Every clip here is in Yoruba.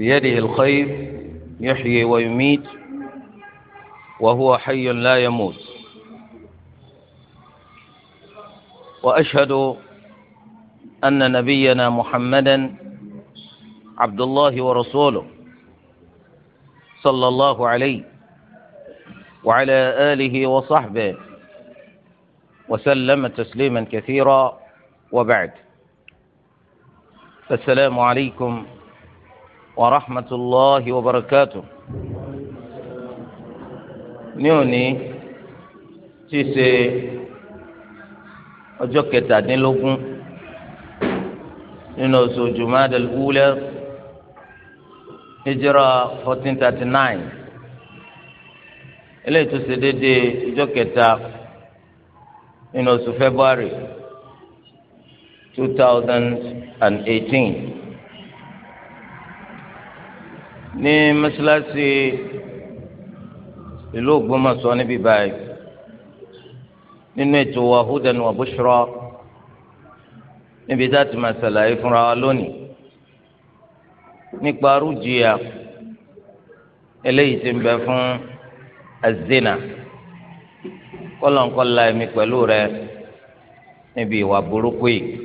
بيده الخير يحيي ويميت وهو حي لا يموت واشهد ان نبينا محمدا عبد الله ورسوله صلى الله عليه وعلى اله وصحبه وسلم تسليما كثيرا وبعد فالسلام عليكم ورحمة الله وبركاته نيوني تيسي ọjọ́ kẹtàdínlógún nínú oṣù jumada lula hijira fourteen thirty nine eléyìí tó ṣe déédéé ọjọ́ kẹta nínú oṣù february two thousand and eighteen. ní mọ́ṣáláṣí ìlú Ògbómọ̀ṣọ́ níbí báyìí nínú ètò wa hudan wa níbi a ti wa lónìí nípa rújìyà eléyìí tí ń bẹ fún azina kọlọ̀nkọlá ẹ̀mí pẹ̀lú rẹ níbi ìwà burúkú yìí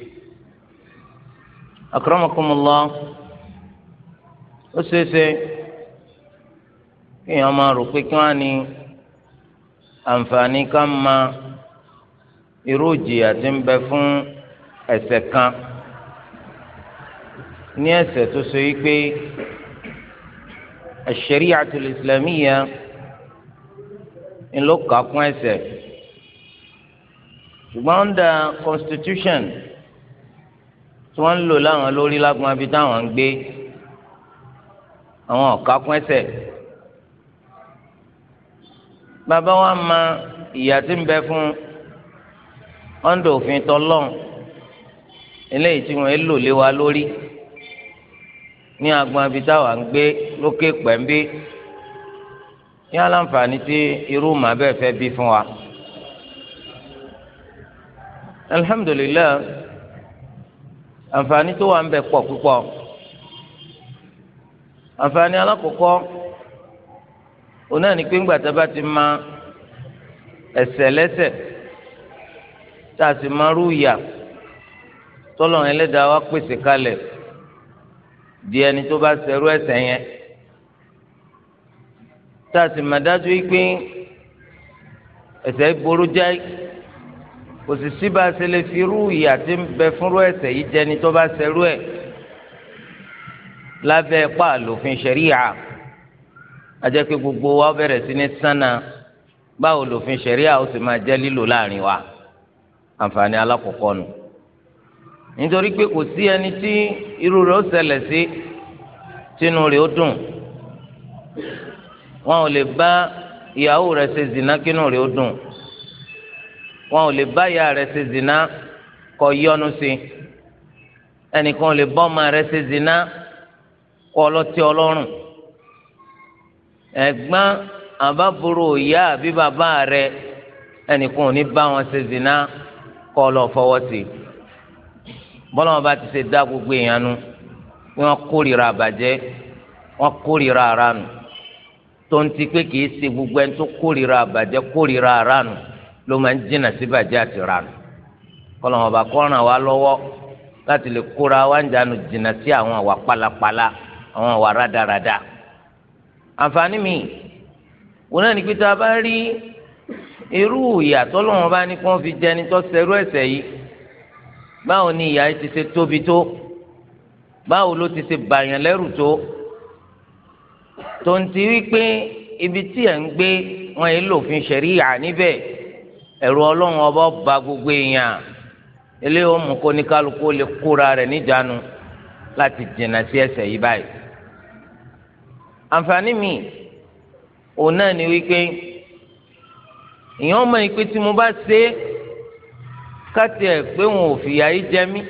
akramakumullah. ó ṣeéṣe kí èèyàn máa rò pé kí wọ́n á ní àǹfààní ká máa irú ìjìyà tí ń bẹ fún ẹ̀ṣẹ̀ kan ní ẹ̀ṣẹ̀ tó so yìí pé ash-shari'atul islamiyya ńlọ kà kún ẹ̀ṣẹ̀ ṣùgbọ́n under constitution tí wọ́n ń lò láwọn lórí lágbọn abí táwọn gbé àwọn ọ̀ka kún ẹsẹ̀ bàbá wa ma ìyà tí ń bẹ fún ọ̀ǹdà òfin tọlọ́n eléyìí tí wọ́n lò lé wa lórí ní agbọn abí táwa ń gbé lókè pẹ̀mbí ní aláǹfààní tí irú màá bẹ́ẹ̀ fẹ́ bí fún wa. alhamdulilayi àǹfààní tó wà ń bẹ pọ̀ púpọ̀ àǹfààní alákọ̀ọ́kọ́ òun náà ní pé ńgbà tá a bá ti ma ẹ̀ṣẹ̀ lẹ́ṣẹ̀ tá a sì máa rú ìyà tọ́lọ́run ẹlẹ́dàá wa pèsè kalẹ̀ di ẹni tó bá ṣerú ẹ̀ṣẹ̀ yẹn tá a sì máa dájú pé ẹ̀ṣẹ̀ ìgboro jẹ́ kò sì síbà lè fi rú ìyà tí ń bẹ fúnrú ẹ̀ṣẹ̀ yìí jẹ́ni tó bá ṣerú ẹ̀ lábẹ́ pààlòfin ṣẹ̀ríà ajẹ́ pé gbogbo wa bẹ̀rẹ̀ sí ní sánà báwo lòfin ṣẹ̀ríà ó sì máa jẹ́ lílò láàrin wa àǹfààní alákọ̀ọ́kọ́ nù nítorí pé kò sí ẹni tí irú rẹ̀ ó ṣẹlẹ̀ sí tínú rẹ̀ ó dùn wọn ò lè bá ìyàwó rẹ̀ ṣe zina kínú rẹ̀ ó dùn wọn ò lè bá ìyá rẹ̀ ṣe zina kó yọ́nú sí ẹnìkan ò lè bá ọmọ rẹ̀ ṣe zina kọ́ ọlọ́tí ọlọ́rùn ẹ̀gbọ́n àbábúrò ìyá àbí bàbá rẹ ẹnìkan ò ní bá wọn ṣe zina kọ́ ọ lọ fọwọ́ sí i bọ́lá wọn bá ti ṣe dá gbogbo èèyàn nu wọn kórìíra àbàjẹ́ wọn kórìíra ara nù pé kì ṣe gbogbo ẹni tó kórìíra àbàjẹ́ kórìíra ara ló máa ń jìnnà sí bàjẹ́ àti ra nù kọ́lọ́mọba kó ràn láti lè kóra wá ń jánu jìnnà sí àwọn àwà pálapàla. Pala àwọn àwa rádaràda àǹfààní mi wọn náà ní pé tá a bá rí irú ìyà tọ́lọ́wọ́n bá ní kí wọ́n fi jẹni tó ṣerú ẹ̀ṣẹ̀ yìí báwo ni ìyà yìí ti ṣe tóbi tó báwo ló ti ṣe bàyàn lẹ́rù tó tontì wípé ibi tí ẹ̀ ń gbé wọn yìí lòfin ṣẹ̀ríyà níbẹ̀ ẹ̀rù ọlọ́run ọba ba gbogbo èèyàn eléyìí ó mú ní kálukú lè kóra rẹ̀ níjànú láti jìnnà sí ẹ̀ṣẹ̀ yìí báyìí àǹfààní mi òun náà ni wípé èèyàn mọ ìpè tí mo bá ṣe é káti ẹ̀ pé wọn ò fìyà yìí jẹ mí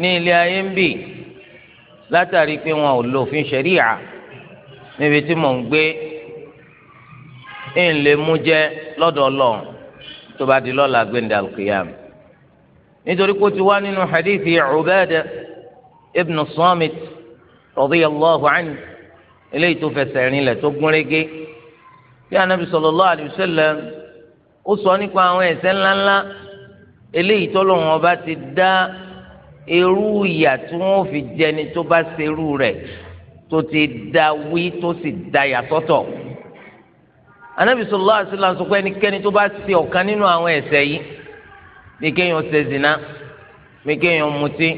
ní ilé ayé ń bì látàrí pé wọn ò lo òfin ṣẹ̀ríà níbi tí mò ń gbé ń lè mú jẹ lọ́dọ̀ tó bá di lọ́la gbẹ̀ndà al nítorí kó ti wá nínú hadithi Ubadah ibn Samit radiyallahu anhu eléyìí tó fẹsẹ̀ rinlẹ̀ tó gúnrégé bí anabi sallallahu alaihi wasallam ó sọ nípa àwọn ẹ̀ṣẹ̀ ńláńlá eléyìí tọ́lọ́run ọba ti dá irú ìyà tí wọ́n fi jẹni tó bá ṣerú rẹ̀ tó ti dá wí tó sì dá yàtọ̀tọ̀ anabi sallallahu alaihi wasallam sọ pé ẹnikẹ́ni tó bá ṣe ọ̀kan nínú àwọn ẹ̀ṣẹ̀ yìí bí kéèyàn ṣe zina bí kéèyàn mutí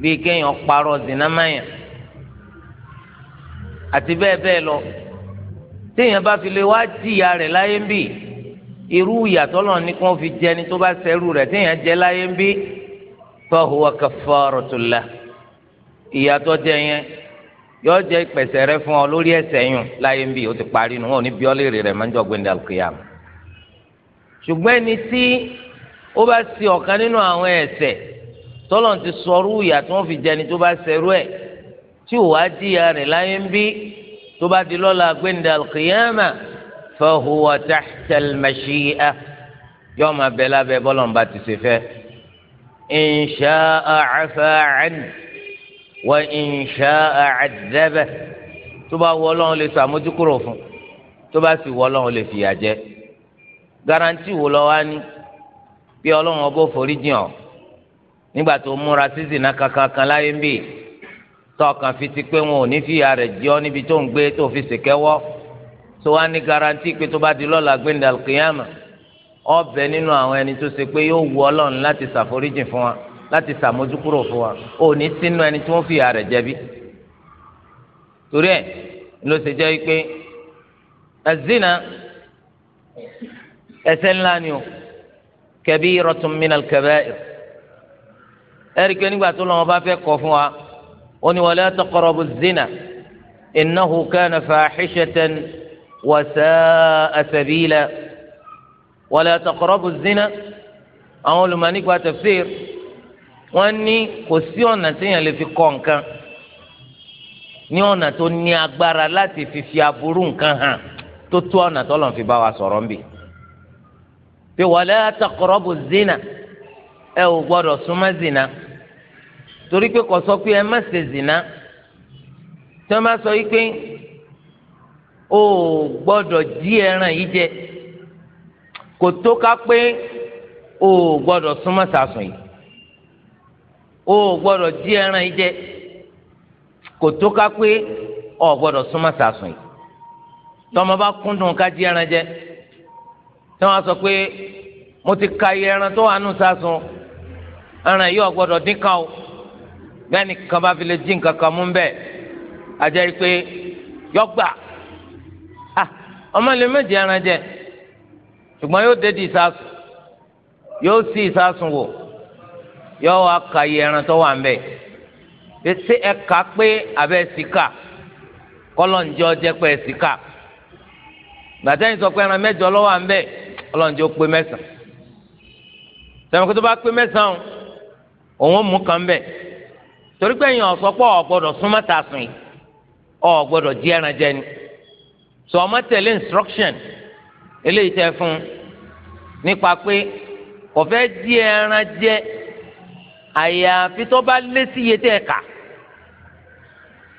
bí kéèyàn parọ́ zina máyà àti bẹ́ẹ̀ bẹ́ẹ̀ lọ téèyàn bá fi lè wá jìyà rẹ̀ láyé ń bì irú ìyàtọ̀ náà ni kí wọ́n fi jẹni tó bá sẹ́rù rẹ̀ téèyàn jẹ láyé ń bì fahuwa kafaratul lah ìyàtọ̀ jẹ yẹn yọ jẹ ìpẹ̀sẹ̀ rẹ fún ọ lórí ẹ̀ṣẹ̀ yùn láyé ń bì ó ti parí nu wọn ní bí rẹ̀ máa ń jọ gbẹ̀ndẹ̀ al ṣùgbọ́n ẹni tí ó bá ṣe ọ̀kan nínú àwọn ẹ̀ṣẹ̀ tọ́lọ́n ti sọrú ìyà fi jẹni tó bá sẹ́rù ẹ̀ tí ò wá jìyà rẹ̀ láyé ń bí tó bá di lọ́la gbẹ̀ndà kìyàmà fahuwa tahta al-mashi'a yóò máa bẹ lábẹ́ bọ́lọ̀mbà ti ṣe fẹ́. in sha'a 'afa 'anhu wa in sha'a 'adhabahu tó bá wọ Ọlọ́run lè sàmójúkúrò fún tó bá sì wọ Ọlọ́run lè fìyà jẹ. garanti wo lọ wá ní bí Ọlọ́run ọbọ̀ forí jìn ọ́ nígbà tó múra sí zina kankan kan láyé ń bì tọkàn fi ti pé wọn ò ní fìyà rẹ̀ jẹ ọ́ níbi tó ń gbé tó fi ṣèkẹ́wọ́ tó wá ní garanti pé tó bá di lọ́la gbẹ̀ndà kìyàmà ọbẹ̀ nínú àwọn ẹni tó ṣe pé yóò wu ọlọ́run láti ṣàforíjì fún wa láti ṣàmójúkúrò fún wa ò ní sínú ẹni tí wọ́n fìyà rẹ̀ jẹbi. torí ẹ̀ ló ṣe jẹ́ pé ẹ̀zínà ẹ̀ṣẹ̀ ńlá ni o kabiratun minal kaba'ir ẹ̀rí pé nígbà tó lọ́wọ́ bá fẹ́ kọ́ fún wa ó ní wala taqrabu zina innahu kana fahishatan wa sa'a sabila wala taqrabu zina àwọn olùmọ̀ nípa tafsir wọ́n ní kò sí ọ̀nà téèyàn lè fi kọ́ nǹkan ní ọ̀nà tó ní agbára láti fi aburú nǹkan hàn tó tó ọ̀nà tó lọ́n fi bá wa sọ̀rọ̀ ń bì. pé wala taqrabu zina ẹ ò gbọ́dọ̀ súnmọ́ zina torí pé kò sọ pé ẹ má ṣe zina tí wọ́n bá sọ yìí pé o gbọ́dọ̀ jí ẹran yìí jẹ kò tó ká pé o gbọ́dọ̀ súnmọ́ sàásùn yìí o gbọ́dọ̀ jí ẹran yìí jẹ kò tó ká pé o gbọ́dọ̀ súnmọ́ sàásùn yìí tọmọ bá kúndùn ká jí ẹran jẹ tí wọ́n sọ pé mo ti ka iye ẹran tó wà nù sàásùn ẹran yìí o gbọ́dọ̀ dín kan o bẹ́ẹ̀ni kan bá fi lè dín nǹkan mú bẹ́ẹ̀ àjẹ́ pé yọgbà ah, ọmọ lè méje ẹran jẹ ṣùgbọ́n yóò dédìí ìsásùn yóò sí ìsásùn wò yóò wá ka ẹran tó wà ń bẹ̀ ṣé ẹ pé abẹ́ kọ́lọ́njọ́ jẹ́ pé sọ pé ẹran mẹ́jọ ló wà ń bẹ̀ kọ́lọ́njọ́ pé mẹ́sàn-án kó tó bá pé mẹ́sàn-án òun torí pé èèyàn ọgbọdọ ọ̀gbọ́dọ̀ súnmọ́ ta sùn yìí ọ̀gbọ́dọ̀ jí ẹran jẹni sọ ọmọ tẹ̀lé instruction eléyìí tẹ fún nípa pé kò ẹran jẹ àyàfi tó bá lé sí iye tẹ̀ kà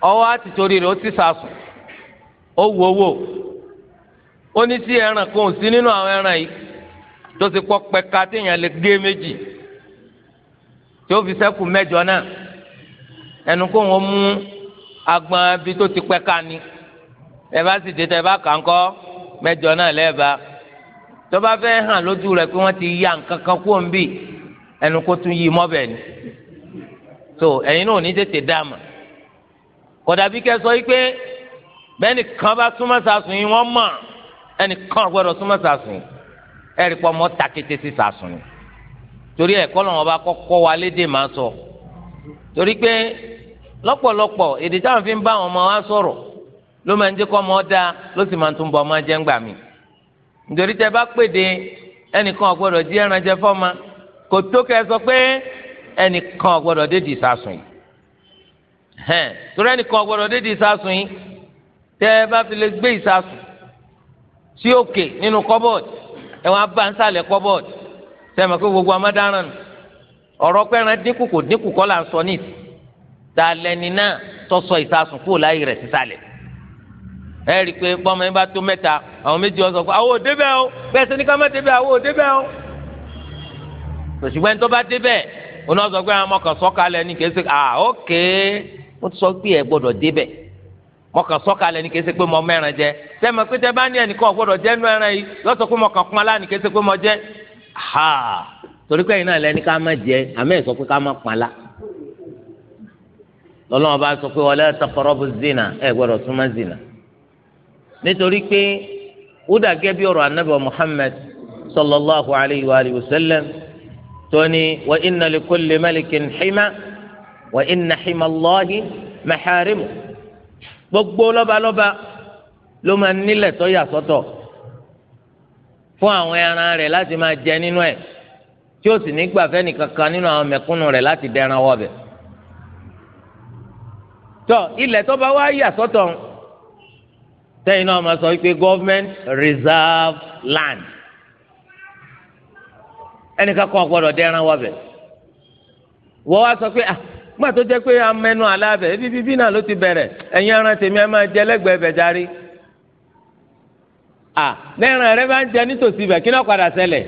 ọwọ́ àti torí rẹ̀ ó ti sàsùn ó wò ó wò ó ní sí ẹran kò sí nínú àwọn ẹran yìí tó ti téèyàn lè gé méjì ẹnu kó wọn mú agbọn ibi tó ti pẹ́ ká ni ẹ bá sì dé tẹ ẹ bá kà ń kọ́ mẹ́jọ náà lẹ́ẹ̀ba tó bá fẹ́ hàn lójú rẹ̀ pé wọ́n ti ya nǹkan kan kó ń bì ẹnu kó tún yí mọ́bẹ̀ ni so ẹ̀yin náà ò ní tètè dá mà kódà bí kẹ́ sọ yí pé bẹ́ẹ̀ni kan bá súnmọ́ sàásùn yìí wọ́n mọ̀ ẹnì kan gbọ́dọ̀ súnmọ́ sàásùn yìí ẹ̀rì pọ̀ mọ́ takété sí sàásùn yìí torí ẹ̀kọ́ lọ́wọ́ bá kọ́kọ́ wa lédè máa sọ. So torí pé lọ́pọ̀lọpọ̀ èdè táwọn fi ń bá àwọn ọmọ wa sọ̀rọ̀ ló máa ń jẹ́ kọ́ ọmọ dáa ló sì máa ń tún bọ ọmọ ń gbà mí nítorí tẹ bá pèdè ẹnìkan ọ̀gbọ́dọ̀ di ẹranjẹ fọ́ma kò tó kẹ́ ẹ sọ pé ẹnìkan ọ̀gbọ́dọ̀ dédìí sásùn yìí torí ẹnìkan ọ̀gbọ́dọ̀ dédìí sásùn yìí tẹ bá fi lè gbé ìsásùn sí òkè nínú kọ́bọ̀d kọ́bọ̀d ọ̀rọ̀ pẹ́ran dínkù kò dínkù kọ́ là ń sọ ní ìsìn tá a lẹni náà tọ́sọ ìsasùn kúrò láyé rẹ̀ sísàlẹ̀ ẹ rí i pé bọ́mọ yín bá tó mẹ́ta àwọn méjì ọ̀sán fún àwọn òde bẹ́ẹ̀ o bẹ́ẹ̀ sẹ́ni ká má débẹ̀ àwọn òde bẹ́ẹ̀ o tòṣùgbọ́n tó bá débẹ̀ oní ọ̀sán pé àwọn ah, ọmọkàn sọ́kalẹ̀ ní kì à ókè ah, mo sọ pé ẹ gbọ́dọ̀ débẹ̀ mọkàn sọ́kalẹ̀ ní kì pé mo mẹ́ran jẹ sẹ́mi pé tẹ bá ní ẹnìkan ọ̀gbọ́dọ̀ jẹ́ nú ẹran yìí lọ́sọ̀ pé mọkàn kún aláàní kì pé mo jẹ́ ha torí pé iná lẹni ká má jẹ àmì ẹ̀ sọ pé ká má pàlà lọ́lọ́wọ́ bá sọ pé wala taqrabu zina ẹ̀ gbọ́dọ̀ súnmọ́ zina nítorí pé ó dàgẹ́ bí ọ̀rọ̀ anábì Muhammad sallallahu alayhi wa alihi wa sallam tóní wa inna li kulli malikin hima wa inna hima Allahi maharimu gbogbo lọ́balọ́ba ló máa nílẹ̀ tó yà sọ́tọ̀ fún àwọn ẹran rẹ̀ láti máa jẹ nínú ẹ̀ tí ó sì ní gbà fẹ́ni kankan nínú àwọn mẹ̀kúnnù rẹ̀ láti dẹran wọbẹ̀. tọ́ ilẹ̀ tó bá wá yà sọ́tọ̀ tẹ́yìn náà máa sọ wípé government reserve land ẹnìkan kan gbọ́dọ̀ dẹran wọbẹ̀. wọ́n wá sọ pé ah gbà tó jẹ́ pé amẹnu aláàbẹ̀ ebi bíbí náà ló ti bẹ̀rẹ̀ ẹ̀yin ẹran tèmi ẹ máa jẹ lẹ́gbẹ̀ẹ́ bẹ̀ darí. ah lẹ́ran rẹ bá ń jẹ nítòsí bẹ̀ kí náà padà ṣẹlẹ̀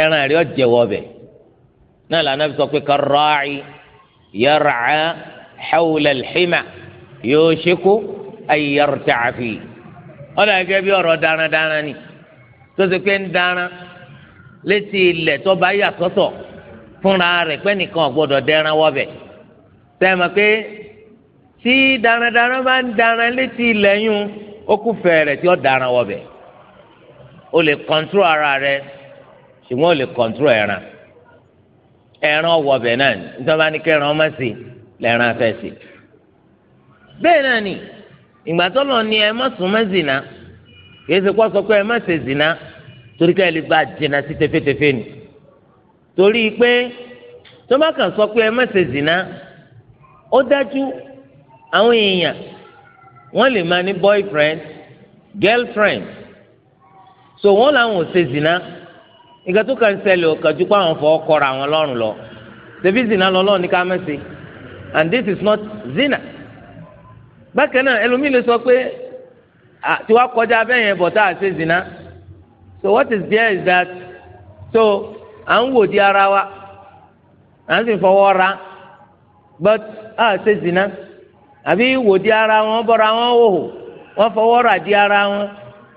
ẹran rẹ̀ ọ̀jẹ̀wọ̀ ọbẹ̀ náà lànà fi sọ pé karaaci yarca xawla lxima yóò ṣekú ayar tacafi ọ̀nà gẹ́gẹ́ bí ọ̀rọ̀ dáradára ni tó ṣe pé ń dára létí ilẹ̀ tó bá yà sọ́tọ̀ fúnra rẹ̀ pé nìkan ọ̀gbọ́dọ̀ dẹran wọ́bẹ̀ sẹ́mi pé tí dáradára bá ń dára létí ilẹ̀ yún fẹ̀rẹ̀ tí ó dára o lè kọ́ńtúrò ara rẹ̀ tí wọ́n lè kọ̀ǹtúrò ẹran ẹran ọwọ́ ọbẹ̀ náà ni nítorí bá ní kẹran ọmọ sí lẹ́ran afẹ́ sí. bẹ́ẹ̀ náà ni ìgbà tó lọ ní ẹ má sùn má zìnà kì í ṣe kó sọ pé ẹ má ṣe zìnà torí ká ẹ lè bá jìnà sí tẹfẹ́tẹfẹ́ ni torí pé tó bá kàn sọ pé ẹ má ṣe zìnà ó dájú àwọn èèyàn wọ́n lè máa ní boyfriend girlfriend so wọ́n làwọn ò ṣe zìnà ìgbà tó kàn ṣẹlẹ̀ ò kàjú pé àwọn fọ́ kọ́ra àwọn lọ́rùn lọ ṣebí zina lọ́lọ́ ní ká mẹ́sẹ̀ and this is not zina bákan náà ẹlòmíì lè sọ pé tí wàá kọjá abẹ́ yẹn bọ̀ tá zina so what is there is that so à ń wò di ara wa à ń sì fọwọ́ ra but a ṣe zina àbí wò di ara wọn bọ́ra wọn wò wọ́n fọwọ́ ra di ara wọn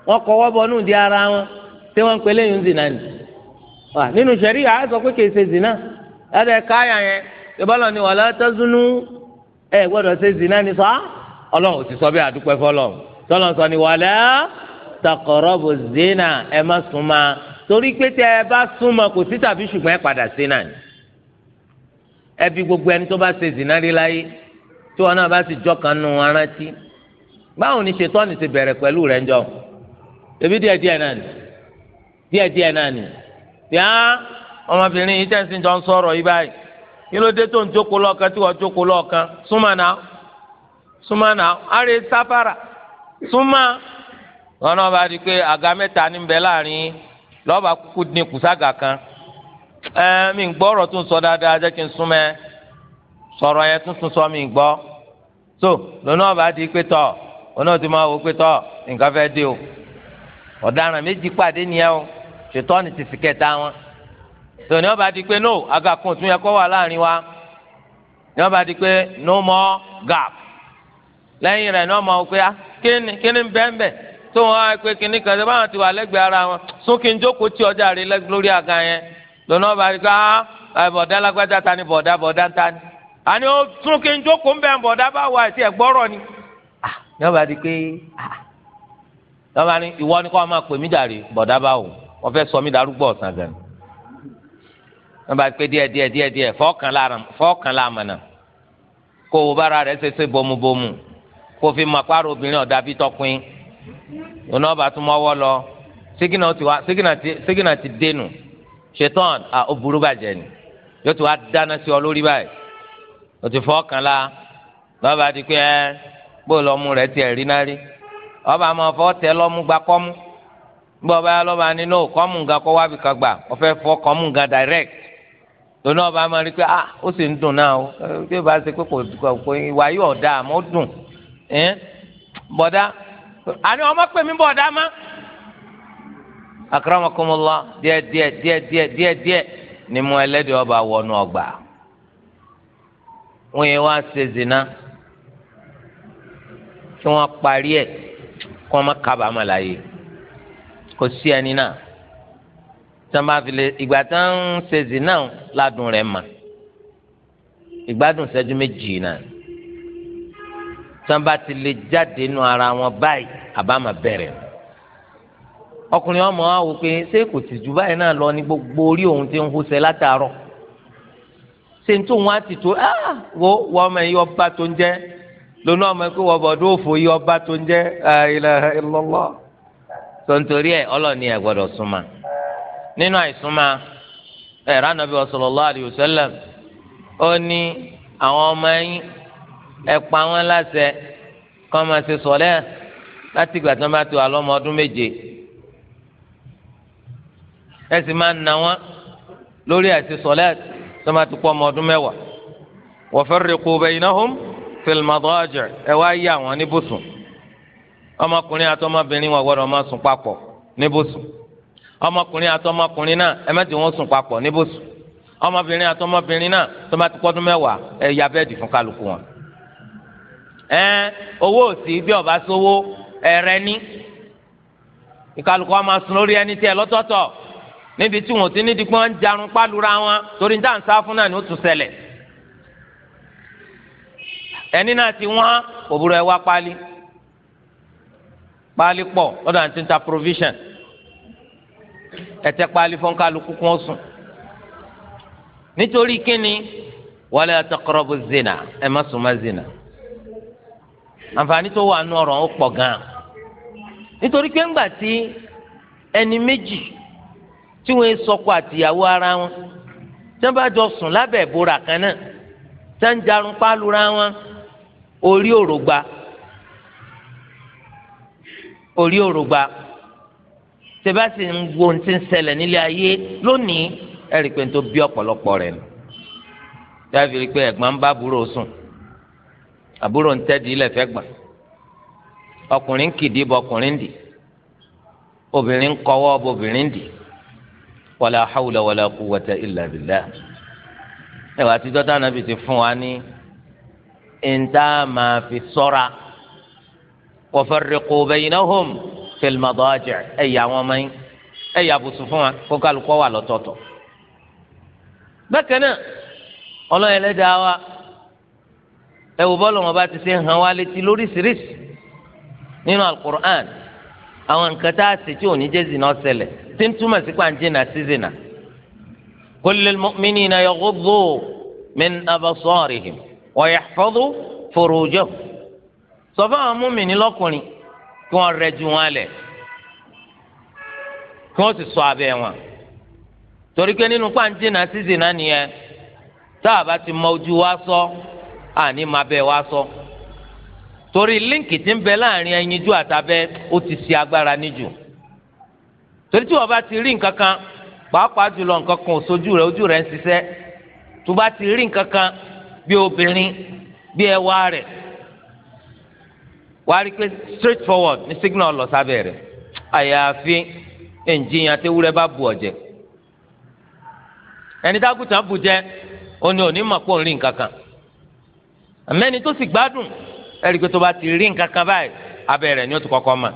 wọ́n kọ́wọ́ bọ́nú di ara wọn tí wọ́n ń pe lẹ́yìn zina nìyí nínú sẹ̀rí yà á sọ pé kìí zina ẹ̀dẹ̀ káyà yẹn ìbálò ni wàlá tẹ́sùnú ẹ̀ gbọ́dọ̀ ṣe zina ni sọ ọlọ́run ti sọ bí àdúpẹ́ fọlọ́ tọ́lọ́ sọ ni wàlá taqrabu zina ẹ má súnmọ́ torí pé tẹ ẹ bá súnmọ́ kò sí tàbí ṣùgbọ́n ẹ padà sí náà ẹbí gbogbo ẹni tó bá ṣe zina rí láyé tí wọn náà bá sì jọ kan nù arántí báwo ni ṣètọ́ni ti bẹ̀rẹ̀ pẹ̀lú rẹ̀ ń jọ ebi díẹ̀ díẹ̀ náà ni díẹ̀ díẹ̀ náà ni bíá ọmọbìnrin yìí tẹ̀sí jọ ń sọ̀rọ̀ yìí báyìí kí ló dé tó ń jókòó lọ́ọ̀kan tí wọ́n jókòó lọ́ọ̀kan súnmọ́nà sáfàrà súnmọ́ wọn náà bá di pé àga mẹ́ta ní láàrin lọ́ọ̀bà kúkú kan mi ń gbọ́ ọ̀rọ̀ tó ń sọ dáadáa jẹ́ sọ mi ń so lọ́nà ṣètọ́ni fi kẹta wọn tòní ọba di pé no agakun tún yẹ kó wà láàrin wa ní ọba di pé no more gap lẹ́yìn rẹ náà mọ̀ ọ́ pé ah, kíni kíni bẹ́ẹ̀nbẹ́ẹ̀ tó wọn á pé kíni báwọn ti wà ara wọn sókè ń jókòó tí ọjà rí lórí yẹn di ah, ni bọ̀dá bọ̀dá ni oh, ó ń jókòó bẹ́ẹ̀ bọ̀dá bá ní ọba ah, di pé ọba ni ìwọ ni máa pè mí wọ́n fẹ́ sọ mí darúgbó ọ̀sán gan ni wọ́n bá pé díẹ̀ díẹ̀ díẹ̀ díẹ̀ fọ́ọ̀kan láàmànà kó o bára rẹ̀ ṣe ṣe bomubomu kó o fi mọ àpárò obìnrin ọ̀dà bí tọkùn òun náà bá tún mọ́wọ́ lọ sígínà ti dénú ṣetán ó burú bàjẹ́ ni yóò ti wá dáná sí ọ lórí báyìí o ti fọ́ọ̀kan la lọ́ba ti pé ẹ́ bó lọ́mú rẹ̀ tiẹ̀ rí náà rí ọba máa fọ́ tẹ lọ́mú gbakọ́mú gbọ́ báyà lọ́ba ni no kọ́mù nǹkan kọ́ wábi kan gbà ọ̀fẹ́ fọ́ kọ́mù nǹkan direct lónà ọba máa rí i pé ah ó sì ń dùn náà o bí o bá ṣe pé kò kò ìwà yóò dà àmọ́ dùn ẹ́n bọ̀dá àní ọmọ pè mí bọ̀dá má. akramakumullah díẹ̀ díẹ̀ díẹ̀ díẹ̀ díẹ̀ díẹ̀ ni mo ẹlẹ́dẹ̀ ọba wọnú ọgbà wọ́n yẹn wá ṣe zina tí wọ́n parí ẹ̀ kí wọ́n má kábàámà láyé kò sí ẹni náà tí wọn bá fi lè ìgbà tí wọn ń ṣe zina ládùn rẹ̀ mà ìgbádùn ṣẹ́jú méjì náà tí wọn bá ti lè jáde nù ara wọn báyìí àbámà bẹ̀rẹ̀ ọkùnrin ọmọ wa wò pé ṣé kò sì jù báyìí náà lọ ní gbogbo orí òun ti ń húṣẹ látàárọ̀ ṣé n tó wọn á ti tó ah, wọ ọmọ yìí ọba tó ń jẹ lónà ọmọ yìí kó wọ bọdọ òfò yìí ọba tó ń jẹ ilẹ̀ ìlọlọ tontori ẹ ọlọ́ni ẹ gbọ́dọ̀ súnmọ́ nínú àìsúnmọ́ ẹ̀rọ anabi sallallahu alayhi wa sallam ó ní àwọn ọmọ yín ẹ pa wọ́n láṣẹ kọ́ máa ṣe sọ̀lẹ́ láti ìgbà tí wọ́n bá ti wà lọ́mọ ọdún méje ẹ sì máa nà wọ́n lórí àìṣe sọ̀lẹ́ tí bá ti pọ̀ ọmọ ọdún mẹ́wàá wa farriqu baynahum fil madaji' ẹ wá yí àwọn níbùsùn ọmọkùnrin àti ọmọbìnrin wọn gbọ́dọ̀ máa sùn papọ̀ níbùsùn ọmọkùnrin àti ọmọkùnrin náà ẹ má jẹ́ wọn sùn papọ̀ níbùsùn ọmọbìnrin àti ọmọbìnrin náà tó bá ti pọ́dún mẹ́wàá ẹ ya bẹ́ẹ̀dì fún kálukú wọn. ẹ owó òsì bí ọba sówó ẹrẹ ní ìkálukú wọn máa sùn lórí ẹni tí ẹ lọ́tọ̀ọ̀tọ̀ níbi tí wọn ti ní dípọ́n ń jarun pálura wọn torí dáhùn sáfún náà ni ó tún ṣẹlẹ̀ ẹni náà ti wọ́n òbúrò ẹ pálí paálí pọ̀ lọ́dọ̀ àti ta provision ẹ̀tẹ́ paálí fún kálukú kan sùn nítorí kíni wala taqrabu zina ẹ má sùn má zina àǹfààní tó wà nù ọ̀rọ̀ ó pọ̀ gan nítorí pé ńgbà tí ẹni méjì tí wọ́n sọkọ àtìyàwó ara wọn tí wọ́n bá jọ sùn lábẹ́ ìbora kan náà tí wọn orí òrògba orí òrùgba tẹ́básì ń wo ti ń ṣẹlẹ̀ nílé ayé lónìí ẹ̀rí pé n tó bí ọ̀pọ̀lọpọ̀ rẹ̀ nù dábìí rí pé ẹ̀gbọ́n ń bá àbúrò sùn àbúrò ń tẹ́ di ilẹ̀ fẹ́ gbà ọkùnrin kìdí bọ ọkùnrin dì obìnrin ń kọ́wọ́ bọ obìnrin dì wàlà hàwùlà wàlà kúwàtà ìlà bìlà ẹ̀wà àtijọ́ táwọn nàbì ti fún wa ní ìta sọ́ra wafarriqu baynahum fil madaji' ẹ̀yà àwọn ọmọ yín ẹ̀yà àbùsùn fún wa kó kálukọ́ wà lọ́tọ̀ọ̀tọ̀. bákan náà ọlọ́run ẹlẹ́dàá wa ẹ wò bọ́ọ̀lù wọn bá ti ṣe hàn wá létí lóríṣiríṣi nínú alukur'an àwọn nǹkan tá a ṣe tí ò ní jẹ́ zina ọ̀sẹ̀lẹ̀ tí ń túmọ̀ sí pàǹjìnà sí zina. kullil mu'minina yaghuddu min abasarihim wa yahfadhu furujahum sọ fún àwọn múmìnì lọ́kùnrin kí wọ́n rẹ ju wọn lẹ̀ kí wọ́n sì ṣọ́ abẹ́ wọn torí pé nínú pàǹtí náà sísè náà nìyẹn tá a bá ti mọ ojú wa sọ àní máa bẹ wa sọ torí líǹkì tí ń bẹ láàrin ẹyinjú àtàbẹ́ ó ti ṣe agbára níjù torí tí wọ́n bá ti rí nǹkan kan pàápàá jùlọ nǹkan kan òṣojú rẹ ojú rẹ ń ṣiṣẹ́ tó bá ti rí nǹkan kan bí obìnrin bí ẹwà rẹ̀ wàá pé straight forward ní signal lọ sábẹ́ rẹ̀ àyàfi ẹ̀ǹjìyàn àti ewúrẹ́ bá bu ọ̀jẹ̀ ẹni dágùtàn bù jẹ́ ó ní òní mọ̀ pé òun rí nǹkan kan àmẹ́ni tó sì gbádùn ẹ̀rí pé tó bá ti rí nǹkan kan báyìí abẹ́ rẹ̀ ni ó ti kọ́kọ́ mọ̀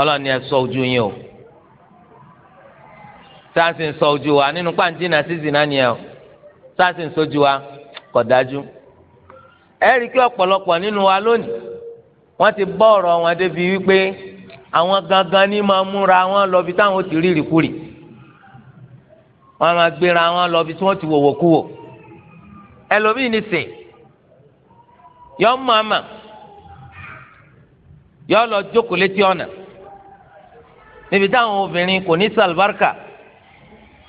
ọlọ́run ni ẹ ṣọ́ ojú yín o sáà sì ń ṣọ́ ojú wa nínú pàǹtí náà sí zina ni ẹ o sáà sì ń ṣọ́ ojú wa kò dájú ẹ̀rí kí ọ̀pọ̀lọpọ̀ nínú wa lónìí wọ́n ti bọ́ ọ̀rọ̀ wọn débi wípé àwọn gangan ní máa múra wọn lọ bí táwọn ti rí ìrìkúrì wọ́n máa gbéra wọn lọ bí tí wọ́n ti wòwò kúwò ẹlòmíì ní sè yọ màmá yọ lọ jókòó létí ọ̀nà níbi táwọn obìnrin kò ní sàlùbáríkà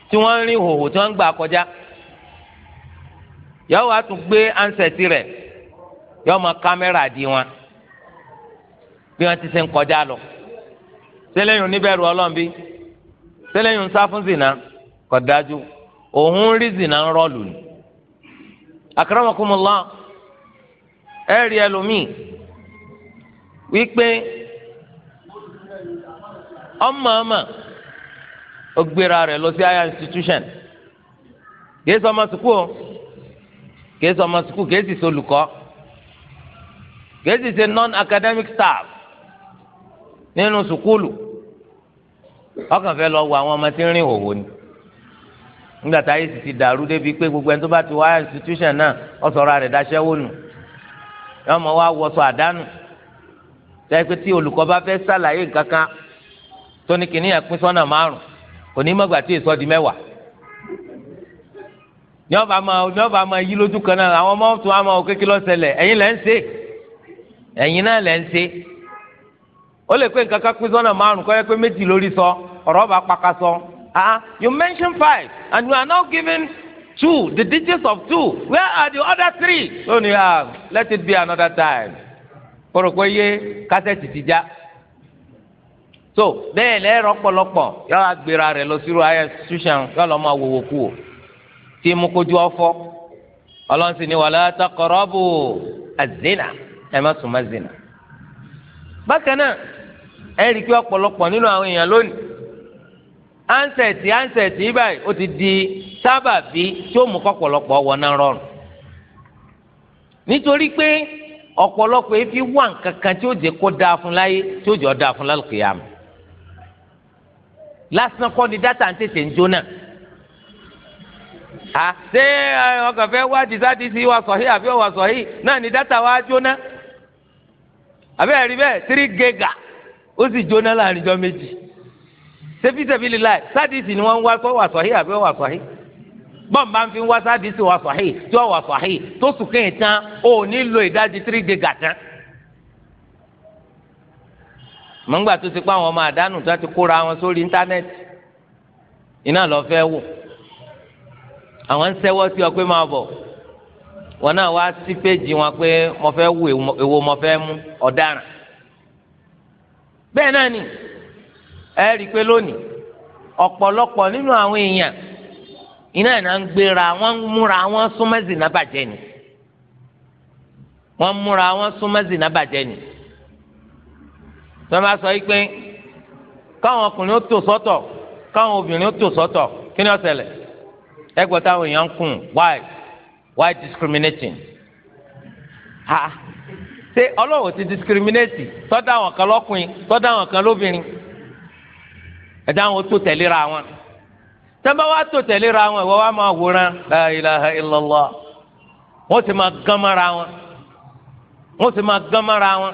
tí wọ́n ń rí hòhò tí wọ́n ń gbà kọjá yọ wàá tún gbé ansẹ̀tì rẹ̀ yọ ọmọ kámẹ́rà di wọn bí wọn ti ṣe ń lọ sẹlẹyìn oníbẹ̀rù Ọlọ́run bí sẹlẹyìn ń sá fún zina kò dájú òun rí zina ń rọlù ni akramakumullah ẹ rí ẹlòmíì wípé ọmọ ọmọ ó lọ sí aya institution kìí sọ ọmọ sukùl kìí sọ ọmọ sukùl kìí sì sọ olùkọ́. gẹ̀ẹ́sì ṣe non-academic staff nínú sukulu. ọkàn fẹ́ lọ wọ àwọn ọmọ tí ń rìn òwò ni nígbà táyé sì ti dàrú débi pé gbogbo ẹni tó bá ti wá institution náà ọ̀sọ̀rọ̀ rẹ̀ daṣẹ́wó nù ọmọ wa wọṣọ àdánù tẹ́ pé tí olùkọ́ bá fẹ́ ṣàlàyé nǹkan kan tó ní kìnìyà pín sọ́nà márùn kò ní mọ̀gbà tí èso di mẹ́wàá ní ọba máa yí lójú kan náà àwọn ọmọ tó wá máa kékeré ọ̀sẹ̀lẹ̀ ẹ̀yin lẹ́ ń ṣe ẹ̀yin náà lẹ́ ń ṣe ó lè pé nǹkan kan pín márùn kọ́ yẹ pé méjì lórí sọ ọ̀rọ̀ bá paka sọ ah, ah you mention five and you are now giving two the digits of two where are the other three ó ní ah let it be another time kóró yé kásẹ̀tì ti já so bẹ́ẹ̀ lẹ́rọ pọ̀lọpọ̀ yọ agbèrè rẹ̀ lọ sírò ayé ṣùṣàn yọ lọ́ máa wòwò kú o tí mú kojú ọ̀fọ̀ ọlọ́sìn ni wàlá taqrabu az-zina. ẹ má sùn zina bákan náà ẹ rí ọ̀pọ̀lọpọ̀ nínú àwọn èèyàn lónìí ansẹ̀tì ansẹ̀tì ti di sábàbí tí ó mú kọ́pọ̀lọpọ̀ wọ náà rọrùn nítorí pé ọ̀pọ̀lọpọ̀ efi wà nǹkan tí ó jẹ́ kó dáa fún láyé tí ó jọ dáa fún lásán kọ́ ni dátà ń tètè ń jóná ṣé ọkàn fẹ́ wá wa sọ̀hí àbí àbẹ́ rí bẹ́ẹ̀ tírí gẹ́gà ó sì jóná láàrin ìjọ méjì sẹ́físẹ́fí lílá ẹ̀ sádìsì ni wọ́n ń wá tó wà sọ̀hí àbí wà sọ̀hí bọ́ọ̀n bá ń fi wá sádìsì wà sọ̀hí tí wọ́n wà sọ̀hí tó sùn kéyìn tán ó nílò ìdajì tírí gẹ́gà tán. mọ̀ngbà tó ti pa àwọn ọmọ àdánù tó ti kóra wọn sórí íńtánẹ́ẹ̀tì iná lọ fẹ́ wò àwọn ń sẹ́wọ́ sí ọ pé máa bọ̀ wọn náà wá sí péjì wọn pé mo fẹ́ wù èwo mo fẹ́ mú ọ̀daràn bẹ́ẹ̀ náà ni ẹ rí i pé lónìí ọ̀pọ̀lọpọ̀ nínú àwọn èèyàn iná ìná ń gbéra wọ́n ń múra wọ́n súnmọ́ zìnnà bàjẹ́ ni wọ́n ń múra wọ́n súnmọ́ zìnnà bàjẹ́ ni tí wọ́n bá sọ yìí pé káwọn ọkùnrin ó tò sọ́tọ̀ káwọn obìnrin ó tò sọ́tọ̀ kí ni ó ṣẹlẹ̀ ẹgbẹ́ táwọn èèyàn ń kùn wáyé why discriminating ha ṣé ọlọ́wọ́ ti discriminate tọ́da àwọn kan lọ́kùnrin tọ́da àwọn kan lóbìnrin ẹ̀dá àwọn tó tẹ̀léra wọn tẹ́nbà wá tó tẹ̀léra wọn ìwọ wá máa wòran la ilaha illallah wọ́n ti máa gán mọ́ra wọn wọ́n ti máa gán mọ́ra wọn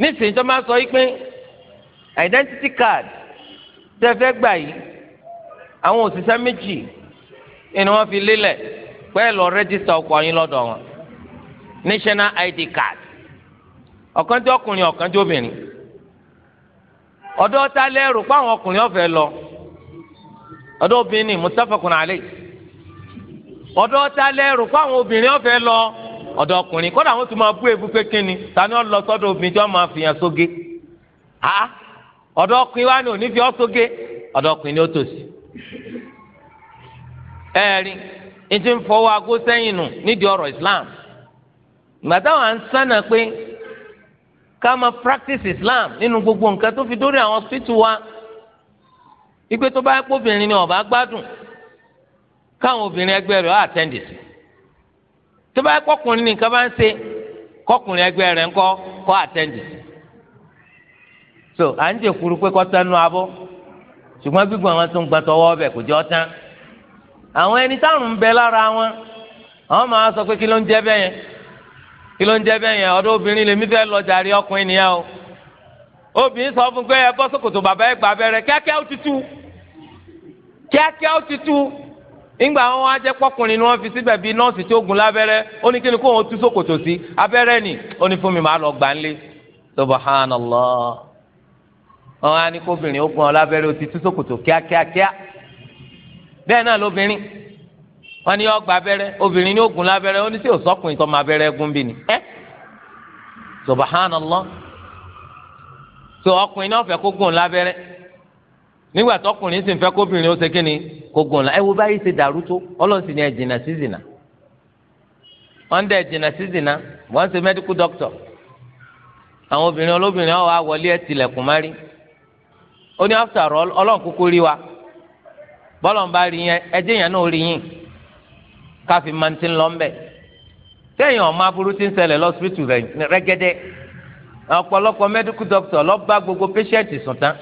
nísìnyí tó máa sọ yìí pé identity card tẹ́ fẹ́ gbà yìí àwọn òṣìṣẹ́ méjì ni wọ́n fi lélẹ̀ pẹ́ lọ rẹ́jísítà ọkọ̀ yín lọ́dọ̀ wọn national id card ọ̀kan tí ọkùnrin ọ̀kan tí obìnrin ọ̀dọ́ ta lẹ́rù páwọn ọkùnrin ọ̀fẹ́ lọ ọ̀dọ́ obìnrin mustafakun alẹ́ ọ̀dọ́ ta lẹ́rù páwọn obìnrin lọ ọkùnrin wọn máa bú ebú pé tani lọ ètò ìfọwọ́ agó sẹ́yìn nù nídìí ọ̀rọ̀ islam gbàtà wà ń sànà pé ká máa practice islam nínú gbogbo nǹkan tó fi dórí àwọn hospital wa ìpè tó bá yẹ kó ni bá gbádùn káwọn obìnrin ẹgbẹ́ rẹ̀ àtẹ́ǹdì sí tó bá yẹ kọkùnrin bá ń ṣe kọkùnrin ẹgbẹ́ rẹ̀ kọ́ so à ń jẹ kuru pé kọ́ tẹnu abọ́ ṣùgbọ́n gbígbọ́n wọn tó ń àwọn ẹni táwọn ń bẹ lára wọn àwọn máa sọ pé kí ló ń jẹ bẹ́ẹ̀ yẹn kí ló ń jẹ bẹ́ẹ̀ yẹn ọ̀dọ̀ obìnrin lèmi fẹ́ lọ jàre ọkùnrin nìyẹn o obìnrin sọ fún pé ẹ bọ́ sókòtò bàbá ẹ gbà bẹ́rẹ̀ kíákíá ó ti tú kíákíá ó ti tú ni fi síbẹ̀ bíi nọ́ọ̀sì tí ó gun lábẹ́rẹ́ ó ní kí ni kó tú sókòtò sí abẹ́rẹ́ ni bẹ́ẹ̀ náà lóbìnrin wọn ni yọ gba abẹ́rẹ́ obìnrin ní oògùn lábẹ́rẹ́ ó ní sí òsọkùnrin tó máa abẹ́rẹ́ gún bí ni ẹ subhanallah tó ọkùnrin náà fẹ́ kó gùn lábẹ́rẹ́ nígbà tọkùnrin sì ń kóbìnrin ó ṣe kí ni kó gùn lá ẹ wo báyìí ṣe dàrú tó ọlọ́sìn ni ẹ jìnnà sí zìnnà wọn dẹ̀ jìnnà sí ṣe medical doctor àwọn obìnrin olóbìnrin bọ́lọ̀n bá rí yẹn ẹjẹ́ yẹn náà rí yín káfí máa ti ń lọ mbẹ́ sẹ́yìn ọmọ aburú ti ń ṣẹlẹ̀ lọ́sibítù rẹ́gẹ́dẹ́ ọ̀pọ̀lọpọ̀ mẹ́díkù dọ́kítọ̀ ló bá gbogbo pẹ́ṣẹ́ǹtì sùn tán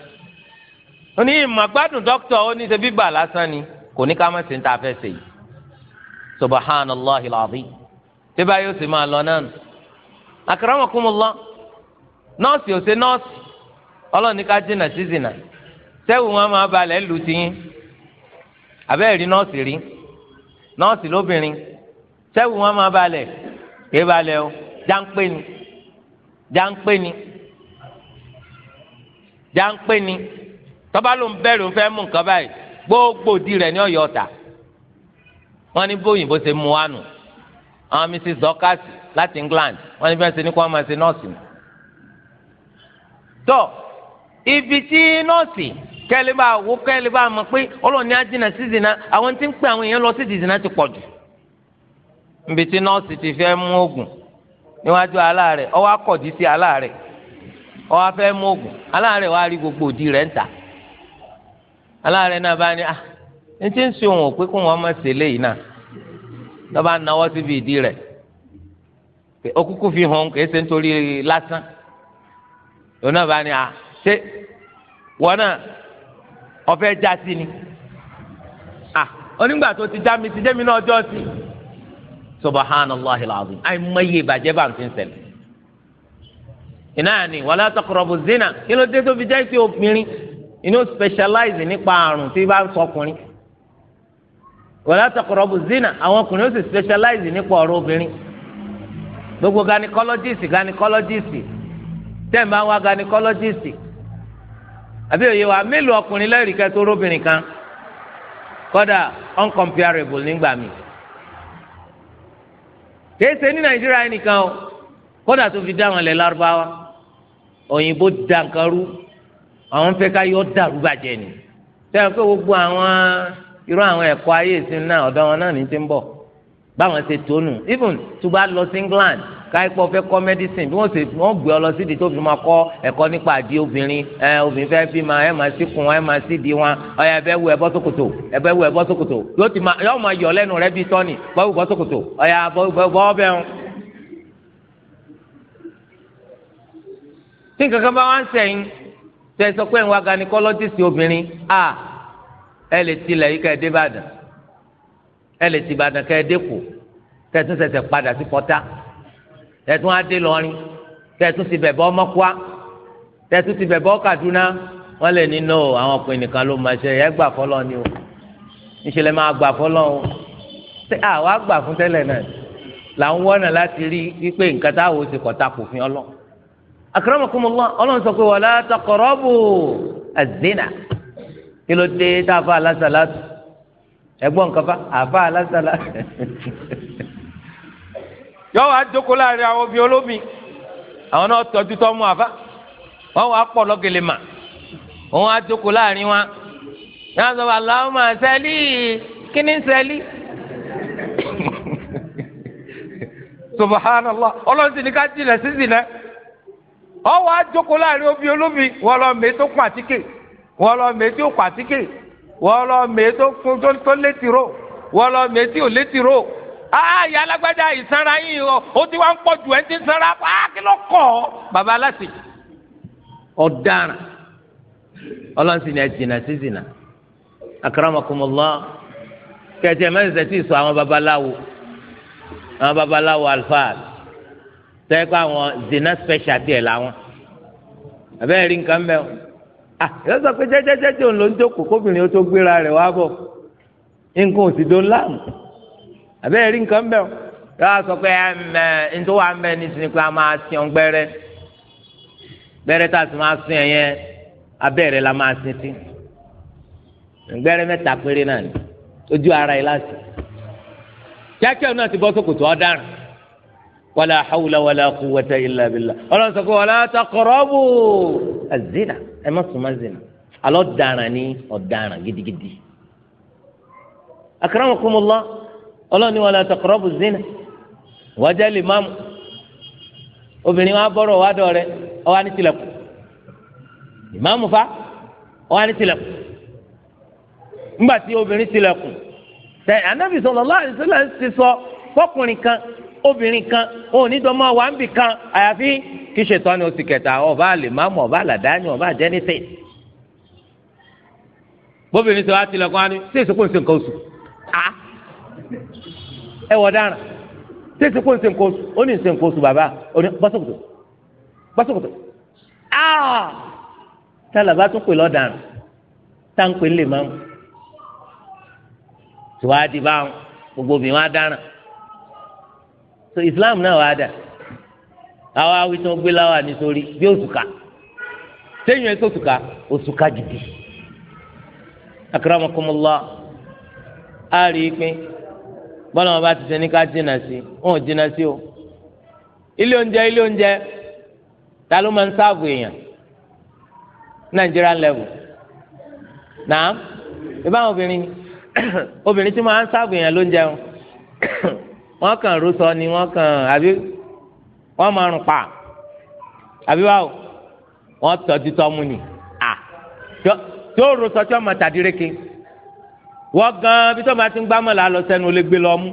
ó ní ìmọ̀ gbádùn dọ́kítọ̀ ó ní ṣe bíbà lásán ni kò ní ká má ṣe ta afẹ́ ṣe yìí subahánàláhi làbí tí bá yóò sì máa lọ náà nù àkàràmọ̀kúmọ̀lá nọ́ọ̀sì ò ṣe nọ́ọ̀sì ọlọ́ọ̀ni ká jìnnà sí jìnnà sẹ́wù wọn máa balẹ̀ lù tiyín abẹ́ẹ̀ rí nọ́ọ̀sì rí nọ́ọ̀sì lóbìnrin sẹ́wù wọn máa balẹ̀ kéé balẹ̀ o jáńpé ni jáńpé ni jáńpé ni tọ́ba ló ń bẹ̀rù ń fẹ́ mú nǹkan báyìí gbogbo di rẹ̀ ní ọ̀yọ́ ọ̀tà wọ́n ní bóyìnbó ṣe mú wánu àwọn mrs dorcas láti england wọ́n ní bẹ́ẹ̀ ṣe ní kó wọ́n máa ṣe nọ́ọ̀sì. tọ́ ibi tí nọ́ọ̀sì kẹ́lẹ́ bá wo kẹ́lẹ́ bá mọ̀ pé ọlọ́ọ̀ni á dínà àwọn tí ń pè àwọn èèyàn lọ sí ti pọ̀ jù. níbi tí nọ́ọ̀sì ti fẹ́ mú oògùn níwájú aláàrẹ̀ ọwọ́ akọ̀dí sí aláàrẹ̀ ọwọ́ afẹ́ mú oògùn aláàrẹ̀ wàá rí gbogbo òdì rẹ̀ ń tà. aláàrẹ̀ náà bá ní à ah, ní tí ń sọ òun wọn ọ̀fẹ́ já sí ni ah onígbà tó ti já mi ti jẹ́mi náà jọ́ sí subhanallahi alazim àìmọye ìbàjẹ́ bá ń fi ń ṣẹlẹ̀ ìnáyà ni wala taqrabu zina kí ló dé tó fi jẹ́ sí obìnrin inú specialize nípa àrùn tí bá ń sọkùnrin wala taqrabu zina àwọn ọkùnrin ó sì specialize nípa ọ̀rọ̀ obìnrin gbogbo gynecologist gynecologist tẹ̀ ń bá wá gynecologist àbí òye wa mélòó ọkùnrin lẹ́rìí kẹ́tọ́ róbìnrin kan kọ́dà uncomparable nígbà mi kèése ní nàìjíríà nìkan o kódà tó fi dá wọn lẹ lárúbáwá òyìnbó dankaru àwọn fẹ́ ká yọ dàrú bàjẹ́ ni sẹ́yìn pé gbogbo àwọn irú àwọn ẹ̀kọ́ ayé ìsìn náà ọ̀dọ̀ wọn náà ní ti ń bọ̀ báwọn ṣe tónù even tó bá lọ sí England káyipọ̀ fẹ́ kọ́ mẹ́dísìn bí wọ́n ṣe wọ́n gbé ọ lọ sí di tó fi máa kọ́ ẹ̀kọ́ nípa àdí obìnrin ẹ obìnrin fẹ́ bí máa ẹ máa sí kun ẹ máa sí di wọn ọyọ ẹ bẹ wù ẹ bọ́ ṣòkòtò ẹ bẹ wù ẹ bọ́ ṣòkòtò yóò ti máa yóò máa yọ lẹ́nu rẹ bíi tọ́ni bọ́ wù bọ́ ṣòkòtò ọyọ bọ́ bọ́ bẹ́ẹ̀ tí nǹkan kan bá wá ń sẹ́yìn tẹ sọ pé ìwà ganikọ́lọ́jìsì obìnrin a ẹ lè tilẹ̀ yìí kẹ́ẹ̀dé Ìbàdàn ẹ lè ti Ìbàdàn kẹ́ẹ̀dé kù kẹ́ẹ̀tún tẹ̀tún adé lọ́rin tẹ̀tún ti bẹ̀bẹ̀ ọmọkúá tẹ̀tún ti bẹ̀bẹ̀ ọkàdúná wọ́n lè ní no àwọn ọkùnrin nìkan ló máa ṣe ẹ̀ gbà fọlọ́ ni o ìṣẹ̀lẹ̀ máa gbà fọlọ́ o àwa gbà fún tẹ́lẹ̀ náà là ń wọ́nà láti rí wípé nǹkan táwọn ò sì kọ́ta kò fi ọlọ́ akramakumullah ọlọ́run sọ pé wala taqrabu az-zina kí ló dé tá a fa alásàlá ẹgbọ́n nǹkan fa àfa alásàlá. yọ wá jókòó láàrin àwọn obìnrin olómi àwọn náà tọ́jú tọ́mú àfa wọn wá pọ̀ lọ́gẹ̀lẹ̀ mà wọn wá jókòó láàrin wa yàrá sọ wà láwọn máa sẹ́lí kíní sẹ́lí. subhanallah ọlọ́run sì ní ká jìnà sí jìnà wọn wá jókòó láàrin obìnrin olómi wọn lọ mèé tó kún àtíkè wọn lọ mèé tó kún àtíkè wọn lọ mèé tó kún tó létí ró wọn lọ mèé tí létí ró àyà ah, alágbádá ìsanra yìí o ó ti wá ń pọ̀ jù ẹ́ ti ń sanra á ah, kí ló kọ̀ ọ́ bàbá aláṣẹ ọ̀daràn ọlọ́sìn ni ẹ jìnnà sí jìnnà akaramakumullah kẹtì ẹ mẹsẹsẹ àwọn babaláwo àwọn babaláwo alfaal tẹ́ pé àwọn zina special díẹ̀ làwọn àbẹ́rẹ́ rí nǹkan mẹ́wọ́ ah yóò sọ pé jẹ́jẹ́jẹ́jẹ́ òun ló ń jókòó kóbìnrin ó tó gbéra rẹ̀ wá bọ̀ nǹkan ò sì dó láàmú àbẹ́rẹ́ rí nǹkan bẹ́ẹ̀ yóò sọ pé ẹ̀ ntọ́ wa ń bẹ ní sinipẹ́ a máa sin ọ́n gbẹ́rẹ́ gbẹ́rẹ́ tá a sì máa sin ẹ̀yẹn abẹ́rẹ́ la máa sin sí gbẹ́rẹ́ mẹ́ta péré náà ni ojú ara yìí láti kíákíá náà ti bọ́ sókòtò ọ̀daràn wàlá hawla wàlá quwwata illa billah ọlọ́run sọ pé wàlá taqrabu azina ẹ má sùn má zina alọ́ daràn ni ọ̀daràn gidigidi akramakumullah. ọlọ́ni wala taqrabu zina wájà lè máàmù obìnrin wa bọ́rọ̀ wá dọ̀ rẹ ọwọ́ ní tilẹ̀kùn ìmáàmù fa ọwọ́ ní tilẹ̀kùn ńgbà obìnrin tẹ ti sọ fọkùnrin kan obìnrin kan òní dọ́mọ ń bì kan àyàfi oṣù kẹta ah, ọba lè máàmù ọba làdáni ọba jẹ́nìtì bóbìnrin wa ni sí kò ń ẹ wọ dára tètè kó nse nkóso ó ní nse nkóso bàbá ó ní bọ́sọ̀kòtò bọ́sọ̀kòtò aa ah! tálàbà tó pè lọ́dàrán tá n pè lè máa ń tó wá di báwọn gbogbo obìnrin wá dára so Islam náà wá dà àwa awi tí wọn gbé láwa nítorí bí òṣùkà téèyàn ètò òṣùkà òṣùkà gidi akramakumullah á pín bọ́lá wọn bá ti ṣe ní ká jìnnà sí wọn ò jìnnà sí o ilé oúnjẹ ilé oúnjẹ ta ló máa ń sáàbù èèyàn Nigerian level náà ìbáwọn obìnrin obìnrin tí máa ń sáàbù èèyàn ló ń jẹun wọn kàn ró sọ ni wọn kàn àbí wọn máa rùn pa àbí báwo wọn tọ́jú tọ́mú ni à tó rò sọ tí wọn máa tàdíreke wọ́n gan bí tó máa ti ń gbámọ̀ là lọ sẹ́nu lè gbé lọ mú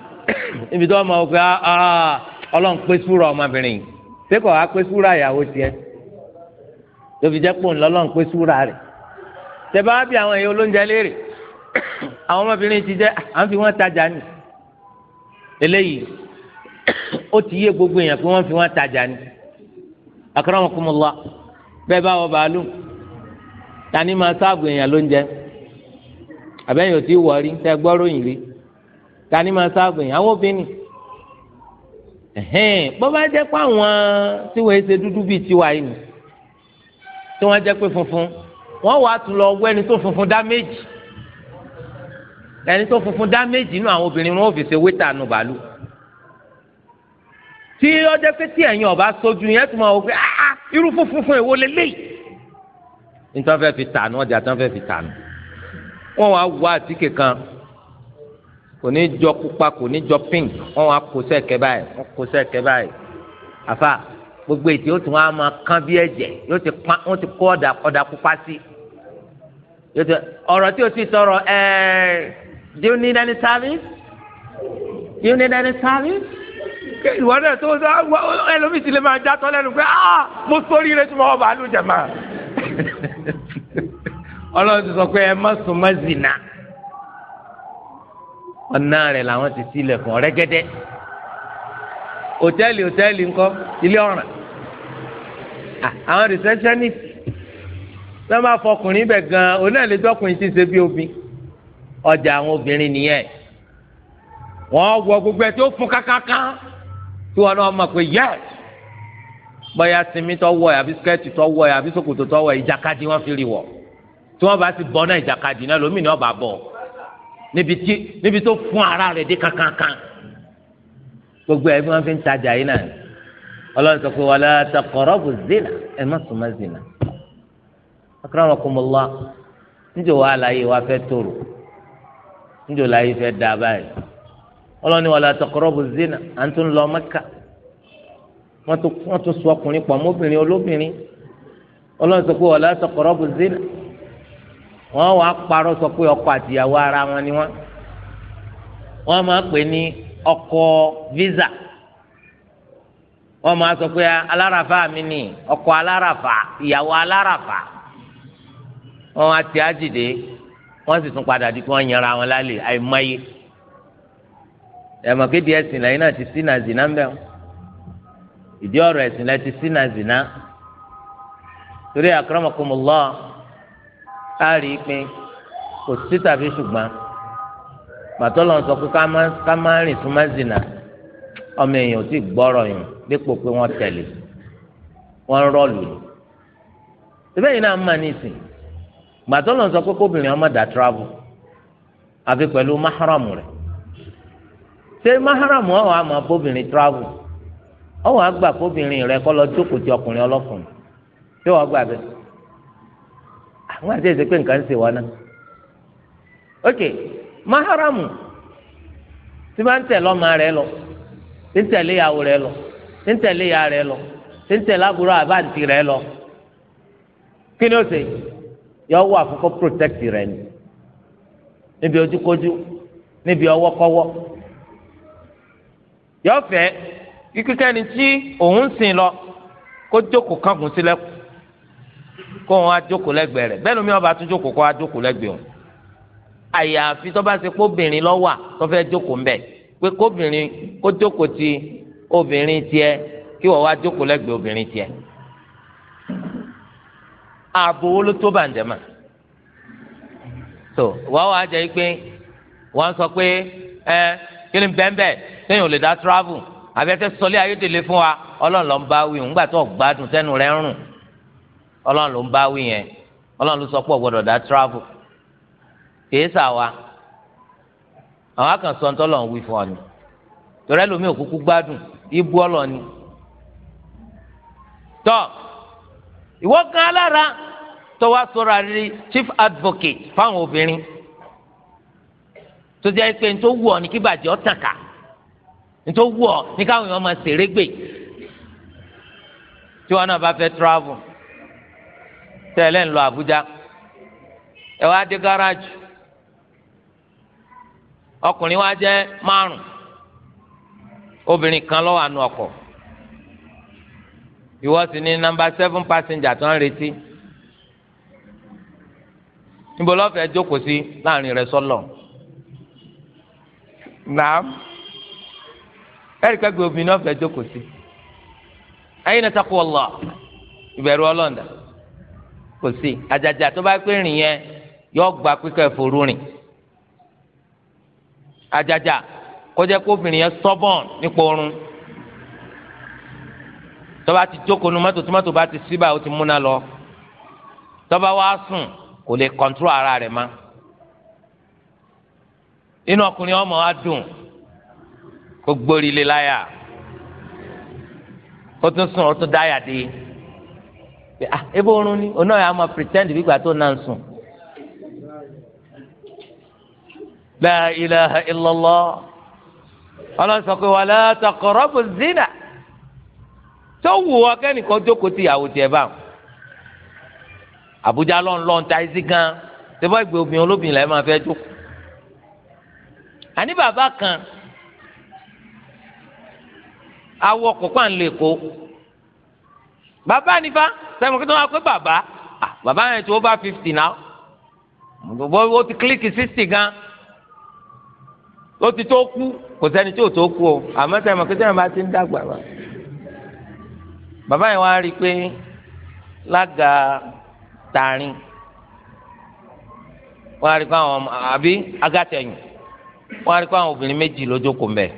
ibi tó máa wọ pé ah, ah, ọlọ́run pé súra ọmọbìnrin yìí ṣé kò wá pé súra ìyàwó tiẹ̀ tóbi jẹ́ pò ń lọ ọlọ́run pé súra rẹ̀ tẹ̀bá bí àwọn èèyàn olóúnjẹ léèrè àwọn ọmọbìnrin ti jẹ́ à ń fi wọ́n tajà ni eléyìí ó ti yé gbogbo èèyàn pé wọ́n fi wọ́n tajà ni akramakumullah bẹ́ẹ̀ bá wọ bàálù tani máa sáàbù èèyàn lóúnjẹ àbẹ́yìn ò tí ì wọrí tẹ gbọ́rọ̀ yìí rí ta ni máa sáàbù yìí àwọn obìnrin ẹ̀hẹ́n bó bá jẹ́ pé àwọn tí wọ́n ṣe dúdú bíi tiwa yìí tí wọ́n jẹ́ pé funfun wọ́n wàá tún lọ wẹ́ni tó funfun dá méjì ẹni tó funfun dá méjì nù àwọn obìnrin wọn ò fi ṣe wétà nù bàálù tí ọjọ́ pé tí ẹ̀yin ọba sojú yẹn tún máa wọ pé ah, ah, irú funfun èwo lélẹ́yìí nítorí wọ́n fẹ́ fi tà ọjà tí wọ́n fẹ́ fi tà wọ́n wá wá àtíkè kan kò ní jọ pupa kò ní jọ pink wọ́n wá kó sẹ́ẹ̀kẹ́ báyìí wọ́n kó sẹ́ẹ̀kẹ́ báyìí àfa gbogbo ètò yóò tún wá máa kán bí ẹ̀jẹ̀ yóò ti pọn wọ́n ti kó ọ̀dà ọ̀dà pupa sí yóò ti ọ̀rọ̀ tí o ti sọ̀rọ̀ ẹ̀ẹ́ do you need any service do you need any service ìwọ náà tó ẹlòmíì ti lè máa já tọ́ lẹ́nu pé ah mo sórí rẹ tí mo wà bàálù jẹ̀ máa ọlọ́run ti sọ pé ẹ má sùn má zìnà ọ̀nà rẹ̀ làwọn ti sílẹ̀ fún ọ̀rẹ́gẹ́dẹ́ hòtẹ́ẹ̀lì hòtẹ́ẹ̀lì ńkọ́ ilé ọ̀ràn àwọn receptionist náà máa fọkùnrin bẹ̀ gan-an onáìlẹ́dọ́kùnrin ti ṣe bí obìn ọjà àwọn obìnrin nìyẹn wọ́n wọ gbogbo ẹ̀ tí ó fún kákáká tí wọn náà mọ̀ pé yẹ́s bóyá sinmi tó wọ̀ ẹ̀ àbí skẹ́ẹ̀tì tó wọ̀ ẹ̀ àbí ṣòkòtò tó wọ̀ ẹ̀ ìjàkadì wọn fi rí wọ̀ tí wọn bá ti bọ náà ìjàkadì náà lómi ni wọn bá bọ níbi tí níbi tó fún ara rẹ̀ dé kankankan gbogbo ẹ bí wọn fi ń tajà yìí náà Ọlọ́run sọ pé wala taqrabu zina ẹ má sùn má zina akramakumullah níjọ wa láyé wa fẹ́ tòrò níjọ láyé fẹ́ dá báyìí Ọlọ́run ní wala taqrabu zina à ń tún lọ Mẹ́kà wọn tún sọ ọkùnrin pọ̀ mọ́bìnrin olóbìnrin Ọlọ́run sọ pé wala taqrabu zina. wọ́n wàá parọ́ sọ pé ọkọ àtìyàwó ara wọn ni wọn wọ́n máa pè ní ọkọ visa máa sọ pé mi ni ọkọ aláràfà ìyàwó aláràfà wọ́n wá àjìdé wọ́n sì tún padà di kí wọ́n yanra wọn lálẹ́ àìmọye ẹmọ kéde ẹ̀sìn lẹ́yìn náà ti sí náà zìnnà ń ìdí ti sí náà torí ari rí i pé kò sí tàbí ṣùgbọ́n pàtó lọ́n sọ pé ká má rìn súnmọ́ zina ọmọ èèyàn ò sì gbọ́rọ̀ yàn dípò pé wọ́n tẹ̀lé wọ́n rọ́ọ̀lù ni síbẹ̀ yìí náà ń mà nísìn pàtó lọ́n sọ pé kóbìnrin ọmọ dà travel àfi pẹ̀lú máhàrámù rẹ̀ ṣé máhàrámù bóbìnrin travel kóbìnrin rẹ̀ kọ́ lọ jókòó ti ọkùnrin ọlọ́kùnrin ṣé wọ́n gbà bẹ́ẹ̀. àwọn àti ẹsẹ pé nǹkan ń ṣe wọn náà ok maharamu tí máa ń tẹ̀lé ọmọ rẹ lọ tí ń tẹ̀lé ìyàwó rẹ lọ tí ń tẹ̀lé ìyá rẹ lọ tí ń tẹ̀lé àbúrò àbáǹtì rẹ lọ kí ni ó ṣe yọ wọ àkókò protect rẹ ni níbi ojúkójú níbi ọwọ́kọ́wọ́ yọ fẹ́ kíkẹ́ni tí òun sìn lọ kó jókòó kankùn sílẹ̀kùn kó wọn á jókòó lẹ́gbẹ̀ẹ́ rẹ̀ bẹ́ẹ̀ lómi ọba tún jókòó kó wọn á jókòó lẹ́gbẹ̀ẹ́ òun àyàfi tó bá ṣe kóbìnrin lọ́wà tó fẹ́ jókòó ńbẹ̀ pé kóbìnrin kó jókòó ti obìnrin tiẹ̀ kí wọ́n wá jókòó lẹ́gbẹ̀ẹ́ obìnrin tiẹ̀ ààbò wo ló tó bàǹdẹ̀ mà tó wọ́n wá jẹ́ pé wọ́n sọ pé ẹ kí ni bẹ́ẹ̀ bẹ́ẹ̀ sẹ́yìn ò lè dá travel àbẹ́fẹ́ sọlé ayédèlé fún wa ọlọ́run ló ń bá wí òun gbà tó gbádùn sẹ́nu rẹ̀ ń rùn ọlọ́run ló ń bá wí yẹn ọlọ́run ló sọ pé ọ̀gbọ́dọ̀ dá travel kìí sà àwọn sọ ń wí fún ọ ni torí ẹlòmíì òkúkú gbádùn ibú ọlọ́ni tọ́ ìwọ kan alára chief advocate fáwọn obìnrin tó jẹ́ pé ní tó wù ọ ní kí bàjẹ́ ọ tàn ká ọ ní káwọn èèyàn máa ṣèrégbè tí wọn travel tẹ́lẹ̀ ń lọ Àbújá ẹ wá dé ọkùnrin wa jẹ́ márùn obìnrin kan lọ wà nù ìwọ sì seven passenger tó ń retí níbo lọ́fẹ̀ẹ́ jókòó sí láàrin rẹ sọ́lọ̀ nàá ẹ̀ríkà gbé obìnrin náà kò sí àjàjà tó bá pé rìn yẹn yọ gba pípẹ́ fòrú rìn àjàjà kọjá kó obìnrin yẹn stubborn nípa oorun tó bá ti jókòó nu mọ́tò tí mọ́tò bá ti síbà ó ti múná lọ tó wá sùn kò lè control ara rẹ̀ mọ́ inú ọkùnrin ọmọ wa dùn kó gbórí ilé láyà ó tún sùn ó tún dáyà dé. pé ah oorun ni oná yà ya máa pretend bí gbà tó náà ń sùn. la ilaha illallah ọlọ́sọ pé wala taqrabu zina tó wù ọ kẹ́nìkan jókòó ti ìyàwó tiẹ̀ bá Àbújá lọ́n lọ́n ta ẹ́ sí gan tẹ́fọ́ ìgbé obìnrin olóbìnrin máa fẹ́ kan awọ kọ̀ọ̀kan lè bàbá nífa sẹ́mu kí tó máa pé bàbá ah, bàbá yẹn ti over fifty náà ó ti kílíkì sixty gan ó ti tó kú kò sẹ́ni tí ò tó kú o àmọ́ sẹ́mu kí sẹ́mu bá ti ń dàgbà wa bàbá yẹn wá rí i pé lága tààrin wọ́n á rí i pé àwọn àbí agátẹ̀yìn wọ́n á rí i pé àwọn obìnrin méjì ló jókòó mbẹ́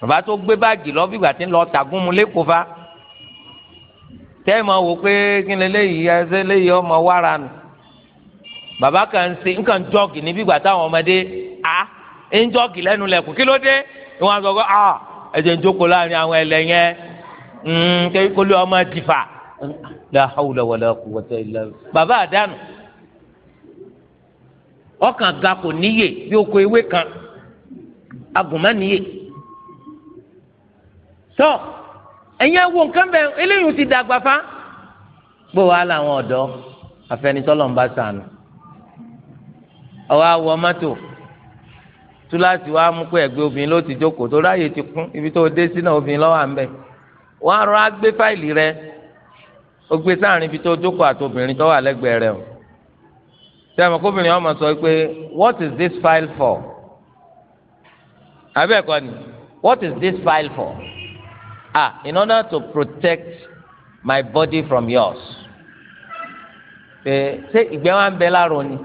bàbá tó gbé báàgì lọ bí ìgbà tí ń lọ tàgùn lẹ́kọ̀ọ́ fa. tẹ́ ẹ máa wò pé kí ni eléyìí eléyìí ọmọ wára nù bàbá kan ṣe nǹkan jọ́ọ̀gì níbí ìgbà táwọn ọmọdé a ń jọ́ọ̀gì lẹ́nu lẹ́kùn kí ló dé ìwọ̀n àgbà kọ́ ah ẹ̀jẹ̀ ń jókòó láàrin àwọn ẹlẹ́ yẹn hmm, kó lé ọmọ bàbá àdánù ọkàn ewé kan agùnmá níyè So, ẹ̀yin awo nǹkan bẹ́ẹ̀ eléyìí ti dàgbà fa gbọ́ wàá làwọn ọ̀dọ́ afẹnitọ́lọ́n bá sànù ọwọ́ awọ mọ́tò túláàsì wàá mú pé ẹ̀gbẹ́ obìnrin ló ti jókòó tó ráàyè ti kún ibi tó dé sí obìnrin lọ́wọ́ à ń bẹ̀ wàá fáìlì rẹ ó gbé sáàrin ibi tó jókòó àti obìnrin tó wà lẹ́gbẹ̀ẹ́ rẹ o sẹ́mi kóbìnrin ọmọ sọ pé what is this file for? àbẹ́ẹ̀kọ́ ni what is this file for? ah in order to protect my body from yours pé ṣé ìgbẹ́ wa ń bẹ láàrọ̀ ni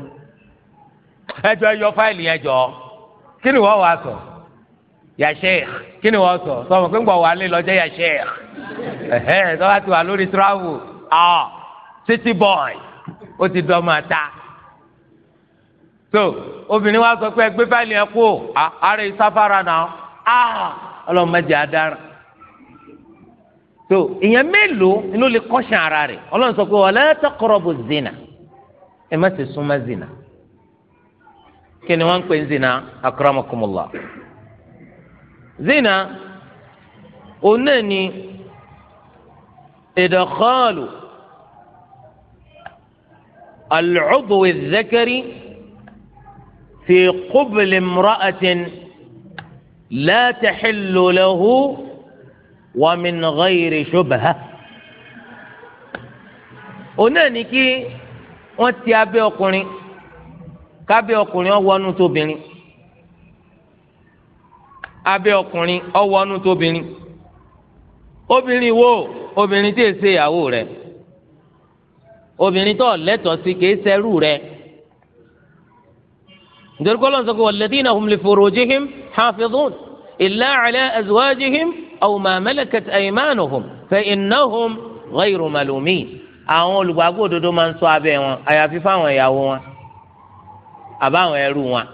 ẹjọ́ yọ fáìlì yẹn jọ kí ni wọ́n wá sọ ya sheikh kí ni wọ́n sọ sọmọ pé ń gbọ̀ wà lé lọ́jọ́ ya sheikh ẹ̀hẹ́ sọ́wọ́ ti wà lórí travel ah city boy ó ti dọ́ máa ta so obìnrin wa sọ pé ẹgbẹ́ fáìlì yẹn kú àárẹ̀ ah, sáfárà náà ah ọlọ́mọdé adára. so èèyàn mélòó inú lè kọ́ṣẹ́ ara rẹ̀ ọlọ́run sọ pé wala taqrabu zina ẹ má ti súnmọ́ zina kí ni wọ́n ń pè zina akramakumullah zina òun náà ni idkhalu al-udwi adh-dhakari fi qubli imra'atin la tahillu lahu. wa min ghairi shubha òun náà ní kí wọ́n ti abẹ́ ọkùnrin kábẹ́ ọkùnrin ọwọ́nú tóbìnrin abẹ́ ọkùnrin ọwọ́nú tóbìnrin obìnrin wo obìnrin tí èsè ìyàwó rẹ obìnrin tó lẹ́tọ̀ọ́ sí kìí ṣẹrú rẹ nítorí kọ́lọ́n sọ pé walladhina hum li furujihim hafidhun. إلا على أزواجهم أو ما ملكت أيمانهم فإنهم غير ملومين àwọn olùgbàgbọ́ òdodo máa ń ṣọ́ abẹ́ wọn àyàfi fáwọn ìyàwó wọn àbáwọn ẹrú wọn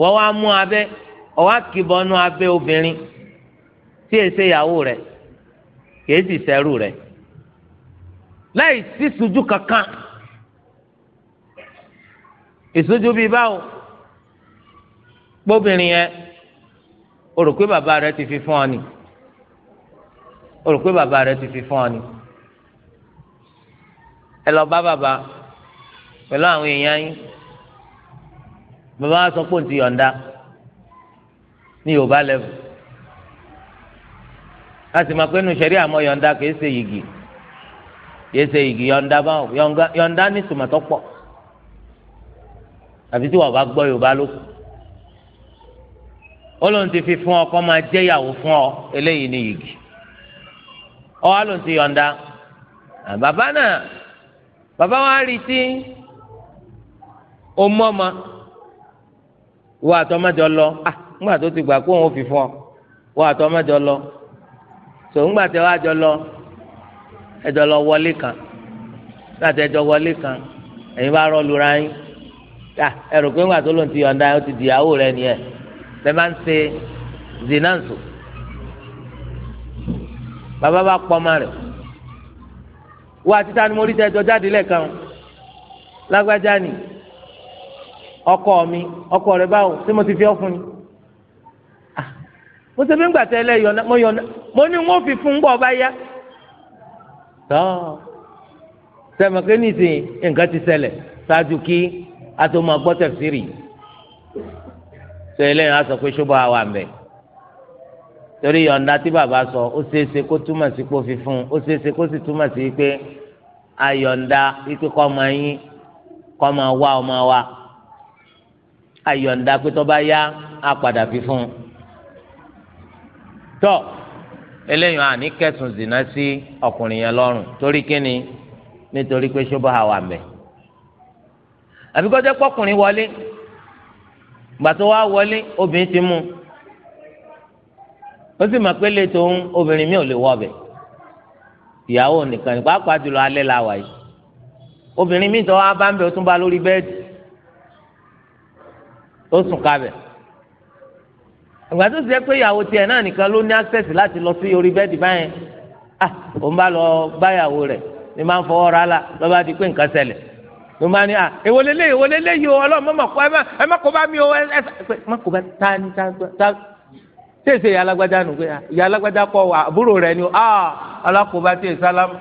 wọ́n wá mú abẹ́ ọ̀wá kìbọnú abẹ́ obìnrin tí èsè ìyàwó rẹ̀ kìí sì sẹ́rù rẹ̀ láì sí ìṣújú kankan ìṣújú bíi báwo gbóbìnrin yẹn o rò pé bàbá rẹ ti fi fún ọ ni o rò pé bàbá rẹ ti fi fún ọ ni ẹ lọ bá bàbá pẹ̀lú àwọn èèyàn yín bàbá wa sọ pé òun ti yọ̀ǹda ní yorùbá lẹ́vù láti máa pé nu sẹ́rí àmọ́ yọ̀ǹda kìí ṣe yìgì kìí ṣe yìgì yọ̀ǹda báwọn yọ̀ǹda ní tòmọ̀tò pọ̀ àfi tí wọ́n bá gbọ́ yorùbá lókun ọlọ́run ti fi fún ọ kọ́ máa jẹ́ ìyàwó fún ọ eléyìí ni yìgì ọ ọlọ́run ti yọ̀ǹda bàbá náà bàbá wa rí tí o mọ́ ma wọ́n lọ ah ńgbà tó ti gbà kó òun fi fún ọ wọ́n lọ tó ńgbà lọ ẹjọ́ lọ wọlé kan láti ẹjọ́ wọlé kan ẹ̀yin bá lura yín pé ńgbà tó ti yọ̀ǹda ó ti dìyàwó lẹ́ẹ̀ máa ń ṣe zinanso bàbá bá pọ̀ ọmọ rẹ̀ wọ́n àti tani mo rí tẹ́jọ́ jáde lẹ́ẹ̀kan lágbájá ni ọkọ mi ọkọ rẹ̀ báwo ṣé mo ti fi ọ́ fún ni ah, mo ṣe fi ń gbà tẹ́lẹ̀ yọ̀nà mo yọ̀nà mo ní wọ́n fi fún bọ́ ọba yá tọ́ sẹ́mọ̀kẹ́ nìsín nǹkan ti ṣẹlẹ̀ ṣáájú kí a tó máa gbọ́ tẹ̀síìrì yìí sọ eléyìí wọn sọ pé ṣubú àwa ń bẹ torí yọ̀ǹda tí bàbá sọ ó ṣeéṣe kó túmọ̀ sí kó fi fún un ó ṣeéṣe kó sì túmọ̀ sí pé ayọ̀ǹda wípé kọ́ máa yín kọ́ máa wá ọmọ wa ayọ̀ǹda pé tó bá yá á padà fi fún un tọ́ eléyìí àní kẹsùn zìnà sí ọkùnrin yẹn lọ́rùn torí kíni nítorí pé ṣubú àwa ń bẹ pọ́kùnrin wọlé gbàtọ́ wa wọlé obìnrin ti mú ó sì mọ̀ pé lè tóun obìnrin mi ò lè wọ ọbẹ̀ ìyàwó nìkan nípa pàjùlọ alẹ́ la wà yìí obìnrin mi tọ́ wá bá ń bẹ̀ tún bá lórí bẹ́ẹ̀dì ó sùn kabẹ̀ ìgbà tó ṣe pé ìyàwó tiẹ̀ náà nìkan ló ní access láti lọ sí orí bẹ́ẹ̀dì báyẹn ah òun bá lọ báyàwó rẹ̀ ní máa ń fọwọ́ ra la lọ́ba di pé nǹkan ṣẹlẹ̀ ló máa ní à èwo lélẹ́ èwo lélẹ́ yìí o ọlọ́run mọ̀mọ́ kọ́ ẹ má kó bá mi o ẹ ẹ má kó bá ta ni ta ta tẹ̀sẹ̀ ìyá alágbádá nù pé ìyá alágbádá kọ́ wà àbúrò rẹ̀ ni o ah alákòóbá tẹ̀ sálámù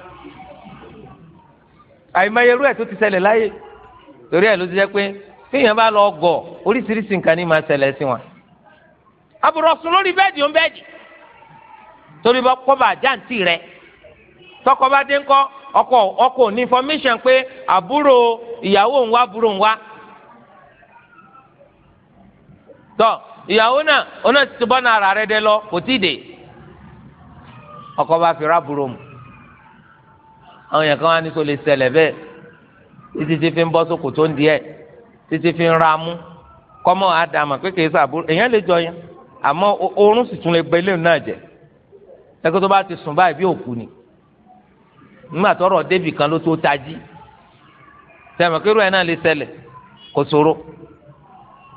àìmọyerú ẹ̀ tó ti ṣẹlẹ̀ láyé torí ẹ̀ ló ti jẹ́ pé téèyàn bá lọ gọ̀ oríṣiríṣi nǹkan ní máa ṣẹlẹ̀ sí wọn. àbùrọ̀sùn lórí bẹ́ẹ̀dì ó ń bẹ́ẹ̀dì torí bá kọ́ bá àjáǹtì rẹ̀ tọkọ bá dé ọkọ ọkọ ní information pé àbúrò ìyàwó ń wá àbúrò ń wá tọ ìyàwó náà ọ̀nà ara rẹ dẹ lọ kò tí ì dé ọkọ bá fi rábùrò mu àwọn yẹn kan wá ní kó lè bẹ́ẹ̀ fi ń bọ́ sóko tó ń di ẹ̀ fi ń ra mú kọ́mọ́ àdàmà pé kìí sàbúrò èèyàn lè jọ yẹn àmọ́ oorun sì tún lè ilé náà jẹ ẹgbẹ́ ni. nígbà tọrọ débì kan ló tó tají sẹmọ kí irú ẹ náà lè ṣẹlẹ̀ kò ṣòro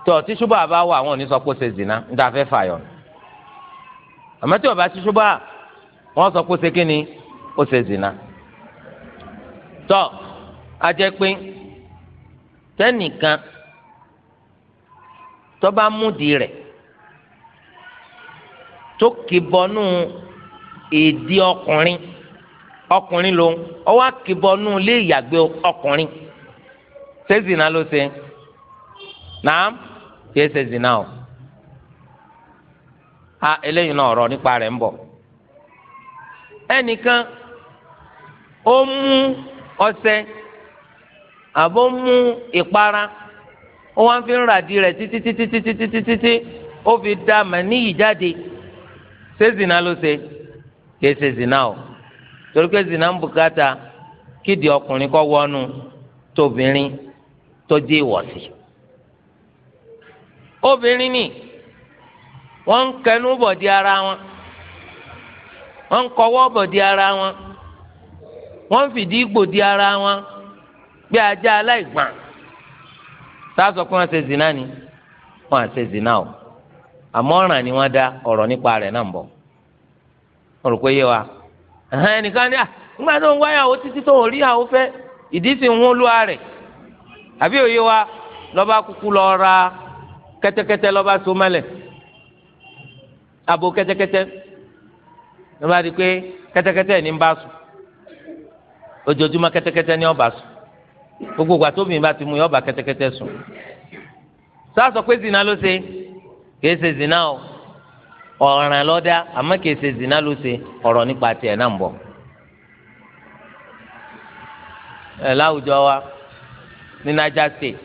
tọ tí ṣùgbọ́n àbá wà wọn ò ní sọ pé ó ṣe zina ń ta fẹ́ fàyọ̀ àmọ́ tí ọba tí wọn sọ pé ó ṣe kí ó ṣe zina tọ ajẹ́pín tẹ́nìkan tọ́ba múdi rẹ̀ tó kì èdè ọkùnrin. ọkùnrin lòun ọwọ́ akébọnú ilé ìyàgbẹ́ ọkùnrin ṣé ló ṣe náà kì í ṣe zina o a eléyìí náà ọ̀rọ̀ nípa rẹ ń bọ̀ ẹnìkan ó mú ọsẹ àbó mú ìpara ó wá ń fi ń ràdí rẹ̀ títí títí títí títí títí ó fi dá màníyì jáde ṣé ló ṣe kì í ṣe o. torí pé zina ń bùkátà kídìí ọkùnrin kọ́ wọnú tóbìnrin tó dé ìwọ̀sí. ni wọ́n ń kẹnu ara wọn wọ́n ń kọwọ́ bọ̀ ara wọn wọ́n ń fìdí ipò di ara wọn bí ajá aláìgbọ̀n sáàsọ pé wọ́n ṣe zina ni wọ́n zina o àmọ́ ọ̀ràn ni wọ́n dá ọ̀rọ̀ nípa rẹ̀ náà ń ẹ̀hán ẹnìkan ní ah, à ńgbà tó ń wáyàwó títí tó ń rí àwọn fẹ́ ìdí sì ń wa lọba kúkú lọ ra kẹtẹkẹtẹ lọba so abo kẹtẹkẹtẹ lọ́ba di pé ni ní bá sùn ojoojúmọ́ ọba sùn gbogbo ìgbà tó bìnrin ti mú ọba kẹtẹkẹtẹ sùn sọ zina ló ṣe kì í ṣe zina ọ̀ràn lọ́dá àmọ́ kìí ṣe zina ló ṣe ọ̀rọ̀ nípa tiẹ̀ náà ń bọ̀. ẹ̀ láwùjọ wa ní Niger state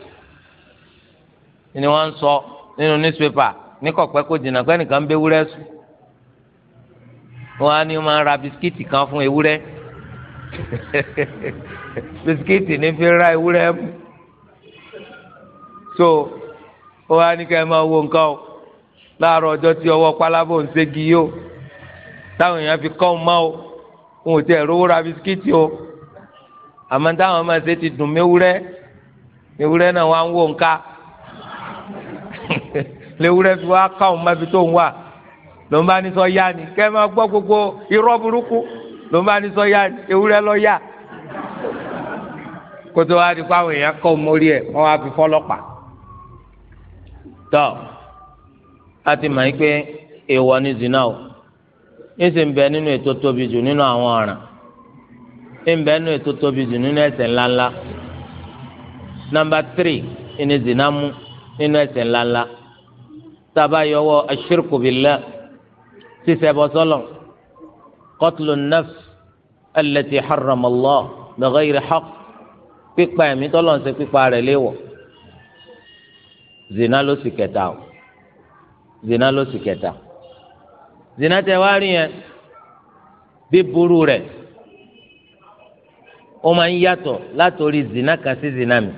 ni wọ́n ń sọ nínú newspaper ní kọ̀pẹ́ kó jìnnà pé ẹnìkan ń bẹ ewúrẹ́ sùn. wọ́n á ní wọ́n ra bisikíìtì kan fún ewúrẹ́ bisikíìtì ní fi ra ewúrẹ́ mú. so wọ́n á ní kẹ́ ẹ máa wo nǹkan o. láàárọ̀ ọjọ́ tí ọwọ́ pálábò ń ségi yó táwọn èèyàn fi kọ́ ọmọ o wọn ò tẹ rówó ra bisikíìtì o àmọ́ táwọn máa ṣe ti dùn méwúrẹ́ méwúrẹ́ náà wọ́n á ń wò ń ká léwúrẹ́ fi wá ká òun má fi tó ń wà ló ń bá ní sọ yá ni kẹ́ ẹ máa gbọ́ gbogbo irọ́ burúkú ló ń bá ní sọ yá ni ewúrẹ́ lọ yá kótó wá di pé àwọn èèyàn kọ́ mórí ẹ̀ wọ́n wá fi fọ́lọ́pàá tọ́ a ti mọ̀ pé èèwọ̀ ni zina o ń sì ń bẹ nínú ètò tóbi jù nínú àwọn ọ̀ràn ń bẹ nínú ètò tóbi jù nínú ẹ̀ṣẹ̀ ńláńlá nàmbà tírì ni zina mú nínú ẹ̀ṣẹ̀ ńláńlá sábà yọwọ́ ashirku billah sísẹ́bọ̀ sọ́lọ̀ qatlu nafs allati harrama Allah bi ghayri haqq pípa ẹ̀mí tọ́lọ̀ ń ṣe pípa rẹ̀ léwọ̀ zina ló sì kẹta o zina ló sì kẹta zina tẹ wá rí yẹn bí burú rẹ̀ ó máa ń yàtọ̀ látòrí zina kan sí zina mi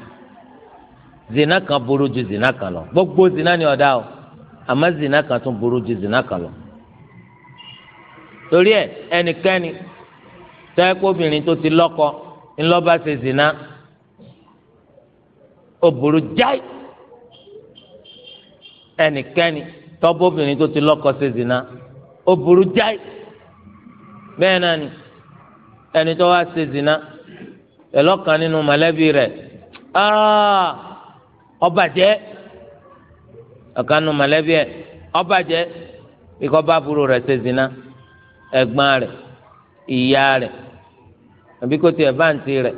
zina kan burú ju zina kan lọ gbogbo zina ni ọ̀dà o àmọ́ zina kan tún burú ju zina kan lọ torí ẹ ẹnikẹ́ni tẹ́kọ̀bìnrin tó ti lọ́kọ ńlọ́ba ṣe zina ó buru jáì ẹnikẹ́ni tọ́bọ̀bìnrin tó ti lọ́kọ ṣe zina ó burú jáì bẹ́ẹ̀ náà ni ẹni tó wá ṣe zina ẹlọ́kan nínú mọ̀lẹ́bí rẹ̀ ọba ah, jẹ́ ọ̀kan nínú mọ̀lẹ́bí ẹ̀ ọba jẹ́ ikọ́ bá burú rẹ̀ ṣe zina ẹ̀gbọ́n rẹ̀ ìyá rẹ̀ àbí kò tiẹ̀ bá ń ti rẹ̀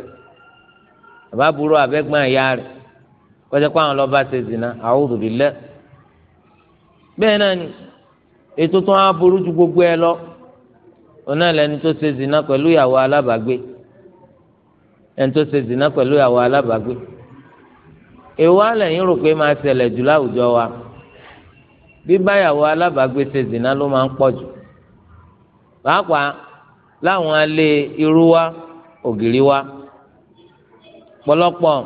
àbá burú abẹ́gbọ́n ìyá rẹ̀ kọjá kó àwọn lọ́ba ṣe zina a'udhu billah bẹ́ẹ̀ náà ni ètò tó ń aburú ju gbogbo ẹ lọ ọ̀nà lẹni tó ṣe zina pẹ̀lú ìyàwó alábàágbé ẹni tó ṣe zina pẹ̀lú ìyàwó alábàágbé èwo alẹ́yìn rò pé máa ṣẹlẹ̀ jù láwùjọ wa bíbáyàwó alábàágbé ṣe zina ló máa ń pọ̀ jù pàápàá láwọn alẹ́ irú wa ògiri wa pọ̀lọpọ̀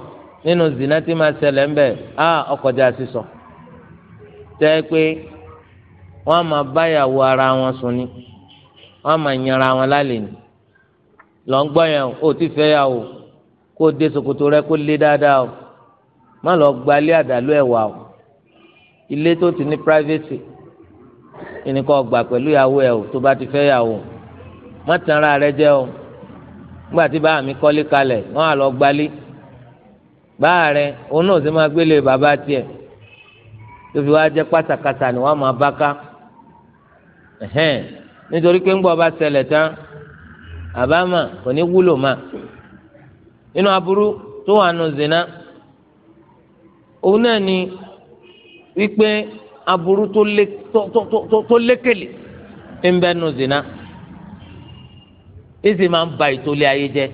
nínú zina tí máa ṣẹlẹ̀ ń bẹ ọkọjà sísọ. So tẹ́ pé wọ́n á máa báyàwó ara wọn sùn ni wọ́n á máa yanra wọn lálẹ́ ni lọ́ ń gbọ́ yẹn o ti fẹ́ yà o kó o dé ṣòkòtò rẹ kó lé dáadáa o má lọ gba ilé àdàlú ẹ̀wà o ilé tó ti ní privacy ìníkọ́ gbà pẹ̀lú ìyàwó ẹ̀ o tó bá ti fẹ́ yà o má tanra rẹ jẹ́ o nígbà tí bá mi kọ́lé kalẹ̀ wọ́n á lọ gbalé báà rẹ òun náà sì máa gbélé bàbá tiẹ̀ tóbi wá jẹ́ pátákátá ni wọ́n máa bá ká ẹ̀hẹ́n nítorí pé ńgbọ́ bá ṣẹlẹ̀ tán àbámà kò ní wúlò mà nínú aburú tó wà nù zina òun náà ni wípé aburú tó lékele ń bẹ nù zina ìsì máa ń ba ayé jẹ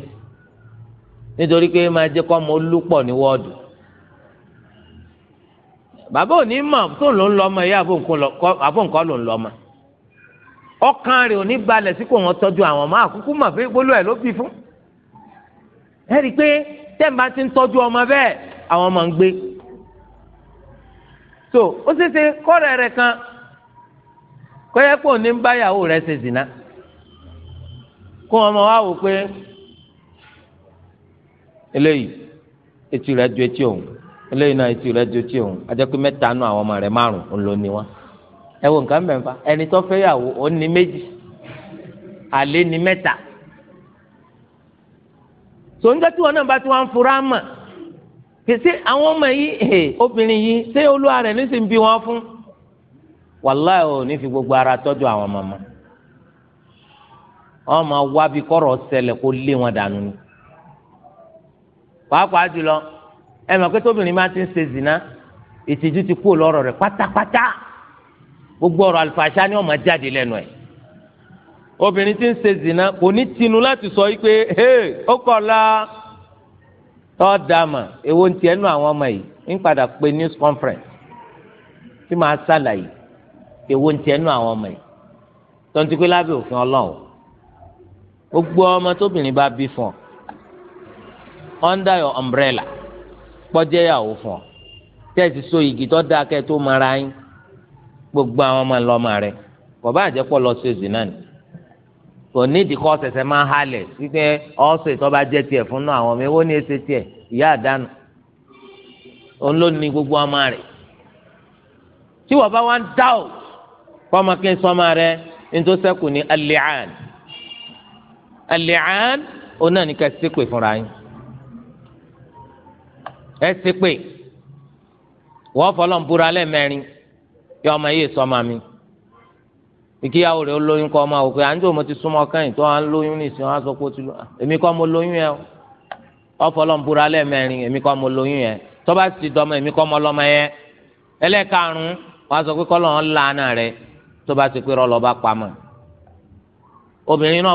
nítorí pé máa bàbá òní mọ̀ tó ló ń lọ ọmọ yìí àbóǹkọ́ ló ń lọ ọmọ ọkàn rẹ̀ òní balẹ̀ sí kò wọ́n tọ́jú àwọn ọmọ àkúkú mọ̀ pé gbólú ẹ̀ ló bí fún ẹ rí i pé tẹ́ǹbà ti ń tọ́jú ọmọ bẹ́ẹ̀ àwọn ọmọ ń gbé so ó ṣeéṣe kọ́rẹ̀ rẹ̀ kan kọ́yẹ́ pé òní ń báyàwó rẹ̀ ṣe zìnà kó ọmọ wa wò pé eléyìí etí rẹ̀ ju etí òun eléyìí náà etí rẹ di otí òun ajẹ́pẹ́ mẹ́ta nù àwọn ọmọ rẹ márùn ún ló ní wọn. ẹ wo nǹkan mẹ́fà ẹni tó fẹ́ yàwó ó ní méjì àlè ní mẹ́ta. sòńjẹ́ tí wọn náà bá ti wá ń fura mọ̀ kìsì àwọn ọmọ yìí obìnrin yìí ṣé olúwa rẹ̀ nísìnyí bí wọ́n fún. wàláì ò ní fi gbogbo ara tọ́jú àwọn màmá wọn máa wá bí kọ́rọ̀ ṣẹlẹ̀ kó lé wọn dànù ni. pàápàá jùlọ ẹ mọ̀ pé tóbìnrin máa ti ń ṣe zina ìtìjú ti kú lọ́rọ̀ rẹ̀ pátápátá gbogbo ọ̀rọ̀ àlùfàṣà ni ọmọ jáde lẹ́nu ẹ̀ obìnrin ti ń ṣe zina kò ní tinú láti sọ yìí pé hey ó kọ̀ la tọ́ da mà èwo ń tiẹ̀ nù àwọn ọmọ yìí ń padà pé news conference tí màá ṣàlàyé èwo ń tiẹ̀ nù àwọn ọmọ yìí tọ́ntí pé lábẹ́ òfin ọlọ́run gbogbo ọmọ tóbìnrin bá bí fún ọ under your umbrella kọjá ìyàwó fún ọ tẹ́sí so igi tó dáa kẹ́ tó mara yín gbogbo àwọn ọmọ lọ́mọ rẹ kò bá jẹ́ pọ̀ lọ sí èzì náà ni kò nídìí kọ́ sẹ̀sẹ̀ máa halẹ̀ wípé ọ̀sẹ̀ tó bá jẹ́ tiẹ̀ fún náà àwọn ọmọ ewó ní ẹsẹ̀ tiẹ̀ ìyá àdánù òun gbogbo ọmọ rẹ tí wọ́n bá wá ń dá o fọmọ kí n sọmọ rẹ nítorí sẹ́kù ní alẹ́ àn alẹ́ náà ní ká ṣépè fúnra yín. ẹ ṣe pé wọ́n fọlọ́ ń búra lẹ́ẹ̀mẹrin yọ ọmọ yìí sọmọ mi ìkíyàwó rẹ̀ olóyún kọ́ ọmọ òkè àńjọ mo ti súnmọ́ kẹ́yìn tó wà lóyún nìsín wọn sọ pé èmi kọ́ mo lóyún yẹn ń búra èmi mo lóyún yẹn ti dọmọ èmi kọ́ mo yẹn sọ pé ń la ti pé obìnrin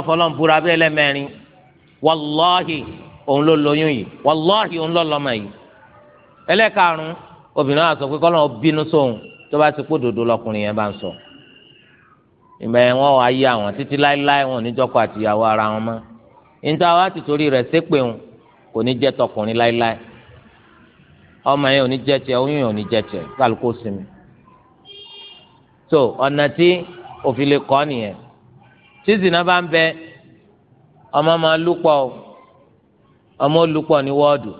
ẹlẹ́karùn-ún obìnrin náà sọ pé kọ́lọ́ bínú sóhun tó bá ti kó dòdò lọkùnrin yẹn bá ń sọ ìgbà yẹn wọn wá yí àwọn títí láéláé wọn níjọkọ àtìyàwó ara wọn mọ́ níta wá ti torí rẹ̀ sépè wọn kò ní jẹ́ tọkùnrin láéláé ọmọ yẹn ò ní jẹ́ tiẹ̀ oyún yẹn ò ní jẹ́ tiẹ̀ kálukó sinmi so ọ̀nà tí òfin lè kọ́ nìyẹn tí zina bá ń bẹ ọmọ máa lúpọ̀ ọmọ olùpọ̀ ní wọ́ọ̀dù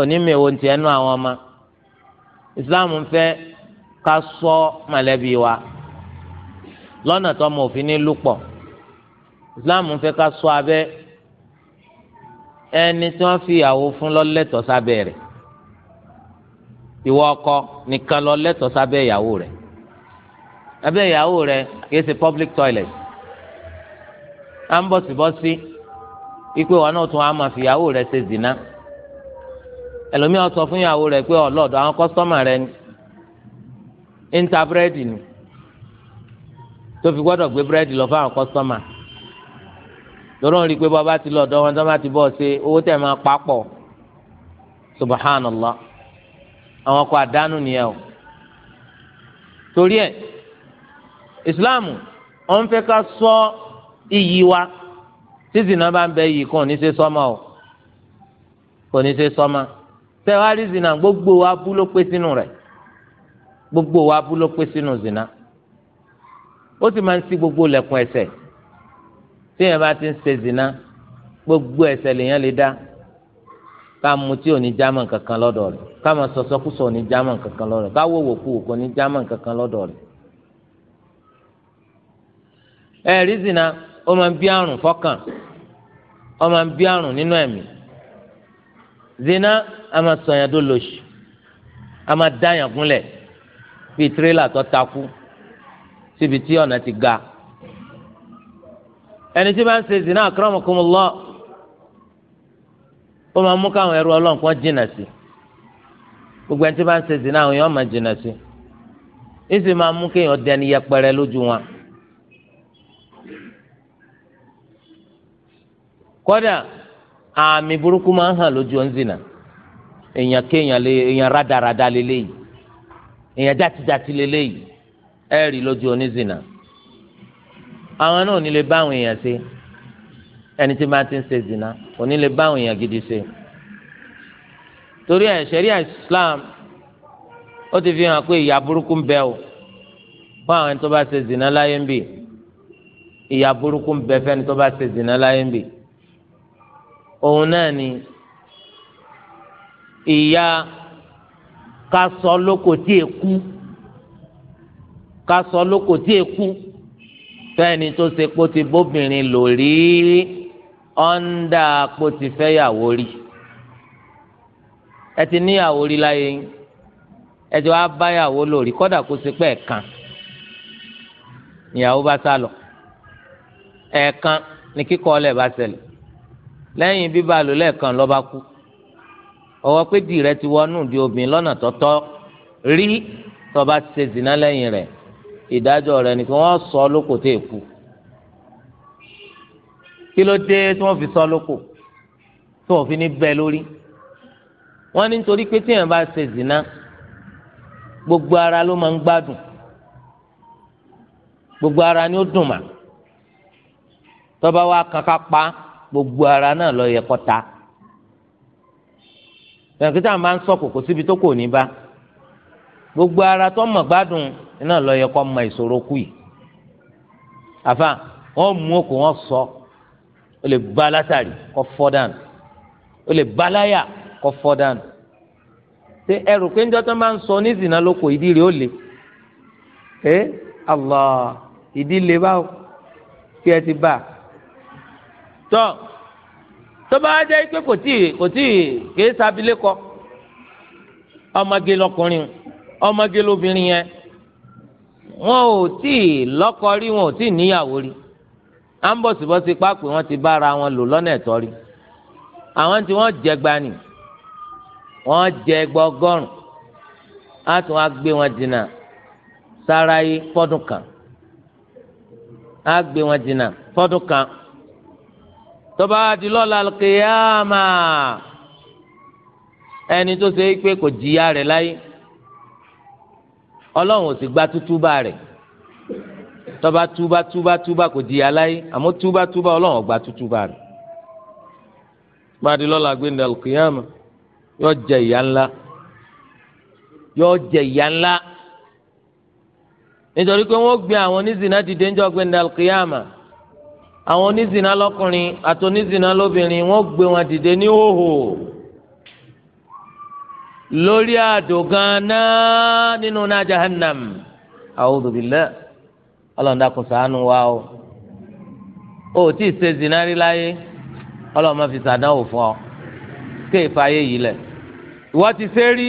onímẹ̀wò ti ẹnu àwọn ọmọ islam fẹ́ ká ṣọ́ mọ̀lẹ́bí wa lọ́nà tó ọmọ òfin ní lùpọ̀ islam fẹ́ ká ṣọ́ abẹ́ ẹni tí wọ́n fi ìyàwó fún lọ́lẹ́tọ̀ sábẹ́ rẹ̀ ìwọ ọkọ nìkan lọ́lẹ́tọ̀ sábẹ́ ìyàwó rẹ̀ abẹ́ ìyàwó rẹ̀ kìí ṣe public toilet à ń bọ̀sibọ́sí ipe wọn náà tún á máa fi ìyàwó rẹ̀ ṣe zina ẹlòmíì ó sọ fún ìyàwó rẹ̀ pé ọlọ́dọ̀ àwọn kọ́sítọ́mà rẹ̀ ni ń ta búrẹ́dì ni tó fi gbọ́dọ̀ gbé búrẹ́dì lọ fáwọn kọ́sítọ́mà lọ́rọ́ rí i pé bọ́ba ti lọ́dọ̀ wọn tó bá ti bọ́ ṣe owó tẹ̀ máa papọ̀ subhanallah àwọn ọkọ̀ àdánù nìyẹn o torí ẹ̀ ìsìláàmù ọ̀ ń fẹ́ ká sọ iyì wa tí zina bá ń bẹ yìí kò ní ṣe sọ́mọ́ o kò ní ṣe sọ́mọ́ tẹ́wárí zina gbogbo wa bú ló pé sínú rẹ̀ gbogbo wa bú ló pé sínú zina ó sì máa ń ṣí gbogbo lẹ̀kùn ẹ̀ṣẹ̀ tí èèyàn bá ti ń ṣe zina gbogbo ẹ̀ṣẹ̀ lèèyàn lè dá ká mutí ò ní jámọ̀ kankan lọ́dọ̀ rẹ̀ ká máa sọ̀sọ́kùsọ ò ní jámọ̀ kankan lọ́dọ̀ rẹ̀ ká wòwò kú kò ní jámọ̀ kankan lọ́dọ̀ rẹ̀ ẹ̀rí zina ó máa ń bí àrùn fọ́kàn ó máa ń bí àrùn nínú ẹ̀mí zina a máa sọ yẹn tó lòṣù a máa dá yẹn gúnlẹ̀ bíi tirẹ́là tó takú síbi tí ọ̀nà ti ga ẹni tí bá ń ṣe zina akramakumullah ó máa mú káwọn ẹrú ọlọ́run kan jìnnà sí gbogbo ẹni tí bá ń ṣe zina àwọn èèyàn jìnnà sí ń sì mú kéèyàn dẹni yẹpẹrẹ lójú wọn. kódà àmì burúkú máa ń hàn lójú ọ̀nzìnà èèyàn kéèyàn lé èèyàn rádaràda lélẹ́yìí èèyàn játijàti lélẹ́yìí ẹ rí lójú onízìnà àwọn náà ò ní lè bá àwọn èèyàn ṣe ẹni tí máa ti ń ṣe zìnà ò ní lè bá àwọn èèyàn gidi ṣe torí ẹ ṣẹ̀ríà Islam ó ti fi hàn pé ìyà burúkú ń bẹ o fún àwọn ẹni tó bá ṣe zìnà láyé ń bì ìyà burúkú ń bẹ fẹ́ni tó bá ṣe zìnà láyé ń bì òun náà ni ìyá kásọ lóko tí èkú kásọ lóko tí èkú fẹ́ni tó ṣe kó ti bóbìnrin lò rí ọ́ndà kó ti fẹ́yàwó rí ẹ ti níyàwó rí láyé ẹ ti wá báyàwó lò rí kọ́dà kó ṣe pé ẹ̀kan ìyàwó bá sá lọ ẹ̀ẹ̀kan ni kíkọ́ ọlẹ̀ bá ṣẹlẹ̀ lẹ́yìn bíbá lò lẹ́ẹ̀kan lọ́ba kú ọwọ́ pé di rẹ ti wọnú di obìnrin lọ́nà tọ́tọ́ rí tọba ti ṣe zina lẹ́yìn rẹ̀ ìdájọ́ rẹ̀ ni kí wọ́n sọ lóko tó èkú kí ló dé tí wọ́n fi sọ lóko tí wọ́n fi ní bẹ́ẹ̀ lórí wọ́n ní nítorí pé téèyàn bá ṣe zina gbogbo ara ló máa ń gbádùn gbogbo ara ni ó dùn mà tọba wa kankan pa gbogbo ara náà lọ yẹ kọta tẹ̀sán tá a máa ń sọ kòkó síbi tó kò ní bá gbogbo ara tó mọ̀ gbádùn iná lọ yẹ kó mọ ìṣòro kù yìí àfa wọn mú okùn wọn sọ ó lè bá látàrí kó fọ́ dànù ó lè bá láyà kó fọ́ dànù ṣé ẹrù pé njọ́ tó máa ń sọ ní ìsìnà lóko ìdí rẹ̀ ó le ẹ Allah ìdí le báwo kí ẹ ti bá tọ́ tọ́ba á jẹ́ pé kò tíì kò tíì kéé sábìlẹ́kọ ọmọge lọkùnrin ọmọge lóbìnrin yẹn wọn ò tíì lọ́kọ rí wọn ò tíì níyàwó rí à ń bọ̀sibọ́sí pápẹ́ wọn ti bára wọn lò lọ́nà ẹ̀tọ́ rí àwọn tí wọ́n jẹ gbani wọ́n jẹ gbọ́gọ́rùn á tún á gbé wọn dìnnà sáráyé fọ́dún kan á gbé wọn dìnnà fọ́dún kan tọ́ba di lọ́la kéyàmà ẹni tó ṣe é pé kò jìyà rẹ̀ láyé ọlọ́run ò sì gba tútúbà rẹ̀ tọ́ba túbà túbà túbà kò jìyà láyé àmọ́ túbà túbà ọlọ́run ò gba tútúbà rẹ̀ tọ́ba di lọ́la gbẹ̀ndà kéyàmà yọ jẹ ìyà ńlá yọ jẹ ìyà ńlá nítorí pé wọ́n gbé àwọn oníṣìnà dìde ńjọ́ gbẹ̀ndà kéyàmà àwọn onízìnnà lọ́kùnrin àti onízìnnà lóbìnrin wọ́n gbé wọn dìde ní hòhò lórí àdògán náà nínú náà jahannam a'udhu billah ọlọ́ọ̀dà kò sàánú wa o ò tí ì ṣe zìnnà rí láyé ọlọ́ọ̀ má fi sàdánwò fún ọ ké ìfàyè yìí lẹ̀ ìwọ ti ṣe rí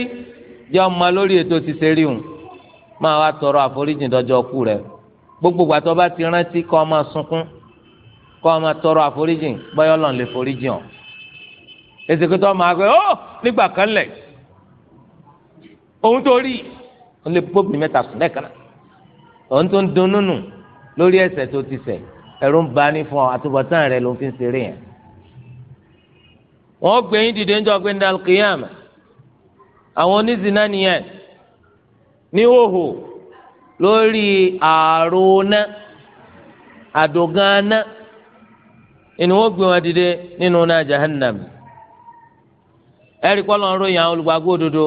jẹ́ ọmọ lórí ètò ti ṣe rí hùn máa wá tọrọ àforíjì dọjọ́ kú rẹ̀ gbogbo gbàtọ́ bá ti rántí kọ́ ọ sunkún kọ́ ọ máa tọrọ àforíjìn bọ́yọ́ lọ́n lè foríjìn ọ́ ezekutọ máa gbé ó nígbà kan lẹ̀ òun tó rí òun lè gbóbi mẹ́ta sùn lẹ́ẹ̀kan náà tó ń dunnú nù lórí ẹ̀ṣẹ̀ tó ti ṣẹ̀ ẹ̀rù ń bani fún ọ àtúbọ̀tán rẹ ló fi ń ṣeré yẹn wọn gbé yín dìde ńjọ́ gbé ndal kiyam àwọn oníṣìná nìyẹn ní lórí ààrò náà àdògán náà ni wọ́n gbé wọn dìde nínú náà jahannam ẹ̀rí kọ́lọ́ ń ròyìn àwọn olùgbàgbọ́ òdodo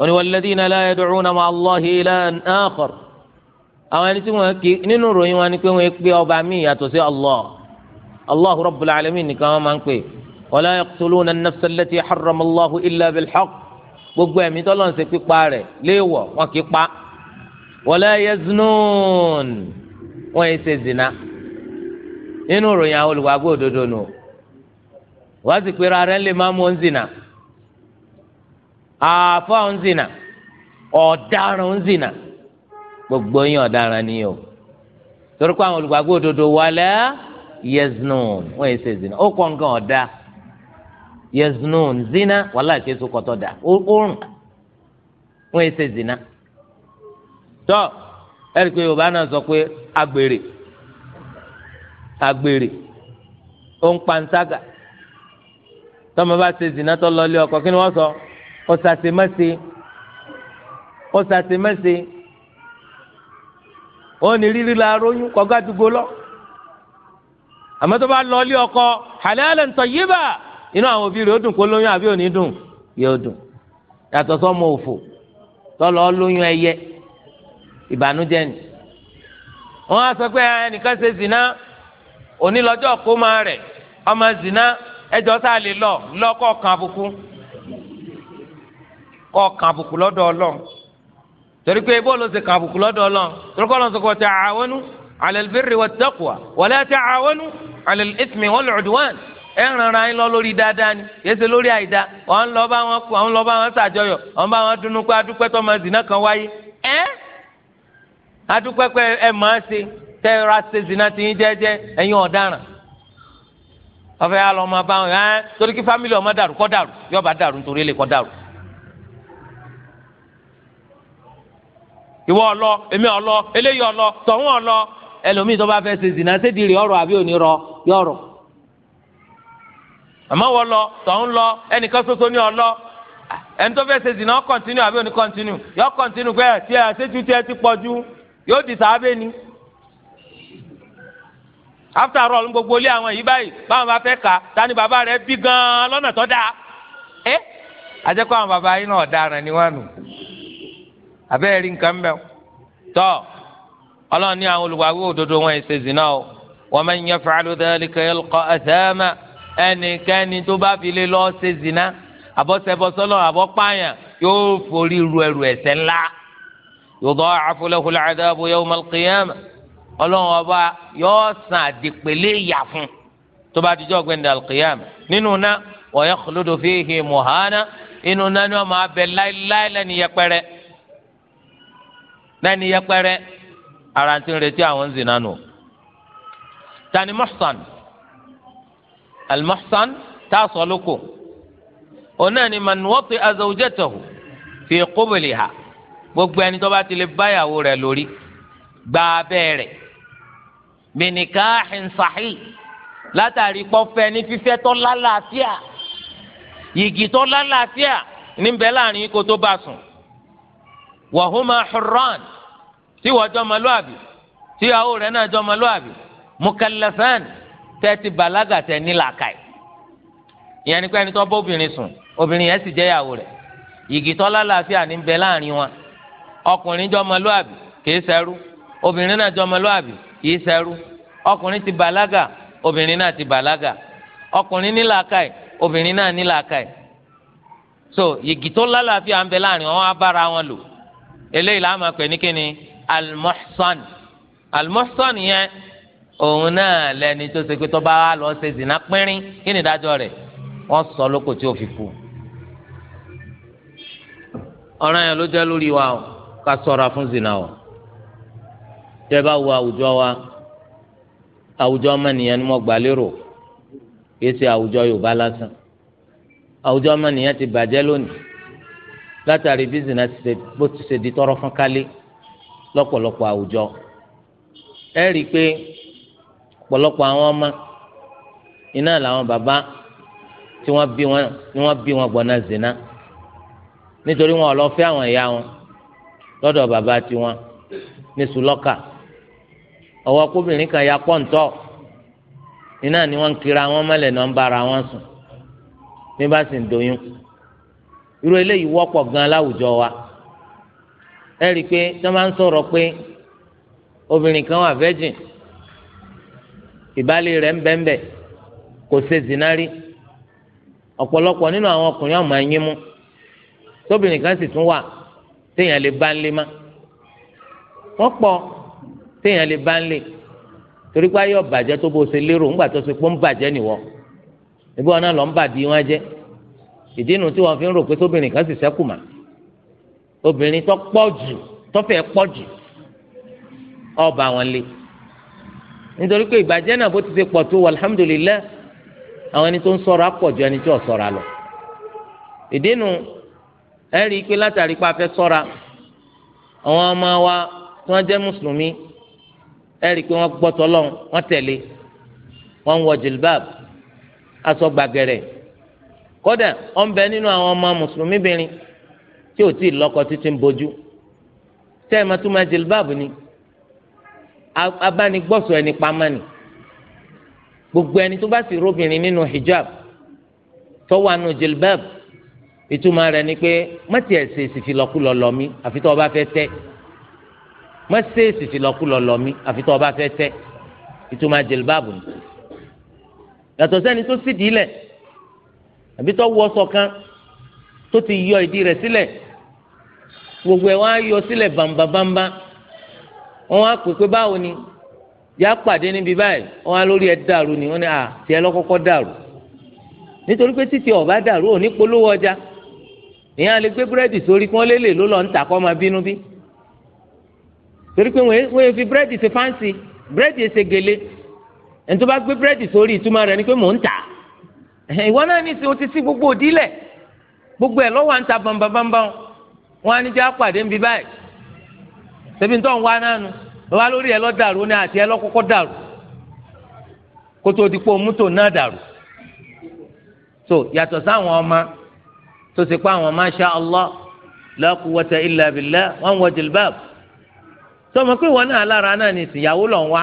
òní walladhina la yad'una ma'a Allahi ilahan akhar àwọn ẹni tí wọ́n kì nínú ròyìn wọn ni pé wọ́n pe ọba mi yàtọ̀ sí Allah Allahu rabbul alamin nìkan wọ́n máa ń pè wala yaqtuluna an-nafsa allati illa bil gbogbo ẹ̀mí tọ́lọ́ ń ṣe pípa rẹ̀ léèwọ̀ wọn kì í pa wala yaznun wọn yìí ṣe nínú ìròyìn àwọn olùwàgbọ́ òdodo nù wọ́n sì pera rẹ̀ lè máa mú gbogbo yín ọ̀daràn ni o torí pé àwọn olùgbàgbọ́ òdodo wọlé yeznun wọ́n yẹ zina ó kọ́ nǹkan ọ̀dà yeznun zina wàhálà ìkẹsọ kọtọ dà wọ́n yẹ zina tọ́ pé yorùbá agbèrè ó ń panṣágà tọ́mọ bá ṣe tó ọkọ kí ni wọ́n sọ ọ̀sàtìmẹ́sẹ ọ̀sàtìmẹ́sẹ ó ní rírí la kọ́gá lọ àmọ́ tó bá ọkọ halalan tayyiba inú àwọn òbí rẹ̀ ó dùn kó lóyún àbí dùn yóò dùn yàtọ̀ sọ́mọ òfò tọ́lọ́ lóyún ẹyẹ ìbànújẹ́ ni wọ́n á sọ pé onílọ́jọ́ kó máa rẹ̀ ọmọ zina ẹjọ́ tá a lè lọ lọ́kọ̀ kan àbùkù kọ́ kan àbùkù lọ́dọ̀ ọlọ́run torí pé bọ́ọ̀lù ti kan àbùkù lọ́dọ̀ ọlọ́run torí kọ́ lọ́n sọ̀kọ̀ ta'awanu 'ala al-birri wat-taqwa wa la ta'awanu 'ala al-ithmi wal-'udwan ẹ rànra yín lọ lórí dáadáa ni yéésẹ lórí àìdá wọn lọ bá wọn kú àwọn lọ bá wọn ṣàjọyọ̀ wọn bá wọn dunu pé adúpẹ́ tó máa zina kan wáyé ẹ adúpẹ́ pé ẹ máa ṣe tẹ́ra ṣe zina ti yín jẹ́jẹ́ ẹ̀yin ọ̀daràn ọ̀fẹ́ alọ́ máa bá wọn ẹ́ torí kí fámìlì ọmọ dàrú kọ́ dàrú yọba dàrú nítorí ilé kọ́ dàrú. ìwọ ọlọ èmi ọlọ eléyìí ọlọ tọ̀hún ọlọ ẹlòmíì tó bá fẹ́ ṣe zina sédìí rí ọrọ̀ àbí òní rọ yọrọ. àmọ́ wọ́n lọ tọ̀hún lọ ẹnìkan ṣoṣo ní ọlọ ẹni tó fẹ́ ṣe zina ó kọ́ntínú àbí òní kọ́ntínú yọ kọ́ntínú pé ẹ̀ tí ẹ̀ ṣéjú tí ẹ ti pọ̀jù yóò di sàábẹ́ ni after all gbogbo ilé àwọn yìí báyìí báwọn bá fẹ́ kà ta ni bàbá rẹ bí gan-an lọ́nà tó dáa ẹ́ àjẹkọ́ àwọn bàbá yìí náà ọ̀daràn ni wọ́n nù abẹ́rẹ́ rí nǹkan mẹ́wọ́ tọ́ ọlọ́run ní àwọn olùwàwí òdodo wọn ẹ̀ ṣe zina o wa man yaf'alu dhalika yalqa athama ẹnikẹ́ni tó bá fi lé lọ́ọ́ ṣe zina àbọ̀sẹ̀bọ̀sọ́lọ́ àbọ̀páyàn yóò ọlọ́run ọba yóò san àdìpẹ̀lẹ́ ìyà fún tó bá dijọ́ ọ̀gbìn dàlùkìyàm nínú náà wa yakhludu fihi muhana inú náà ni wọ́n máa bẹ láéláé lẹ́ni yẹpẹrẹ lẹ́ni yẹpẹrẹ ara ti ń retí àwọn ń zina nù. tani muhsan al-muhsan tààsọ̀ lóko ọ̀nà ni man wati'a zawjatahu fi qubliha gbogbo ẹni tó bá ti lè báyàwó rẹ̀ lórí gbà rẹ̀ bìnìkáàhìn sàhí látàrí pọ́fẹ́ ní fífẹ́ tó lálàáfíà yìgì tó lálàáfíà níbẹ̀ láàrin kó tó bá sùn wàhùnmá xurán tí wọ́n jọ́ ọmọlúwàbí tí ìyàwó rẹ̀ náà jọ́ ọmọlúwàbí mukallafan tẹ́tí balaga tẹ́ nílàkàì ìyẹn ni pé ẹni tó bá obìnrin sùn obìnrin yẹn sì jẹ́ ìyàwó rẹ̀ yìgì tó lálàáfíà níbẹ̀ láàrin wọn ọkùnrin jọ́ ọmọlúwàbí kìí ṣẹrú obìnrin náà jọ́ ọmọlúwàbí kìí ṣẹrú ọkùnrin ti bàlágà obìnrin náà ti bàlágà ọkùnrin ní làákàyè obìnrin náà ní làákàyè so yìgì tó lálàáfíà ń bẹ láàrin wọn á bára wọn lò eléyìí la máa pè ní kíni almohsan almohsan yẹn òun náà lẹni tó ṣe pé tó bá lọ ṣe zina pínrín kí ni ìdájọ́ rẹ̀ wọ́n sọ lóko tí ó fi kú ọ̀ràn yẹn ló jẹ́ lórí wa ká ṣọ́ra fún zina o tẹ́ bá wo àwùjọ wa àwùjọ ọmọnìyàn ni mo gbà lérò kìí ṣe àwùjọ Yorùbá lásán àwùjọ ọmọnìyàn ti bàjẹ́ lónìí látàrí bísíǹnà bó ti ṣe di tọrọ fún kálí lọ́pọ̀lọpọ̀ àwùjọ ẹ rí i pé pọ̀lọpọ̀ àwọn ọmọ iná làwọn bàbá tí wọ́n bí wọn ni wọ́n bí wọn gbọnà zina nítorí wọn ò lọ fẹ́ àwọn ìyá wọn lọ́dọ̀ bàbá tiwọn ní sùlọkà ọwọ́ kóbìnrin kan ya pọ́ǹtọ́ iná ni wọ́n ń kira wọn mọ́lẹ̀ náà ń bára wọn sùn bí bá sì ń doyún irú eléyìí wọ́pọ̀ gan láwùjọ wa ẹ rí i pé tí wọ́n ń sọ̀rọ̀ pé obìnrin kan wà virgin ìbálẹ̀ rẹ̀ ń bẹ́ńbẹ́ kò ṣe zinari ọ̀pọ̀lọpọ̀ nínú àwọn ọkùnrin ọ̀mọ̀ ẹ̀yìn mú tóbìnrin kan sì tún wà téèyàn lè bá ń lé má wọ́n pọ̀ téèyàn lè bá ń lè torí pé ayé ọ̀bàjẹ́ tó bó ṣe lérò ńgbà tó ṣe pọ́ ń bàjẹ́ nìwọ ibi wọn náà lọ ń bàdí wọn jẹ ìdí nu tí wọn fi ń rò pé tóbìnrin kan sì sẹ́kù mà obìnrin tó pọ̀ jù tọ́fẹ̀ pọ̀ jù ọba wọn lé nítorí pé ìbàjẹ́ náà bó ti ṣe pọ̀ tó wà alhamdulilayi àwọn ẹni tó ń sọ̀rọ̀ àpọ̀jù ẹni tí ò sọ̀rọ̀ àlọ́ ìdí nu ẹ rí i pé látàrí pé a fẹ́ sọ́ra àwọn ọmọ wa tí wọ́n jẹ́ mùsùlùmí ẹ rí i pé wọ́n gbọ́ tọ́lọ́n wọ́n tẹ̀lé wọ́n ń wọ jilbab aṣọ gbàgẹ̀rẹ̀ kódà ó ń bẹ nínú àwọn ọmọ mùsùlùmí bìnrin tí ò tí ì lọ́kọ títí ń bojú tẹ́ ẹ̀ máa tún máa jilbab ni abánigbọ́sọ̀ ẹni pamọ́ ni gbogbo ẹni tó bá sì róbìnrin nínú hijab tó wà jilbab ìtumọ̀ rẹ̀ ni pé mọ́tì ẹ̀ ṣèṣì fi lọ́kùlọ́ lọ àfi tó bá fẹ́ tẹ́ mọ́sẹ̀ẹ́sì fi lọ́kú lọ́lọ́ mi àfi tó o bá fẹ́ tẹ́ ìtumọ̀ jìlbáàbù ni yàtọ̀ sẹ́ni tó sì dìílẹ̀ àbí tó wọ ọsọ kan tó ti yọ ìdí rẹ̀ sílẹ̀ gbogbo ẹ̀ wọ́n á yọ sílẹ̀ bàǹbàǹbàǹbà wọ́n á pè pé báwo ni yà pàdé níbi báyìí wọ́n á lórí ẹ̀ dàrú ni wọ́n ní à tiẹ̀ lọ́kọ́kọ́ dàrú nítorí pé títí ọ̀bá dàrú òní polówó ọjà ìyẹn a gbé búrẹ́dì sórí kí wọ́n lé ló lọ ń tà kọ́ máa bínú bí. Bi torí pé wọ́n fi búrẹ́dì ṣe fáǹsì búrẹ́dì ṣe gèlè ẹni tó bá gbé búrẹ́dì sórí ìtumọ̀ rẹ̀ ni pé mò ń tà ìwọ náà ní o ti sí gbogbo òdílẹ̀ gbogbo ẹ̀ lọ́wọ́ à ń ta bambambambam wọn á ní jẹ́ àpàdé nbí báyìí ṣebí ń tọ́ ń wá náà nu wá lórí ẹ lọ́ dàrú ní àti ẹ lọ́ kọ́kọ́ dàrú kótó òdìpọ̀ mútò náà dàrú so yàtọ̀ sáwọn ọmọ tó ṣe pé àwọn masha Allah la quwwata illa billah wọn wọ jilbab sọmọ pé ìwọ náà lára náà ní ìsìnyàwó lọ ń wá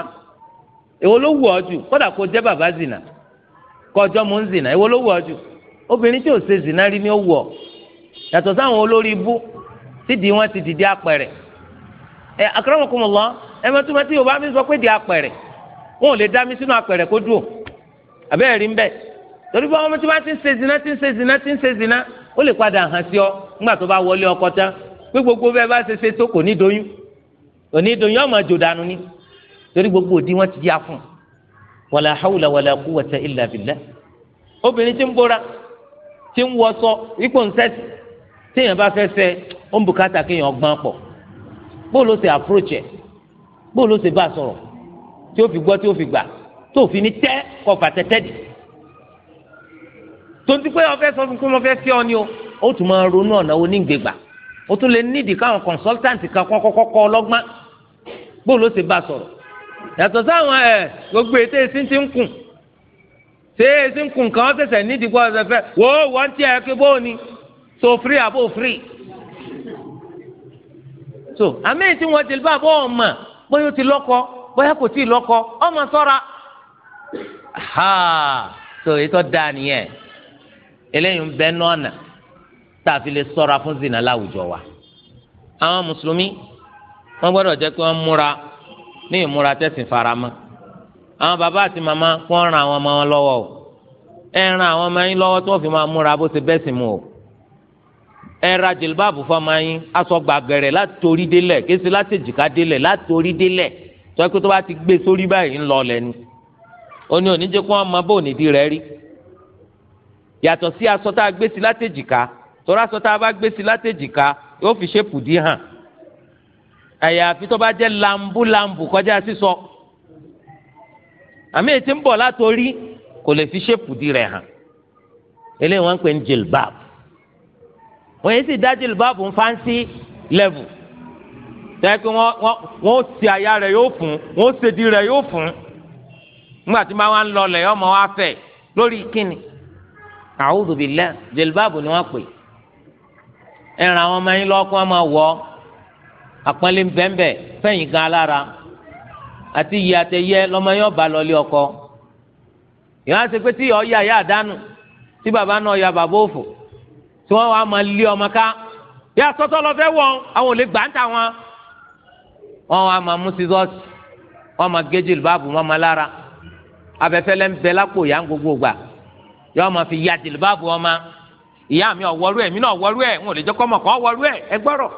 ló wù ọ jù kó jẹ bàbá zìnà kọjọ mò ń zìnà ló wù ọ jù obìnrin tí ò ṣe rí ni ó ọ yàtọ̀ sáwọn olórí ibú sídìí wọn ti dìde ẹ ẹ mọ tí yorùbá mi sọ pé di wọn ò lè dá mi sínú kó dùn rí torí bá tí wọn ti ń ṣe zìnà gbogbo bẹ́ẹ̀ bá ṣe ṣe tó kò onídùn yóò máa jò dànù ni torí gbogbo òdi wọn ti yá fún wàlà hawla wàlà quwwata illa billah obìnrin tí ń bóra tí ń wọṣọ ipò ń sẹ́sì téèyàn bá fẹ́ fẹ́ ó ń bùkátà kéèyàn gbọ́n pọ̀ bóòlù ṣe approach ẹ̀ bóòlù ṣe bá a sọ̀rọ̀ tí ó fi gbọ́ tí ó fi gbà tó fi ní tẹ́ kọ fàtẹ́tẹ́ dì tonti pé sọ fún pé mo fẹ́ fẹ́ ọ ni o ó tún máa ronú ọ̀nà onígbègbà o tún lè nídìí káwọn consultant kan kọ́kọ́kọ́ ọlọ́gbọ́n bóòlù ó sì bá sọ̀rọ̀ yàtọ̀ sáwọn ẹ̀ gbogbo ètò èsì ti ń kùn ṣé èsì ń kùn kàn wọ́n tẹ̀sẹ̀ nídìí kó ọ̀sẹ̀ fẹ́ wò ó wọ́n ti ẹ̀ kí bóò ni so free àbò free so àmì tí wọ́n ti bá bọ́ ọmọ bóyá ó ti lọ́kọ bóyá kò tí ì lọ́kọ ọmọ sọ́ra ha so ètò dáa nìyẹn eléyìí ń bẹ náà nà tá a fi lè sọ́ra fún zina láwùjọ wa àwọn mùsùlùmí wọ́n gbọ́dọ̀ jẹ́ pé wọ́n múra ní ìmúra tẹ̀sìn farama àwọn bàbá àti màmá wọ́n ran àwọn ọmọ wọn lọ́wọ́ o ẹ ran àwọn ọmọ yín lọ́wọ́ tó fi máa múra bó ti bẹ́sìn mu o ẹ ra jìlbáàbù fọmọ yín aṣọ gbàgẹ̀rẹ̀ látòrí délẹ̀ kéṣe láti èjìká délẹ̀ látòrí délẹ̀ tó ẹ pé tó bá ti gbé sórí báyìí ńlọ lẹ́nu ó ní oníjẹ́ kó wọn mọ bóun ìdí rẹ̀ rí yàtọ̀ sí aṣọ tá a gbé sí látèjìká torí aṣọ tá a bá gbé sí látẹ̀jìká yóò fi ṣépù dí hàn àyàfi tó bá jẹ́ lambúlambù kọjá sísọ àmì ètí ń bọ̀ látòrí kò lè fi ṣépù dí rẹ̀ hàn eléyìí wọ́n ń pè ní jilbab wọ́n yìí sì dá jilbab ń fáńsì lẹ́vù tẹ́kí wọ́n wọ́n ti àyà rẹ̀ yóò fún wọ́n ṣèdí rẹ̀ yóò fún nígbà tí wọ́n wá ń lọlẹ̀ ọmọ wa fẹ̀ lórí kíni a'udhu billah jilbab ni wọ́n pè é ẹran àwọn ọmọ yín lọ́kọ́ máa wọ̀ àpọ́nlé bẹ́ẹ̀nbẹ́ẹ̀ fẹ̀yìn gan alára àti iyì àtẹ̀yẹ lọ́mọ yín ọba lọ́lé ọkọ ìyá ṣe pé tí ìyá ọyà yà tí bàbá náà ya bàbá òfò tí wọ́n wá máa lé ọmọ ká yà sọ́tọ́ lọ fẹ́ wọ̀n àwọn ò lè gbà ń tà wọn wọ́n wá máa mú sísọ́ọ̀sì wọ́n máa gé jìlbáàbù wọn máa lára abẹ́fẹ́lẹ́ ń bẹ lápò yà gbogbo gbà yọ ìyá mi ọ̀wọ́rú ẹ̀ mi náà ọ̀wọ́rú ẹ̀ wọn ò lè jẹ́ kọ́mọ kan ọ̀wọ́rú ẹ̀ ẹ gbọ́rọ̀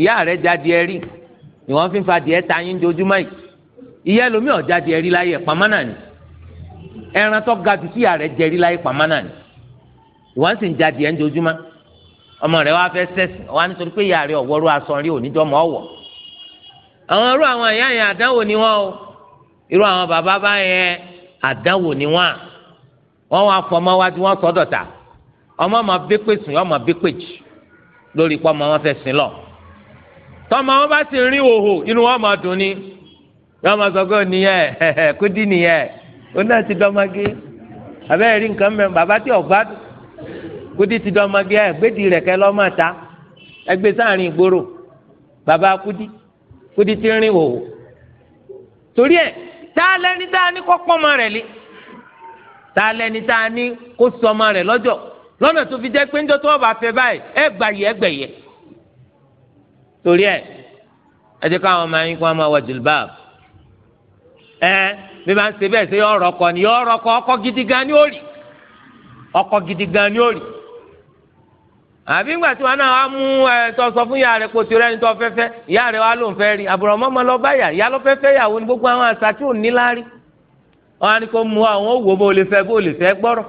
ìyá rẹ̀ jáde ẹ rí ni wọ́n fi ń fa diẹ ta yín dojúmọ́ yìí ìyá ẹlòmíì ọ̀ jáde ẹ rí láyé ẹ̀ pamọ́ náà ni ẹran tó ga jù síyà rẹ̀ jẹ rí láyé pamọ́ náà ni ìwọ́n sì ń jáde ẹ ń dojúmọ́ ọmọ rẹ̀ wá fẹ́ sẹ́sìn wá nítorí pé ìyá rẹ̀ ọ̀wọ́rú aṣọ rí onídọ́mọ ọ̀wọ́ àwọn irú àwọn ìyá yẹn àdánwò ni wọ́n o irú àwọn bàbá bá yẹn àdánwò ni wọ́n à wọ́n wá fọmọ wájú wọ́n sọ́dọ̀ta ọmọ ma bí pè sùn ọmọ bí jì lórí ọmọ wọn lọ tọmọ wọn bá sì rí òhò inú wọn máa dùn ni yọ máa sọ pé nìyẹn kó dín nìyẹn ó náà ti dọ́mọgé àbẹ́ rí nǹkan mẹ́rin bàbá tí ọ̀gbá kó ti dọ́mọgé ẹ̀ gbédi rẹ̀ kẹ́ ta ẹgbẹ́ sáàrin ìgboro bàbá ti rin òhò torí ẹ̀ tá a lẹ́ni tá a ní kó rẹ̀ lé tá a lẹ́ni tá a ní kó lọ́nà tó fi jẹ́ pé ńjọ́ tó ọba fẹ́ báyìí ẹ gbàyẹ gbẹ̀yẹ. torí ẹ ẹ káwọn ọmọ yín kó ẹ bí wọ́n ṣe bẹ́ẹ̀ ṣe ọ̀rọ̀ kọ ni ọ̀rọ̀ kọ ọkọ gidi gan ni ọkọ gidi gan ni ó rì àbí ńgbà tí wọn náà wá mú ẹ tọ sọ fún ìyá rẹ ní tọ fẹfẹ ìyá rẹ wá rí lọ báyà gbogbo àwọn àṣà tí ò ní láárí wọn á ní kó àwọn òwò bó gbọrọ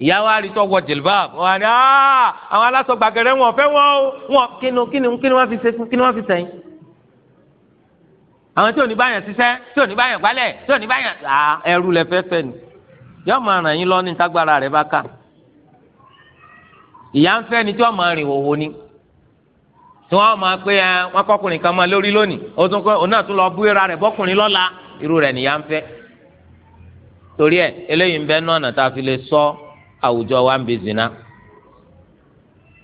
ìyá wa rí tó wọ jìlbáàbù wọn ni àwọn aláṣọ gbàgẹrẹ wọn fẹ́ wọn o wọn kíni kíni kíni wọn fi ṣe fún kíni wọn fi sẹ́yìn. àwọn tí ò ní báyàn ṣiṣẹ́ tí ò ní báyàn gbálẹ̀ tí ò ní báyàn ẹrú lẹ fẹ́ fẹ́ ni yóò máa ràn yín lọ ní tágbára rẹ bá kà. ìyá ń fẹ́ ni tí wọ́n máa rìn òwò ni tí wọ́n máa pé ẹ wọ́n kọ́kùnrin kan máa lórí lónìí ó tún kọ́ òun náà tún lọ bú ìra rẹ̀ bọ́kùnrin lọ́la irú rẹ̀ nìyá ń fẹ́ torí ẹ eléyìí ń bẹ náà nàta àwùjọ wa ń bi zina.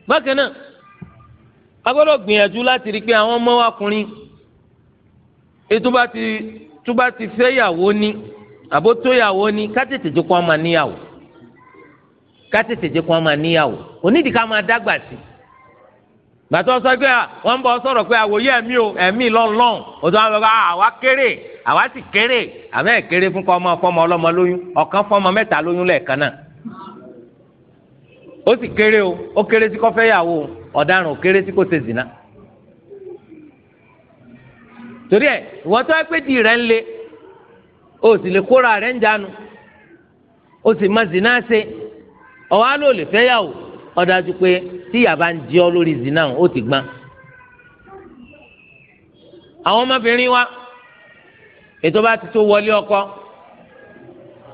bákan náà a gbọ́dọ̀ gbìyànjú láti rí i pé àwọn ọmọ wa kùnrin ètùbá ti túbá ti fẹ́ yàwó ní àbó tó yàwó ní ká tètè jẹ́ kó máa níyàwó ká tètè jẹ́ kó máa níyàwó onídìí ká máa dágbà sí i gbàtọ́ sọ pé wọ́n bọ̀ sọ̀rọ̀ pé àwòye ẹ̀mí o ẹ̀mí lọ́nlọ́n o tó wà lọ́wọ́ àwa kéré àwa sì kéré àmọ́ fún kọ́ ọmọ fọmọ ọlọ́mọ lóyún ọ̀kan fọmọ mẹ́ta lóyún lẹ́ẹ̀kan náà ó sì kéré o ó kéré sí kó yàwó ọ̀daràn ó kéré zina torí ẹ ìwọ tó di rẹ le sì lè kóra rẹ ń o sì ma zina ṣe ọwọ́ àlọ́ lè fẹ́ yàwó ọ̀dájú pé tíyà bá ń ọ lórí zina ó ti gba. àwọn ọmọbìnrin wa ètò bá ti tó wọlé ọkọ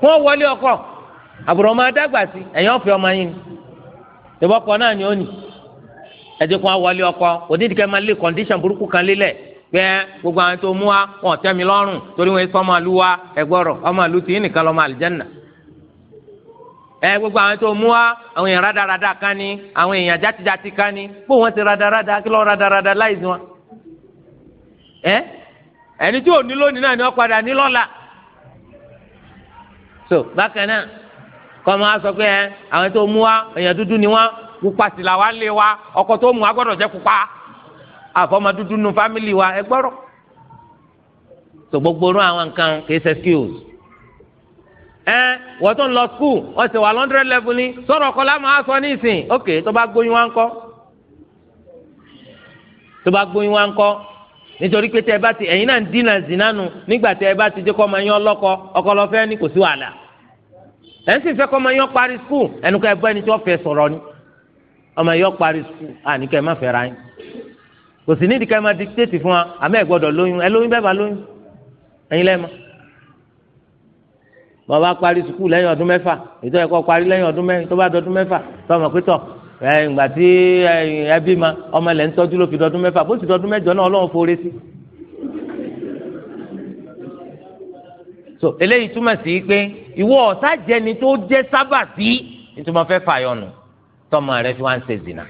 wọlé ọkọ àbùrọ̀ sí ẹ̀yìn ọ̀fẹ́ ọmọ ìwọ ọkọ náà ni ó nì ẹdí kan wọlé ọkọ òdìdí kẹ máa lé kọndíṣàn burúkú kan lélẹ̀ pé gbogbo àwọn tó mú wa wọn tẹ́ mi lọ́rùn torí wọn sọ ọmọ àlú wa ẹgbọrọ ọmọ àlú tì í nìkan lọmọ àlìjẹnà ẹ gbogbo àwọn tó mú wa àwọn èèyàn rádaràda kan ni àwọn èèyàn játijáti kan ni bó wọn ti rádaràda kí lọ rádaràda láì sí wọn ẹ ẹni tí ò ní lónìí náà ni wọn padà ní lọ́la so bákan náà kọ́ máa sọ pé ẹ àwọn tó mú wa èèyàn dúdú ni wọ́n pupa sì là wá lé wa ọkọ tó mú wa gbọ́dọ̀ jẹ́ pupa àfọmọ dúdú nu fámìlì wa ẹ gbọ́rọ̀ tó gbogbo rún àwọn nǹkan kì í ṣe skills ẹ wọ́n tó ń lọ skul wọ́n sì wà lọ́ndrẹ́ level ni sọ̀rọ̀ ọkọ láwọn máa sọ ní ìsìn ok tó bá gbóyún wa ń kọ́ tó bá gbóyún wa ń kọ́ nítorí pé tẹ ẹ bá ti ẹ̀yin náà ń dínà zìnnánu nígbà tẹ ẹ bá ti dé kọ́ ọmọ yín ọlọ́kọ ọkọ lọ fẹ́ ní kò sí wàhálà ẹ̀ ń sì fẹ́ kọ́ ọmọ yọ parí skul ẹnu ká ẹ bọ́ ẹni tí wọ́n fẹ́ sọ̀rọ̀ ni ọmọ yọ parí skul àní ká ẹ má fẹ́ ra yín kò sì nídìí ká ẹ má dictate fún wa àmọ́ ẹ gbọ́dọ̀ lóyún ẹ lóyún bẹ́ẹ̀ bá lóyún ẹ̀yin lẹ́ẹ̀ma bọ́ bá parí skul lẹ́yìn ọdún mẹ́fà ètò ẹ̀kọ́ parí lẹ́yìn ọdún mẹ́rin tó bá dọdún mẹ́fà tó ọmọ pé tọ̀ ìgbà tí ẹbí ma ọmọ ilẹ̀ ń tọ́jú ló fi dọdún mẹ́fà bó sì dọdún mẹ́jọ náà ọlọ́run forí sí so eléyìí túmọ̀ sí pé ìwọ ọ̀sá jẹni tó jẹ́ sábàbí nítorí fẹ́ fàyọnù tọmọ rẹ fi wá ń ṣe zina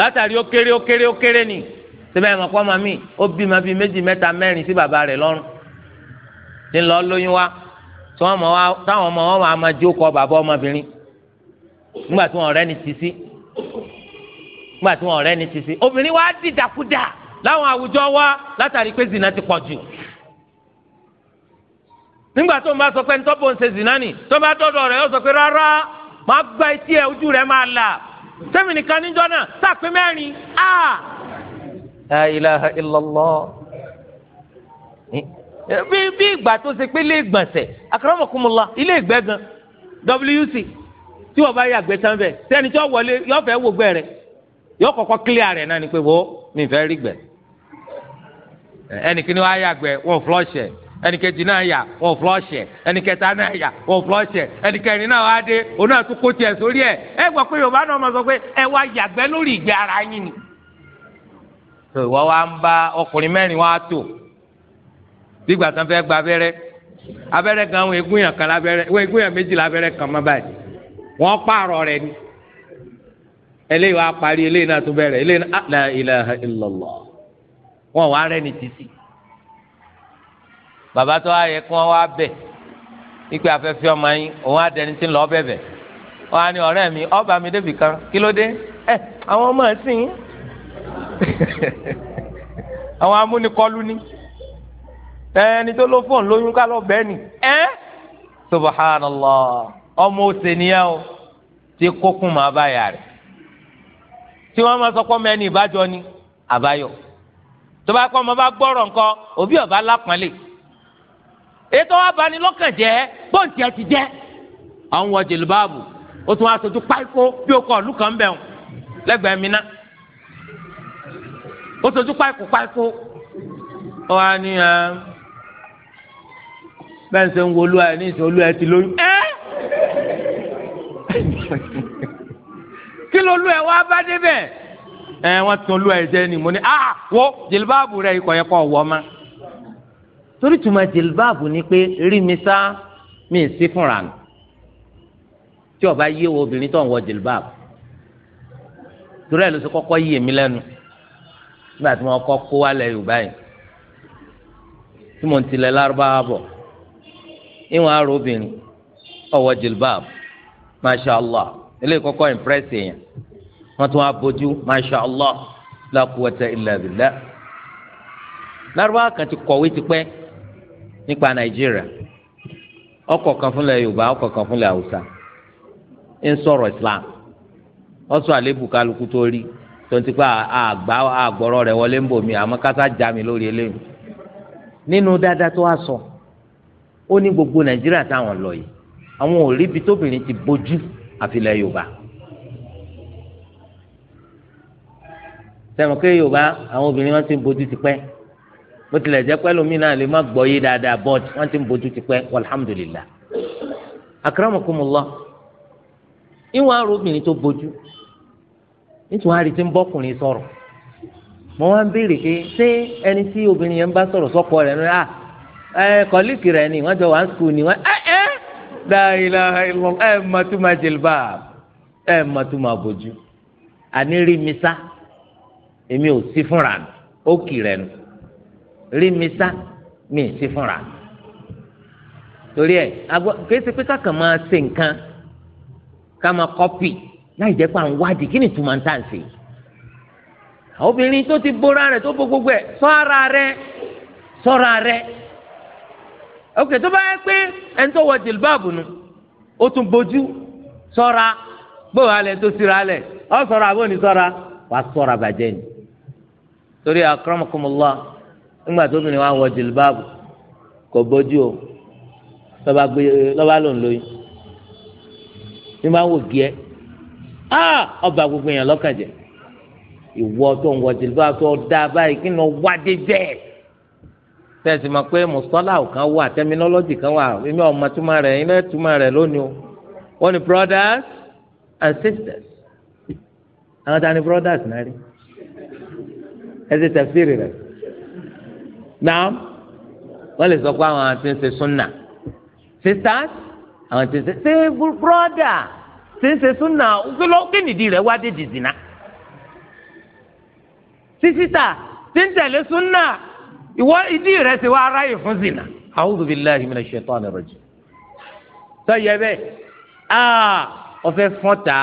látàrí ó kéré ó kéré ó kéré ni síbẹ̀ ẹ̀mọ̀ pọ́ màmí ó bímọ bíi méjì mẹ́ta mẹ́rin sí bàbá rẹ̀ lọ́rùn ní lọ́ọ́ lóyún wá táwọn ọmọ wọn máa ma jókòó bàbá ọmọbìnrin nígbà tí wọn ọ̀rẹ́ ni ti sí nígbà tí wọn ọ̀rẹ́ ni ti sí obìnrin wa dìdàkudà láwọn àwùjọ wa látàrí pé zina ti pọ̀ jù nígbà tó ń bá sọ pé ntọ́bọ̀ ń ṣe zina ni tó bá dọ́dọ̀ rẹ̀ yóò sọ pé rárá máa gba etí ẹ̀ ojú rẹ̀ máa là sẹ́mi nìkan níjọ́ náà sàpé mẹ́rin a. Ah! la ilaha illallah bí bí ìgbà tó ṣe pé ilé ìgbọ̀nsẹ̀ akramakumullah ilé ìgbẹ́ gan wc tí wọ́n bá yà gbé tán bẹ́ẹ̀ sẹ́ni tí wọ́n wọlé yọ fẹ́ wò gbẹ́ rẹ̀ kọ́kọ́ clear rẹ̀ náà ni pé wo mi fẹ́ rí gbẹ́ ẹnìkíní wọ́n á yà gbẹ́ wọ́n flush ẹnìkejì náà yà wọn fúlọ́ọ̀ṣẹ̀ ẹnìkẹta náà yà wọn fúlọ́ọ̀ṣẹ̀ ẹnìkẹrin náà wá dé òun náà tún kó tiẹ̀ sórí ẹ̀ ẹ gbọ́ pé yorùbá náà sọ pé ara yín ni. tó ìwọ wa ń bá ọkùnrin mẹ́rin wá tò dígbà tán fẹ́ gba abẹ́rẹ́ abẹ́rẹ́ gan wọn egun yàn kan lábẹ́rẹ́ wọn egun yàn méjì lábẹ́rẹ́ kan má báyìí wọ́n pààrọ̀ rẹ̀ ni bàbá tó wá yẹ kí wọ́n wá bẹ̀ ipe afẹ́fẹ́ ọmọ yín òun adẹni tí ń lọ bẹ̀bẹ̀ wọ́n á ní ọ̀rẹ́ mi ọba mi débì kan kí ló dé ẹ àwọn ọmọ ẹ̀sìn yín àwọn amúnikọ́lù ni ẹni tó ló fóònù lóyún ká lọ bẹ́ẹ̀ ni ẹ subhanallah ọmọ òsè nìyẹn o tí kókùn máa bá yà rẹ̀ tí wọ́n máa sọ pé ọmọ ẹni ìbájọ ni àbáyọ tó bá kọ́ ọmọ bá gbọ́rọ̀ nǹkan òbí ọba lápọ́nlé ètò abanilọ́kàn jẹ́ bóńtì ẹ̀ ti jẹ́ àwọn wọ jìlìbáàbù ó tún wá sojú páíkó bí ó kọ ọ̀lú kan bẹ̀ wọn lẹ́gbẹ̀ẹ́ mi ná ó sojú páíkó páíkó ó wá ní ẹ bẹ́ẹ̀ ń ṣe ń wo olú ẹ ní ìṣe olú ẹ ti lóyún ẹ́ kí ló lú ẹ wá bá débẹ̀ ẹ wọ́n tún lú ẹ jẹ́ ni mo ní ah wo jìlìbáàbù rẹ ikọ̀ yẹ kọ́ wọ́ ma torí tuma jilbaabu ni pé rí mi sá mi sí fúnra mi tí ó bá yé wo obìnrin tó ń wọ jilbaabu torí ẹ̀ ló sọ kọ́kọ́ yé mi lẹ́nu nígbà tí wọ́n kọ́ kó wálẹ̀ yorùbá yìí tí mo ń tilẹ̀ lárúbáwá bọ̀ ìwọ̀n arọ obìnrin ó wọ jilbaabu masha allah eléyìí kọ́kọ́ impress èèyàn wọ́n tún wá bójú masha allah la quwwata illa lárúbáwá kan ti kọ̀wé tipẹ́ nípa nàìjíríà ọkọ̀ kan fúnlẹ̀ yorùbá ọkọ̀ kan fúnlẹ̀ haúsá ń sọ̀rọ̀ islam ọ̀sọ̀ àlébù kálukú tó rí tonti pé àgbà àgbọ̀rọ̀ rẹ̀ wọlé ń bò mí àmọ́ kásá já mi lórí eléyìí nínú dáadáa tó wá sọ ó ní gbogbo nàìjíríà táwọn lọ yìí àwọn ò rí ibi tóbìnrin ti bójú àfilẹ̀ yorùbá sẹ́wọ̀n yorùbá àwọn obìnrin wọn ti bójú tipẹ́ mo tilẹ̀ jẹ́ pẹ́ lómi náà lè má gbọ́ yé dáadáa bọ́ọ̀d wọ́n ti ń bójú ti pẹ́ alhamdulillah akramakumullah ìwọ̀n arọ obìnrin tó bójú nítorí àrí ti ń bọ́kùnrin sọ̀rọ̀ mo wá ń béèrè pé ṣé ẹni tí obìnrin yẹn bá sọ̀rọ̀ sọ́kọ rẹ̀ ní à ah, ẹ kọ́líìkì rẹ̀ ni wọ́n jọ wá ń sùkúù ni wọ́n eh, eh, ẹ ẹ dáìlà ẹ mọ̀túmọ̀ jìlbà ẹ mọ̀túmọ̀ bójú àní rí mi sá èmi ò sí fúnra mi rí mi sá mi sí fúnra torí ẹ agbọ kéésì pé kákan máa ṣe nǹkan ká máa kọ́pì láì jẹ́ pé à ń wádìí ti bóra tó bó gbogbo ara ok tó bá yẹ pé ẹni tó wọ jìlbáàbù nu ó tún bójú sọ́ra gbóhùn alẹ̀ tó sira alẹ̀ ọ sọra àbóni bàjẹ́ ni torí nígbà tó obìnrin wa wọ jìlbáàbù kò bójú o lọ́ba gbé lọ́ba ló ń lóyún ní máa wò gíẹ́ ọba gbogbo èèyàn lọ́kàn jẹ́ ìwọ tó ń wọ jìlbáàbù tó dáa báyìí kí ni wá dé bẹ́ẹ̀ tẹ̀sí ma pé mùsọ́lá kan wà tẹ́minọ́lọ́jì kan wà èmi ọ̀ma túmọ̀ rẹ̀ iná túmọ̀ rẹ̀ lónìí o wọ́n ní brothers and sisters àwọn ta ni brothers náà rí ẹ ti tẹ̀síìrì rẹ̀ náà wọ́n lè sọ pé àwọn àti ṣe súnà sisters àwọn àti ń ṣe ṣe broda ṣe ń ṣe súnà kí nìdí rẹ̀ wá dé dìzínà sísítà tí ń tẹ̀lé súnà ìwọ ìdí rẹ̀ ṣe wá aráyè fún zìnà. a'udhu billahi minash shaitanir rajim. sọ yẹ bẹ́ẹ̀ aa ah, ọfẹ fọta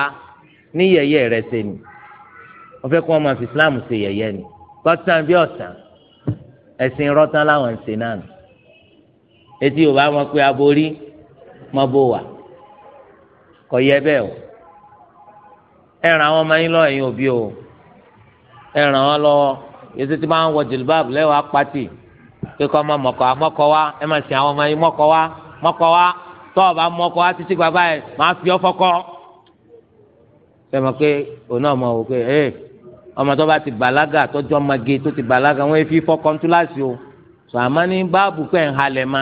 ní yẹ̀yẹ́ rẹ̀ ṣe ni ọfẹ kí wọn máa islam ṣe yẹ̀yẹ́ ni kọsán bí ọsán ẹ̀sìn rọ́tán láwọn ń ṣe náà nù etí yorùbá wọn pé aborí mọ bó wà kò yẹ bẹ́ẹ̀ o ẹ ràn àwọn ọmọ yín lọ ẹ̀yin òbí o ẹ wọn lọ́wọ́ yẹtí tí máa wọ jìlbáàbù lẹ́wọ̀ apáti kíkọ́ ọmọ mọ̀kọ́ mọ́kọ́ wa ẹ máa sìn àwọn ọmọ yín mọ́kọ́ wa mọ́kọ́ wa tọ́ ọba mọ́kọ́ wa títí bàbá ẹ̀ máa fi ọ́ fọ́kọ́ sẹ́mi pé òun náà mọ̀ wò pé ẹ́ẹ́ ọmọ tó bá ti bàlágà tọjọ́ mage tó ti bàlágà wọ́n fi fọ́kàn túláàsì o sọ àmọ́ ní báàbù pẹ̀ ń halẹ̀ ma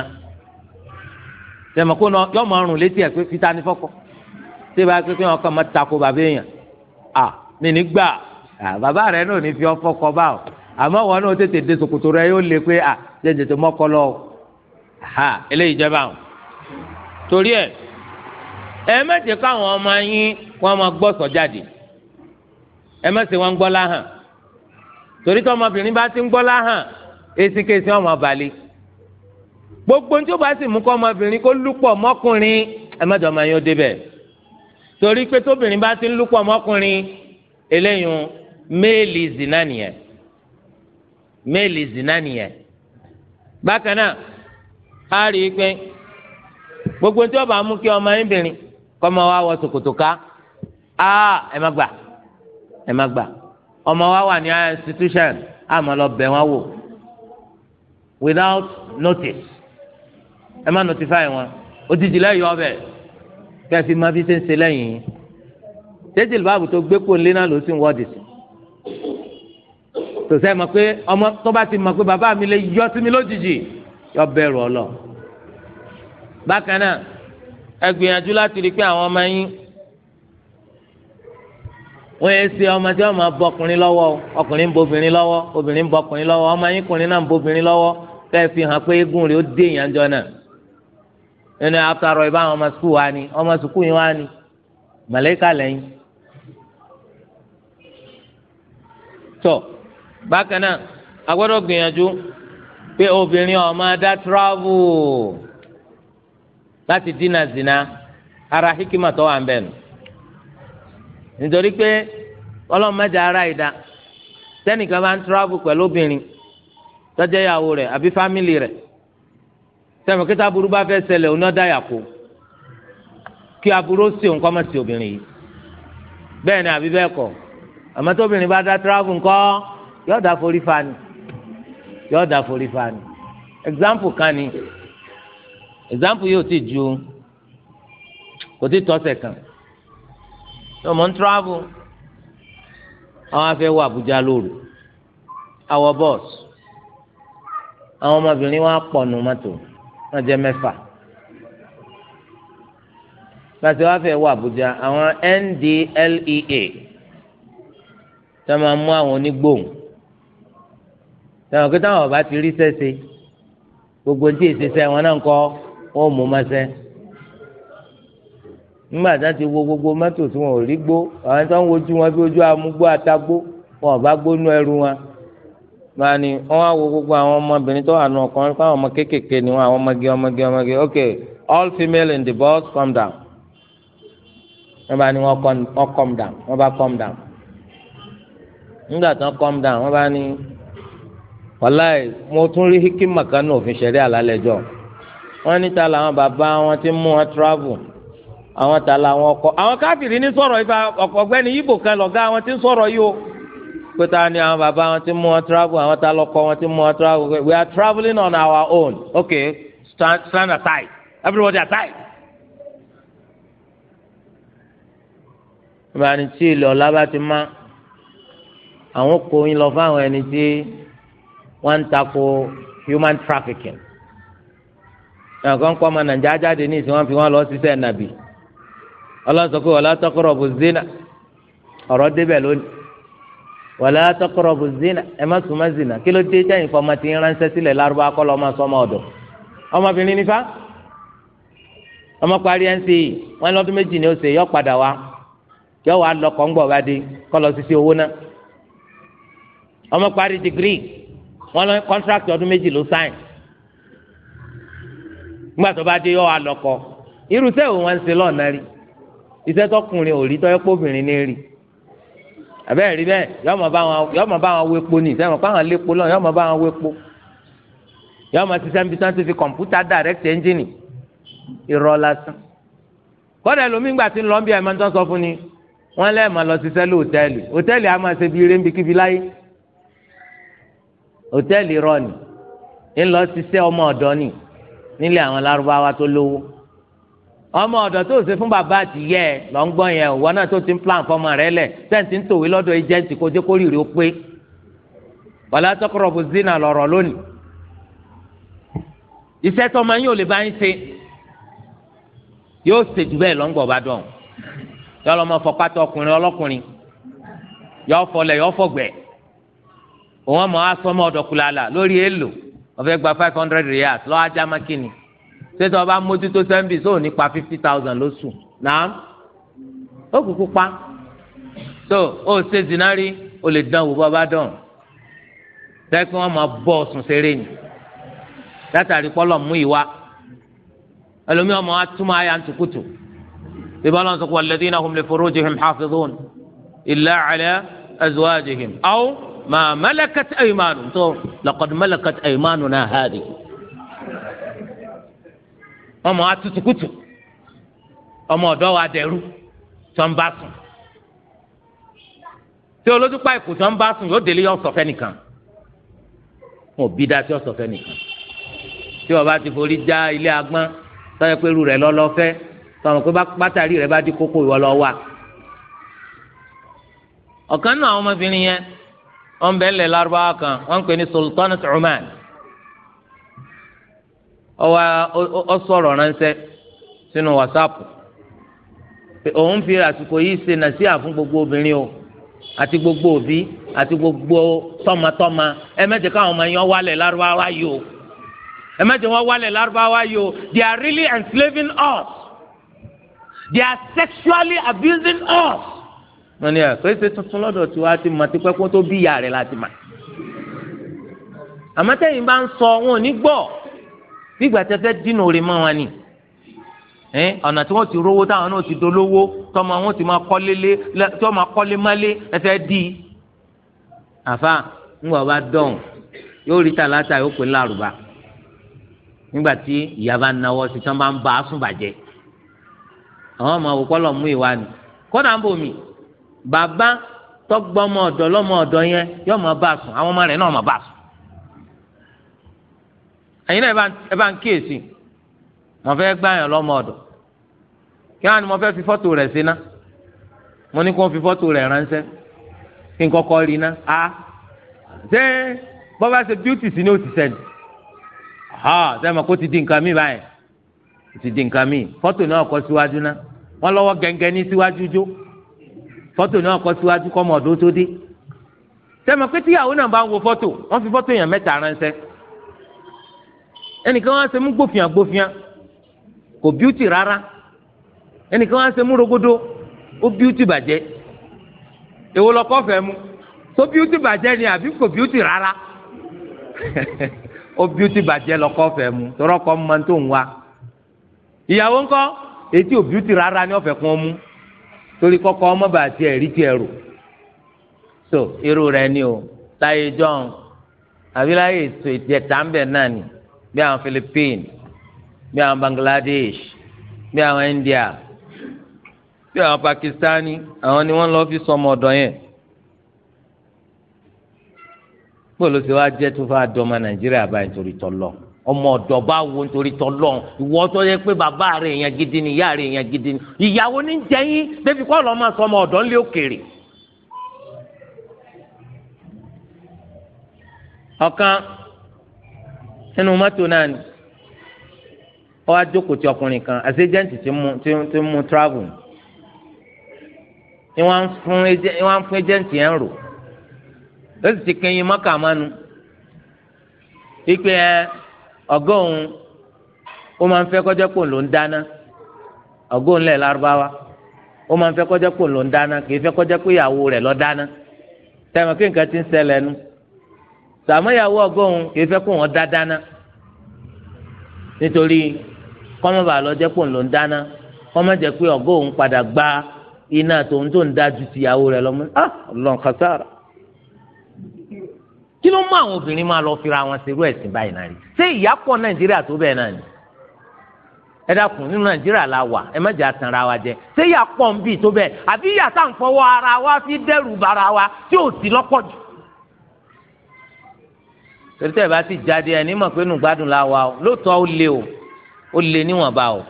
tẹ̀mọ̀ kó yọ mọ létí ẹ̀ pé fita ni fọ́kọ tí bá pé kí wọn kàn máa tako bàbá èèyàn à mí ní gbà bàbá rẹ náà ní fi ọ fọ́kọ bá o àmọ́ wọn náà tètè dé ṣòkòtò rẹ yóò lé pé à jẹjẹ tó mọ́kọ lọ ha eléyìí jẹ́ báwọn torí ẹ ẹ mẹ́tẹ̀ẹ́ káwọn ọmọ yín wọ́n máa gbọ́ sọ jáde ẹ má ṣe wọn gbọ́ láhàn torí tí ọmọbìnrin bá ti ń gbọ́ láhàn esikesi ọmọ balẹ̀ gbogbo ní tí ó bá sì mú kọ́ ọmọbìnrin kó lúpọ̀ mọ́kùnrin ẹ má dọ̀mọ yín ó débẹ̀ torí pé tóbìnrin bá ti ń lúpọ̀ mọ́kùnrin eléyìí méèlì zina nìyẹn méèlì zina nìyẹn bákan náà a rí i pé gbogbo ní tí ó mú kí ọmọ yín bìnrin kọ́ ọmọ wa wọ ṣòkòtò ká a ẹ má gbà ẹ má gbà ọmọ wa wà ní institution àmọ́ lọ bẹ̀ wọ́n wò without notice ẹ má notify wọn òtítì lẹ́yìn ọbẹ̀ kẹfì má fi ṣe ń ṣe lẹ́yìn yìí tẹ́tìlì báàbù tó gbé kó léna ló sì ń wọ́ọ̀dì sí tòṣẹ́ mọ̀ pé ọmọ tó bá ti mọ̀ pé bàbá mi lè yọ sí mi lójijì yọ bẹ̀rù ọ lọ bákan náà ẹ gbìyànjú láti rí pé àwọn ọmọ yín wọ́n yẹ ṣe ọmọ tí wọ́n máa bọ ọkùnrin lọ́wọ́ ọkùnrin ń bọ obìnrin lọ́wọ́ obìnrin ń bọ ọkùnrin lọ́wọ́ ọmọ yín kùnrin náà ń bọ obìnrin lọ́wọ́ fẹ́ẹ́ fi hàn pé eégún rẹ̀ ó dé náà nínú àtàrọ̀ ìbá àwọn ọmọ wa ni ọmọ sukùl yín ni màlẹ́kà lẹ́yìn. tó bákan náà gbìyànjú pé obìnrin dá travel láti dínà zina ara hikima nítorí pé ọlọ́run mẹ́jọ ara ìdá tẹ́nìkan bá ń travel pẹ̀lú obìnrin tọ́jú ìyàwó rẹ̀ àbí fámìlì rẹ̀ sẹ́mi kí táburú bá fẹ́ ṣẹlẹ̀ oní ọ̀dà yàkó kí aburú sí òun kọ́ mọ̀ sí obìnrin yìí bẹ́ẹ̀ ni àbí bẹ́ẹ̀ kọ́ àmọ́ tóbìnrin bá dá travel ńkọ́ yóò dá forí fa ni yóò dá forí fa ni example kan ni example yóò ti ju kò ti tọ́sẹ̀ kan yóò mọ̀ ń travel àwọn afẹ́ wọ Àbújá lóru àwọ bọ́ọ̀sì àwọn ọmọbìnrin wa pọ̀ nù mọ́tò wọ́n jẹ́ mẹ́fà pàṣẹ wàá fẹ́ wọ Àbújá àwọn NDLEA tá máa mú àwọn onígbòhùn táwọn kí táwọn ọba ti rí sẹ́sẹ́ gbogbo ní èsì sẹ́ wọn náà ń kọ́ wọ́n mú mọ́sẹ́ nígbà ti wo gbogbo mọ́tò tí wọn ò rí gbó àwọn tó ń wojú wọn bí ojú amúgbó atagbó wọn ò bá gbónú ẹrú wọn máa ní wọn á wo gbogbo àwọn ọmọbìnrin tó wà nù ọkàn fún àwọn ọmọ kéékèèké ni wọn àwọn ọmọge ọmọge ọmọge ok all female in the bus calm down wọn bá ní wọn calm down wọn bá calm down nígbà tán calm down wọn bá ní wàláì mo tún rí hikima kan ní òfin ṣẹlẹ̀ àlálẹjọ wọn níta làwọn bàbá wọn ti mú wọn travel àwọn ta la wọn kọ àwọn káfíìrì ní sọ̀rọ̀ yìí fa ọ̀gbẹ́ni ibo kan lọ̀gá àwọn tí ń sọ̀rọ̀ yìí o pé ta ni àwọn bàbá wọn ti mú wọn travel àwọn ta lọkọ wọn ti mú wọn travel we are travelling on our own okay stand stand aside everybody aside. ìbára ni tí ilẹ̀ ọ̀la bá ti má àwọn kò yín lọ fáwọn ẹni tí wọ́n ń takò human trafficking. ẹ̀kọ́ ń kọ́ ọmọ nàìjíríà jáde ní ìsìn wọn fi wọn lọ ṣiṣẹ́ nàbì ọlọ́sọ pé wala taqrabu zina ọ̀rọ̀ débẹ̀ lónìí wala taqrabu zina ẹ má sùn má zina kí ló dé jẹ́yìn fọmọ ti ń ránṣẹ́ sílẹ̀ lárúbá kọ́lọ́ ọmọ sọmọ ọ̀dọ̀ ọmọbìnrin nífa ọmọ parí ẹ̀ ń sè e. wọn lọ́dún méjì ni ó sè yọ padà wá yọ wá lọ kọ́ńgbọ̀ bá dé kọ́lọ́ sisi owó náà ọmọ parí wọn lọ kọ́ńtrákì ọdún méjì ló sáìn nígbà tó bá dé yọ wá lọ́kọ irú sẹ́wọ̀n wọn ń ṣe lọ́ọ̀nà rí iṣẹ́ tọkùnrin ò rí tọ́ ẹ̀pọ̀ obìnrin ní rí àbẹ́ rí bẹ́ẹ̀ yọ mọ̀ bá wọn wo epo ní ìsẹ́wọ̀n pàwọn lépo lọ́wọ́ yọ mọ̀ bá wọn wo epo yọ mọ̀ ṣiṣẹ́ níbi tí wọ́n ti fi kọ̀ǹpútà direct engine irọ́ lásán kọ́dà lómìn gbà tí ń lọ bí àmọ́ tó sọ fún ni wọ́n lẹ́ẹ̀ máa lọ ṣiṣẹ́ lé hòtẹ́ẹ̀lì hòtẹ́ẹ̀lì a máa ṣe bí eré níbikíbi láyé hòtẹ́ẹ̀lì rọ ni ń lọ ṣiṣẹ́ ọmọ ọ̀dọ́ ni nílé àwọn lárúbáwá tó lówó ọmọ ọ̀dọ̀ tó ṣe fún bàbá àti yẹ ẹ lọ ń gbọ́ yẹn òwò náà tó ti ń plan fọmọ rẹ lẹ̀ sẹ́ǹtì ń tòwé lọ́dọ̀ ẹjẹ́ǹtì kó jẹ́ kó rírì ó pé wàlá tọkọrọ̀bù zina lọ̀rọ̀ lónìí iṣẹ́ tó máa ń yóò lè bá ń ṣe yóò ṣe jù bẹ́ẹ̀ lọ́ngbọ̀n bá dọ̀ yọ lọ́mọ fọpátọ ọkùnrin ọlọ́kùnrin yọ fọlẹ̀ yọ fọgbẹ̀ òun ọmọ asọmọ ọdọkùnrin àlà lórí èèlò ó gba five hundred riyals lọ́wọ́ ajá mákìnnì sẹ́tọ̀ ọba mójútó sẹ́ńbì sóò nípa fifty thousand lóṣù náà ó kúkú pa so ó ṣe zinari ó lè dán wò bọ́ba dán tẹ́kí wọ́n máa bọ́ ọ̀sùn ṣeré ni látàrí pọ́lọ̀ mú ìwá ẹlòmíràn máa túmọ̀ àyà ntùkùtù bíbá lọ́n sọ pé walladhina hum li furujihim hafizun illa ala azwajihim aw ma malakat aymanun tó laqad malakat aymanuna hadhihi ọmọ atutukutu ọmọ ọ̀dọ̀ wa dẹrú tó ń bá sùn tí olódùpá ìkù tó ń bá sùn yóò délé yọ sọfẹ nìkan wọn ò bí dá sí ọsọfẹ nìkan tí wọn bá ti forí já ilé agbọn sọyẹ pé irú rẹ lọlọfẹ tọmọ pé bátàrí rẹ bá di kókó ìwọ lọ wà ọ̀kan náà àwọn ọmọbìnrin yẹn wọn bẹ ń lẹ lárúbáwá kan wọn ń pè ní Sultanat Oman. ọwọ ọsọrọ ránṣẹ́ sínú wàsápù òun fi àsìkò yìí ṣe nàṣíà fún gbogbo obìnrin o àti gbogbo òbí àti gbogbo tọmọtọmọ ẹ káwọn ọmọ yẹn wálẹ̀ lárúbáwá yìí o they are really enslaving us they are sexually abusing us. wọ́n ní ẹ̀ tuntun lọ́dọ̀ ti mọ̀ tipẹ́ kó tó bí ìyá rẹ̀ láti mọ̀ àmọ́tẹ́yìn bí ìgbà tẹ́ fẹ́ dínà òrè wọn ni ọ̀nà tí wọ́n ti rówó táwọn náà ti dolówó tọmọ wọn ti máa kọ́lé tí wọ́n máa kọ́lé mọ́lé ẹsẹ̀ dì í. àfa ńgbà bá dọ̀hùn yóò rí tàlátà yóò pè lárúbá nígbà tí ìyá bá náwó sí tán bá ń ba asún bàjẹ́ àwọn ọmọ òkú ọlọ́ mú ìwà ni kódà ń bòmí bàbá tọgbọ́mọ ọ̀dọ́ lọ́mọ ọ̀dọ́ yẹn yóò máa bá a sùn àwọn ọmọ rẹ̀ náà máa bá a sùn ẹ̀yin náà ẹ bá ń kíyèsí mo fẹ́ gbá yàn lọ́mọ ọ̀dọ̀ kí wọ́n á ní mo fẹ́ fi fọ́tò rẹ̀ sí ná mo ní kí wọ́n fi fọ́tò rẹ̀ ránṣẹ́ kí n kọ́kọ́ rí ná a ṣé bọ́bá ṣe bíútì sí ni ó ti sẹ́mi kó ti di nǹkan mi báyìí ti di nǹkan mi fọ́tò náà kọ́ síwájú ná wọ́n lọ́wọ́ gẹ́gẹ́ ní síwájú jó fọ́tò náà kọ́ síwájú kọ́ mọ̀ ọ̀dọ́ tó dé sẹ́mi pé tíyàwó náà bá ń wo fọ́tò wọ́n fi fọ́tò yàn mẹ́ta ránṣẹ́ ẹnìkan wá ṣe mú gbófìà gbófìà kò bíútì rárá ẹnìkan wá ṣe mú rogodo ó bíútì bàjẹ́ èwo lọkọ fẹ́ mu tó bíútì bàjẹ́ ni àbí kò bíútì rárá ó bíútì bàjẹ́ lọkọ fẹ́ mu tọrọ kọ mọ tó ń wa ìyàwó ńkọ etí ò bíútì rárá ni ọfẹ kún mu torí kọkọ ọmọ bàtì ẹrí tiẹ rò so irú rẹ ni o láyé john àbí láyé ètò ìjẹta ń bẹ náà ni bí àwọn Philippines bí àwọn Bangladesh bí àwọn India bí àwọn Pakistani àwọn ni wọ́n lọ fi sọmọ ọ̀dọ̀ yẹn pẹ̀lú tí wàá jẹ́ tó fàá dọ́mọ Nàìjíríà báyìí torí tọ́lọ́ ọmọ ọ̀dọ̀ bá wo nítorí tọ́lọ́ ìwọ tó yẹ pé bàbá rẹ̀ èèyàn gidi ni ìyá rẹ̀ èèyàn gidi ni ìyàwó ní jẹ́yìn débi kọ́ lọ́ọ́ máa sọ ọmọ ọ̀dọ̀ ńlẹ́ òkèèrè. ọ̀kan nínú mọ́tò náà ni Ọ wá jókòó ọkùnrin kan àṣejẹ́ǹtì ti mú ti ti mú travel ni wọ́n fún fún ẹjẹ́ǹtì yẹn rò ó sì ti kẹyìn maka mánu ọgọ́ òun ó máa ń fẹ́ kọjá pò ló ń dáná ọgọ́ òun lẹ̀ lárúbáwá ó máa ń fẹ́ kọjá pò ló ń dáná kì í fẹ́ kọjá ìyàwó rẹ̀ dáná ti ń sàmúyàwó ọgọ́rùn kìí fẹ́ kó wọn dá dáná nítorí kọ́mọ́bà lọ́jẹ́ pò ń lò ń dáná kọ́mọ́jẹ́ pé ọgọ́rùn padà gba iná tòun tó ń dá ju tìyàwó rẹ̀ lọ́mọ ah lọ́n kàtàrà kí ló mú àwọn obìnrin máa lọ fira wọn ṣerú ẹ̀sìn báyìí náà rí ṣé ìyá nàìjíríà tó bẹ́ẹ̀ náà ni ẹ dákun nínú nàìjíríà la wà ẹ má jẹ́ àtànra wa jẹ ṣé ìyá pọ̀ ń bì tó bẹ́ẹ̀ àbí ìyá tá à ń fọwọ́ ara wa fi dẹ́rù bara wa tí ò sí lọ́pọ̀ jù torí tẹ́ ẹ bá ti jáde ẹ ní mọ̀ pé nù gbádùn la wa o lóòótọ́ ó le o ó le níwọ̀nba o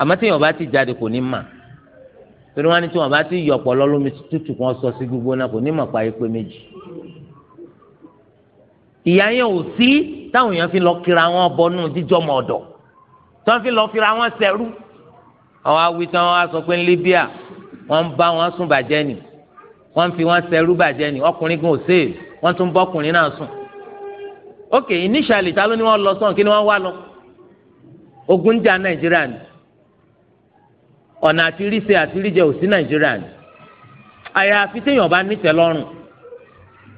àmọ́ tí èèyàn bá ti jáde kò ní mà torí wọn ní tí wọn bá ti yọ ọ̀pọ̀ lọ́lọ́mi tútù kan sọ sí gbígbóná kò ní mọ̀ pa ipe méjì ìyá yẹn ò sí táwọn èèyàn fi lọ kira wọn bọnú jíjọmọ ọ̀dọ̀ tí wọn fi lọ kira wọn sẹrú àwọn awi tí wọn sọ pé ní Libya wọn ń bá wọn sùn bàjẹ́ ni wọn fi wọn sẹrú bàjẹ́ ni ọkùnrin gan ò sèé wọn tún bọkùnrin náà sùn ok initially talo ló ní wọn lọ sàn kí ni wọn wá lọ ogun jà nàìjíríà ni ọ̀nà àti ríṣe àti ríjẹ ò sí nàìjíríà ni àyàfi téèyàn bá nítẹ̀ lọ́rùn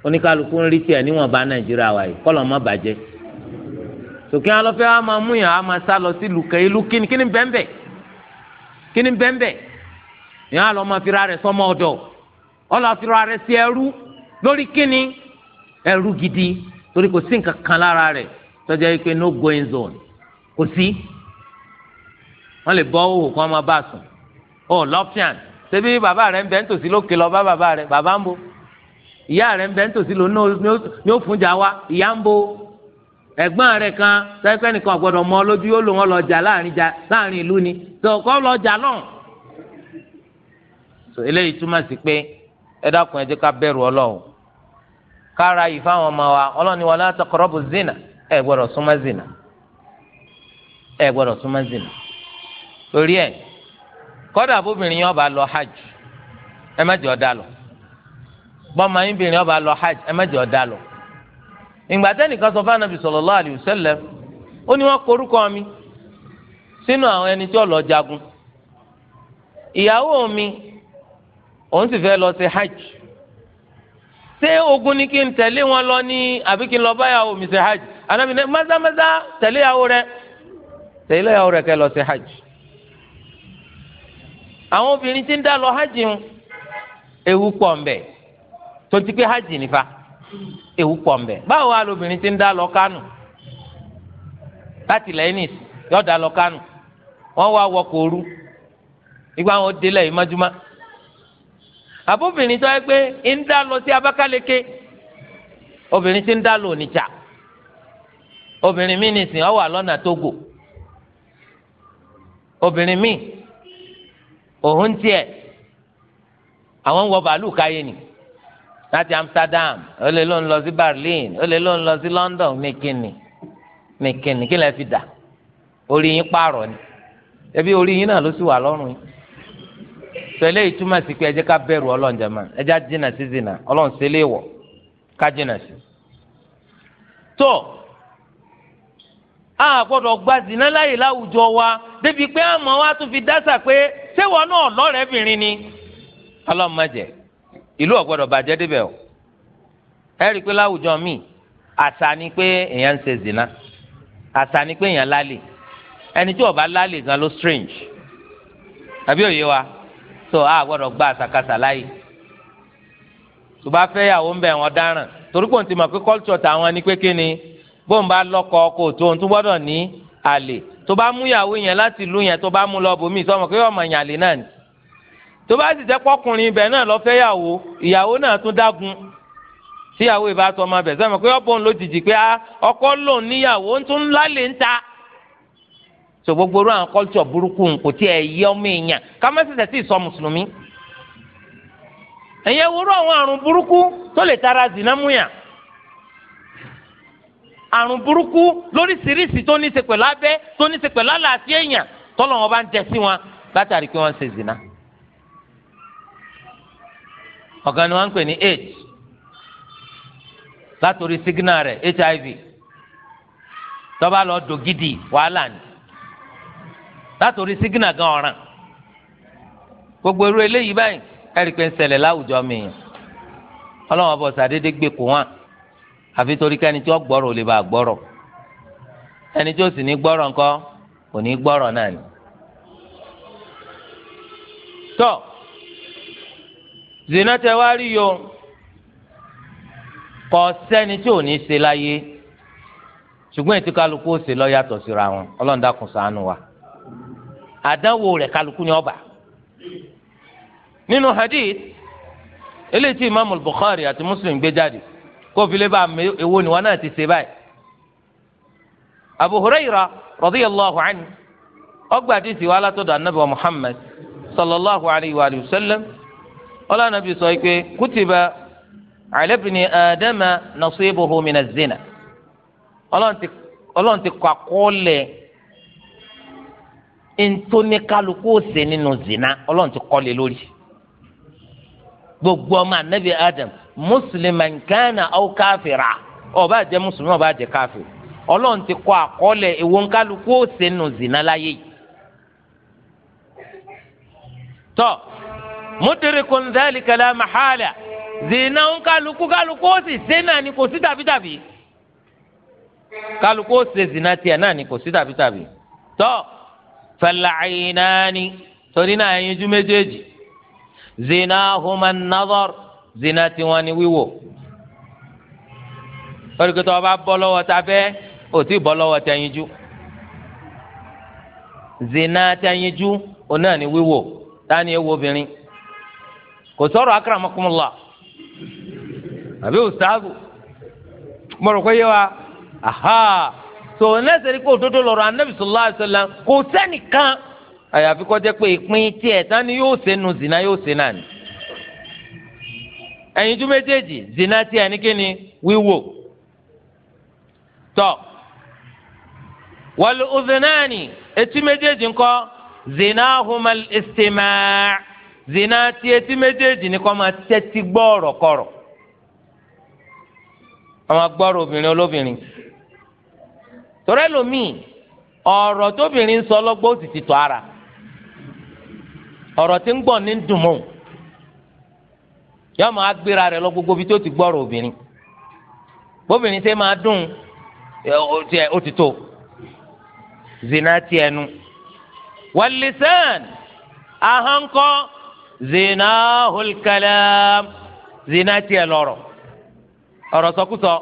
oníkálukú ń rí tiẹ̀ níwọ̀n bá nàìjíríà wáyé kọ́lọ̀ má bàjẹ́ sòkè alọ́fẹ́ wa máa mú yàn á máa sá lọ sí ìlú ìlú kíni kíni bẹ́ẹ̀nbẹ́ kíni bẹ́ẹ̀nbẹ́ yàn á máa fira rẹ̀ sọmọ ọ̀dọ̀ ọlọ́ fira rẹ̀ sí ẹrú lórí kíni ẹrú gidi torí kò sí nǹkan kan lára rẹ̀ tọ́jà yìí pé no going zone kò sí wọ́n lè bọ́ òwò kí wọ́n máa bá a sùn ọ̀ lọ́pìàn ṣebí bàbá rẹ̀ ń bẹ nítòsí lókè lọ bá bàbá rẹ̀ bàbá ń bo ìyá rẹ̀ ń bẹ nítòsí lọ ní ó fúnjà wa ìyá ń bo ẹ̀gbọ́n rẹ̀ kan sẹ́kẹ́ nìkan àgbọ̀dọ̀ mọ́ lójú yóò lò wọ́n lọ jà láàrin ìlú ni tọ̀kọ́ lọ jà náà. eléyìí túmọ̀ sí pé ẹ dákun ẹ jẹ́ ká bẹ̀rù ọlọ́run kára yìí fáwọn ọmọ wa ọlọ́ni wa zina ẹ gbọ́dọ̀ zina ẹ gbọ́dọ̀ súnmọ́ zina torí ẹ kọ́dà bóbìnrin lọ hajj ẹ má jẹ́ ó bịrị lọ bọ́mọ lọ hajj ẹ má jẹ́ ó lọ ìgbà tẹ́nìkan sọ fún anabi ó ní ìyàwó mi òun sì fẹ́ lọ sí hajj ṣé ogun ni kí n tẹ̀lé wọn lọ ní àbí kí n lọ báyàwó mi hajj anabi maza tẹ̀lé rẹ tẹ̀lé rẹ kẹ lọ ṣe hajj. àwọn obìnrin ti ń dá lọ hajj ń ewu pọ̀ ń bẹ̀ tó ti pé hajj nífa ewu pọ̀ ń bẹ̀ báwo wà lóbìnrin ti ń lọ láti yọ̀ọ́ dá lọ wọ́n àbóbìnrin tó yẹ pé ń dá lọ sí Abakaliki obìnrin tí ń dá lọ Onitsha obìnrin nìsín wà lọ́nà Togo obìnrin míì òun tiẹ̀ àwọn ń wọ bàálù káyé ni láti Amsterdam ó lè ló lọ sí Berlin ó lè ló lọ London kí lè fi dà orí yín pààrọ̀ sọlẹ ìtumọ̀ sí pé ẹ jẹ́ ká bẹ̀rù ọlọ́run jẹ́ ẹ jẹ́ àjìnà sí zina ọlọ́run ṣe lé wọ̀ ká jìnà sí. tó a gbọ́dọ̀ gba zina láyè láwùjọ wa débi pé àmọ́ wa tún fi dásà pé ṣéwọ náà lọ́rẹ̀ẹ́bìnrin ni ọlọ́run má jẹ́ ìlú ọ̀gbọ́dọ̀ bàjẹ́ débẹ̀ o ẹ rí i pé láwùjọ míì àṣà ni pé èèyàn ń ṣe zina àṣà ni pé èèyàn lálẹ́ ẹni tí ó bá gan ló strange àbí òye wa so a gbọ́dọ̀ gba àsàkàsà láyè tó bá fẹ́ yàwó ń bẹ̀ wọ́n dáràn torí kò ń ti mọ̀ pé culture tàwọn ni pé kí ni bó ń bá lọ́kọ kò tó ń tún gbọ́dọ̀ ní àlè tó bá mú yàwó yẹn láti ìlú yẹn tó bá mú lọ bòmí sọmọ pé ọmọ yàn àlè náà ni tó bá sì jẹ́ pọ́kùnrin ibẹ̀ náà lọ fẹ́ yàwó ìyàwó náà tún dágun tíyàwó ìbátan ọmọ bẹ̀ sọmọ pé ọ̀bọ̀n so gbogbo irú àwọn kọlchọ burúkú kò tí ẹ̀ yẹ ọmọ èèyàn ká má sẹ̀sẹ̀ sí ìsọ mùsùlùmí. ẹ̀yẹ wúrú àwọn àrùn tara zinamuya àrùn burúkú lóríṣiríṣi tó ní í ṣe pẹ̀lú to tó ní í ṣe pẹ̀lú àlàáfíà èèyàn tọ́lọ̀ wọn bá ń jẹ wọn látàrí pé zina. ọ̀gá ni wọ́n ń pè hiv tó wàhálà ni látòrí sígínà gan ọ̀ràn gbogbo irú eléyìí báyìí ẹ̀rí pé ń ṣẹlẹ̀ láwùjọ mi ọlọ́run ọbọ̀ sàdédé gbé kó wọn àfi torí kẹ́ni tí ó gbọ́rọ̀ ò lè bá gbọ́rọ̀ ẹni tí ó sì ní gbọ́rọ̀ ni. tọ́ zina tẹ wá rí yo kò sẹ́ni tí ò ní ṣe láyé ṣùgbọ́n ètò kálukú ó ṣe lọ yàtọ̀ síra wọn àdánwò rẹ̀ kálukú ni ọba nínú hadith eléyìí tí imaamu bukhari àti muslim gbé jáde kó file bá mi èwo ni wọn náà ti ṣe báyìí abu hurayra radiyallahu anhu ọgbà àdìsí wa látọ̀dọ̀ anabi wa muhammad sallallahu alayhi wa sallam ọlọ́run nàbí sọ pé kútìbà alẹ́bìnrin adama nasibuhu min zina ọlọ́run ti kọ́ àkọọ́lẹ̀ ntóníkálukú òsè nínú zina ọlọ́run ti kọ́lé lórí gbogbo ọmọ anabi adam mùsùlùmí kana aw kafira, ọba jẹ mùsùlùmí ọba jẹ káfìrì ọlọ́run ti kọ́ àkọọ́lẹ̀ èwo nkálukú òsè nínú zina láyé yìí tọ́ mudirikun dhalika la mahala zina nkálukú kálukú òsè sẹ́nà ni kò sí tàbítàbí kálukú òsè zina tiẹ̀ náà ni kò sí tàbítàbí tọ́ fẹlẹ́ẹ̀ẹ́nání torí náà ẹ̀yinjú méjèèjì zina human nazar zina tiwọn ni wíwò olùkọ́tọ̀ ọba bọ́ lọ́wọ́ tafẹ́ òtí bọ́ lọ́wọ́ tẹ̀yinjú zina tẹ̀yinjú ọ̀nà ni wíwò tani ewu obìnrin kò sọ̀rọ̀ akaramakumula àbí ustaazu mọ̀rọ̀ kó yé wa aha. so o náà sẹ́ni pé òdodo lọ́rọ̀ anabi sallallahu alaihi kò sẹ́nìkan àyàfi kó jẹ́ pé ìpín tiẹ̀ tán ni yóò ṣe nu zina yóò ṣe náà ni. ẹ̀yin méjèèjì zina tiẹ̀ ní wiwo wíwò tọ́ wal udhunani etí méjèèjì ńkọ́ zina humal istima' zina ti etí méjèèjì ní ma máa tẹ́tí gbọ́ ọ̀rọ̀ kọ̀rọ̀ tọrẹ lomi ọ̀rọ̀ tóbìnrin sọ lọgbọ ó sì ti tọ ara ọ̀rọ̀ tí ń gbọ́ ní dùnmọ yọọ máa gbéra lọ gbogbo bí tó ti gbọ́rọ̀ obìnrin bóbìnrin tẹ máa dùn ó ti tó zina ti ẹnu wàlísàn ahankọ zina holkala zina ti ẹ lọ́rọ̀ ọ̀rọ̀ sọkúsọ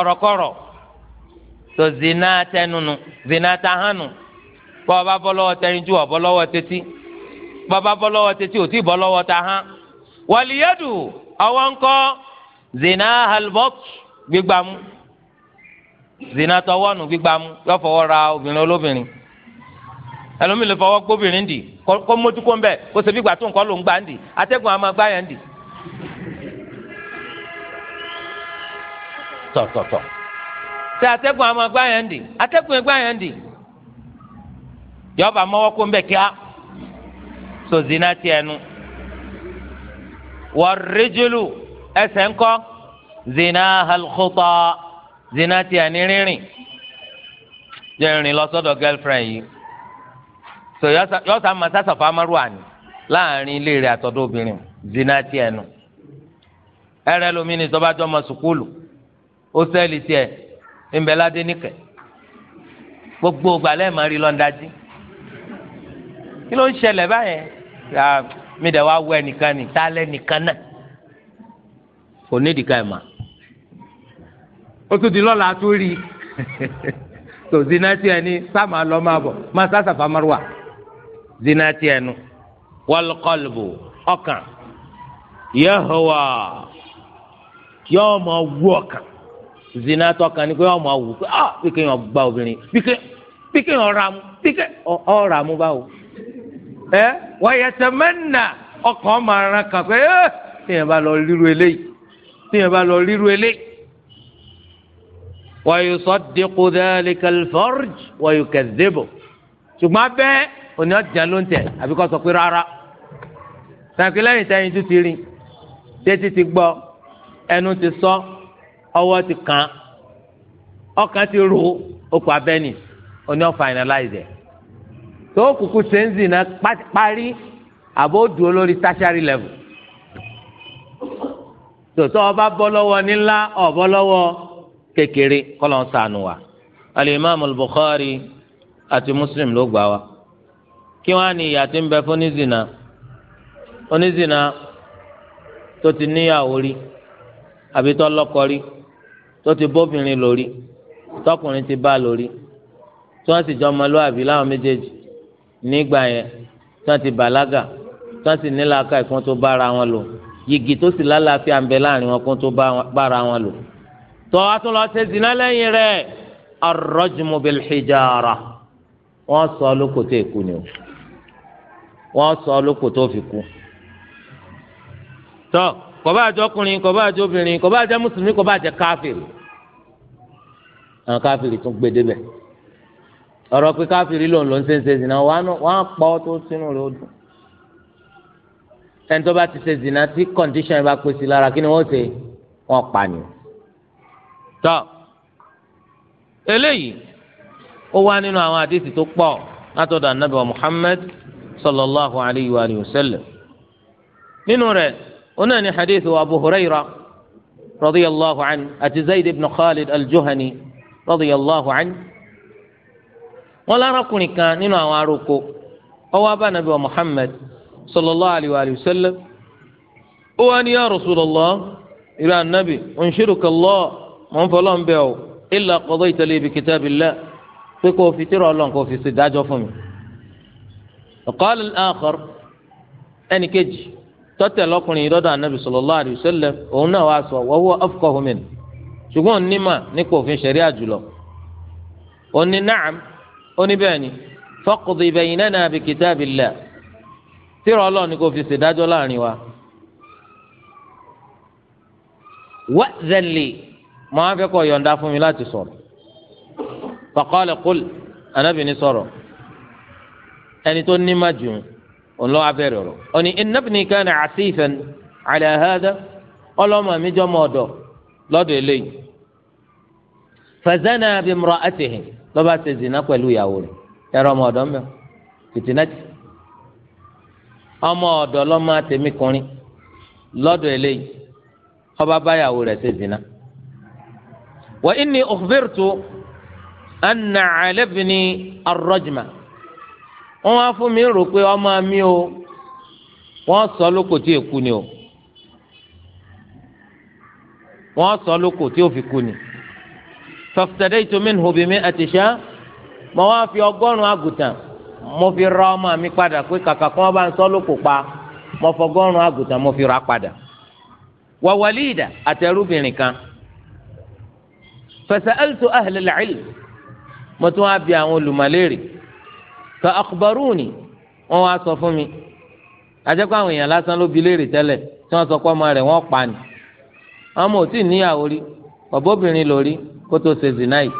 ọ̀rọ̀ kọ̀rọ̀. tó zina tẹnunu zina tahanu bọ́ọ̀bá bọ́ lọ́wọ́ tẹnjú ọ̀bọ́ lọ́wọ́ tẹ́tí bọ́ọ̀bá bọ́ lọ́wọ́ tẹ́tí òtí bọ́ lọ́wọ́ tahan wàlíyẹ́dù ọwọ́ ńkọ́ zina halbok gbígbàmú zina tọwọ́nù gbígbàmú yọ fọwọ́ ra obìnrin olóbìnrin ẹlòmí lè fọwọ́ gbóbìnrin dì kó mójú kó ń bẹ̀ kó ṣe bí gbà tó nǹkan ló ń gbà ń dì atẹ́gùn àmọ́ gbáyà ń dì tọ̀tọ̀tọ̀ ṣé atẹ́gùn àwọn agbá yẹn ń dì atẹ́gùn ẹgbá yẹn ń dì yọba mọ́wọ́ kó ń bẹ̀ kíá so zina tiẹ̀ nu wọ́rẹ́jọ́lù ẹsẹ̀ ńkọ́ zina alukótọ́ zina tiẹ̀ ní rírìn jẹ́ rìn lọ sọ́dọ̀ yìí so yọ́sà máa sásàfà amárùwà ni láàrin ilé rẹ̀ àtọ́dọ̀ obìnrin zina tiẹ̀ nu ẹ̀rẹ́ lomi ni sọ́bàjọ́ ọmọ sùkúlù ó sẹ́ẹ̀lì tiẹ̀ ńbẹ́ládé níkẹ́ gbogbo gbalẹ̀ máa rí lọ́ndájí kí ló ń ṣẹlẹ̀ báyẹn mi dẹ̀ wá wọ ẹnìkan ní tálẹ̀ nìkan náà kò ní ìdíkà ẹ̀ mà ó tún di lọ́la tó rí tó zinati ẹni sáàmà lọ́ máa bọ̀ máa sáàsà famaruwa zinati ẹnu wọlọkọlùbù ọkàn yẹ hùwà yọọ máa wú ọkàn zina tọkàn ni pé ọmọ awù pé ah bí kéèyàn gba obìnrin bí kéèyàn ra mu bí kéèyàn ọ ra mu báwo ẹ wọ́n yẹ tẹ̀mẹ́nà ọkàn ọmọ ara kan pé ẹ eh, tíyẹn bá lọ ríru eléyìí tíyẹn bá lọ ríru eléyìí wọ́n yóò sọ dínkù dẹ́ẹ́lì kẹlifọ́rìjì wọ́n yóò kẹ̀ débò ṣùgbọ́n abẹ́ òní ọ̀jà ló ń tẹ̀ àbí kọ́ sọ pé rárá tàbí tẹ́yìn tó ti rìn tẹ́tí ti gbọ́ ẹnu ti sọ. So, ọwọ́ ti kàn ọkàn ti rò okùn abẹ́ni oní ọ̀ finalize ẹ̀ tó kùkù sẹ́ńsì náà parí àbó dúró lórí tertiary level tòtò ọba bọ́ lọ́wọ́ nílá ọ̀bọ́ lọ́wọ́ kékeré kọ́lọ́ ń sànù wa alimami al-Bukhari àti Muslim ló gbà wá kí wọ́n á ní ìyá tí ń bẹ fún onízìnà onízìnà tó ti níyàwó rí àbí tó lọ́kọ rí tó ti bóbìnrin lórí tọkùnrin ti bá lórí tí wọ́n sì jọ ọmọlúwàbí láwọn méjèèjì nígbà yẹn tí wọ́n ti bàlágà tí wọ́n sì nílàáká ìkún tó bára wọn lò yìgì tó sì lálàáfíà ń bẹ láàrin wọn kún tó bára wọn lò tọ́ a tún lọ ṣe zina lẹ́yìn rẹ̀ arrajmu bil hijara wọ́n sọ ọ́ tó èkú ni o wọ́n sọ ọ́ lóko tó fi kú. tọ́ kò bá jẹ́ ọkùnrin kò bá jẹ́ obìnrin kò bá jẹ́ mùsùlùmí kò bá jẹ́ káfìrì àwọn káfìrì tún gbé débẹ̀ ọ̀rọ̀ pé káfìrí lòun ló ń ṣe ń ṣe zina wọ́n á pọ̀ tó sínú rẹ̀ ó dùn. ẹni tó bá ti ṣe zina tí kọ́ndíṣàn bá pèsè lára kí ni wọ́n ṣe wọ́n pààyàn. tọ́ eléyìí ó wá nínú àwọn àdéhìí tó pọ̀ látọ̀dọ̀ anábìwá Muhammad sallallahu alayhi wa sallam nínú rẹ̀ هنا حديث أبو هريرة رضي الله عنه أتي زيد بن خالد الجهني رضي الله عنه ولا ركني كان إنا واروكو أو أبا نبي محمد صلى الله عليه وآله وسلم وأن يا رسول الله إلى النبي أنشرك الله من فلان بيعو إلا قضيت لي بكتاب الله في كوفي ترى الله كوفي صدى فمي وقال الآخر أني كجي tọ́tẹ̀ lọ́kùnrin yìí lọ́dọ̀ anabi sallallahu alaihi wasallam òun náà wàá sọ wọ́wọ́ afqahu min ṣùgbọ́n onímọ̀ nípa òfin ṣẹ̀ríà jùlọ. òní na'am òní bẹ́ẹ̀ ni faqdi baynana bi kitabillah tíra ọlọ́ọ̀ni kò fi ṣèdájọ́ láàrin wa. wa'dhan li mọ akẹ́kọ̀ọ́ yọ̀ǹda fún mi láti sọ̀rọ̀ faqala qul anabi ni sọ̀rọ̀ ẹni tó ní ònlọ abẹ́rẹ́ ọ̀rọ̀ òní ìnábìnrin kan ní àṣìfẹ́n àlẹ́ àhádá ọlọ́mọ mi jọ mọ ọ̀dọ̀ lọ́dọ̀ eléyìí fẹ̀zánà bí mọ̀rọ̀ àtìhìn lọ́ba ṣe zina pẹ̀lú ìyàwó rẹ̀ ẹ̀rọ ọmọ ọ̀dọ́ mẹ́wọ̀ fìtínàtì ọmọ ọ̀dọ́ lọ́mọ àtẹ̀míkùnrin lọ́dọ̀ eléyìí ọba báyàwó rẹ̀ ṣe zina. wà á ọ̀fẹ́rẹ̀tù anna alẹ́bìnrin arọ́jìmá wọ́n wá fún mi rò pé ọmọ mi o wọ́n sọ lóko tí èkú ni o sọ lóko tí fi kú ni faftadaytu minhu bi mi'ati shaa fi fi ra ọmọ mi padà pé kàkà kí bá pa mo mo fi ra padà wa walida àtẹrúbìnrin kan fa sa'altu ahlal ilm mo tún wá bi àwọn olùmọ̀lérè. fa akhbaruni wọn wá sọ fún mi àjẹpọ àwọn èèyàn lásán ló bi léèrè tẹ́lẹ̀ tí wọn sọ pé ọmọ rẹ̀ wọn pa ni ọmọ ò tí ì níyàwó rí bàbá obìnrin lórí kó tó ṣe zina yìí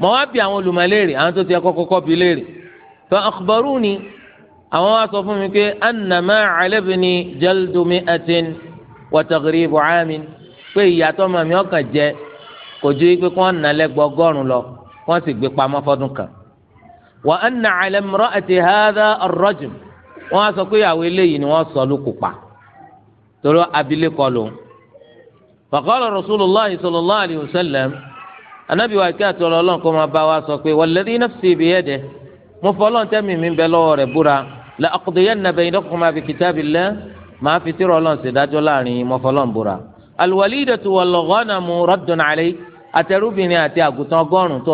mọ wá bi àwọn olùmọléèrè àwọn tó ti ẹkọ kọkọ bi léèrè fa akhbaruni àwọn wá sọ fún mi pé annama alabni jaldu mi'atin wa taghribu pé ìyàtọ̀ màmí ọkàn jẹ kò ju pé kí wọ́n nà lẹ́gbọ̀ọ́gọ́rùn lọ wọ́n sì gbé pamọ́ fọ́dún kan wà á nà àlẹ́ mìíràn àti hàdà ọ̀rọ̀jùm wọ́n á sọ pé ìyàwó eléyìí ni wọ́n sọ lókù pa torí abilékọ ló ń. faqala rasulillah sallallahu alayhi wa sallam anabi wa kí àtúrọ̀ ọlọ́run kó máa bá wa sọ pé walladhi nafsi biyadihi mo fọ́ tẹ́mi mi bẹ lọ́wọ́ rẹ̀ búra la aqdiyanna baynakuma bi kitabillah máa fi tírọ̀ ọlọ́run ṣèdájọ́ láàrin mo fọ́ ọlọ́run búra. alwalidatu wal ghanamu raddun alayk àtẹrúbìnrin àti àgùntàn ọgọ́rùn-ún tó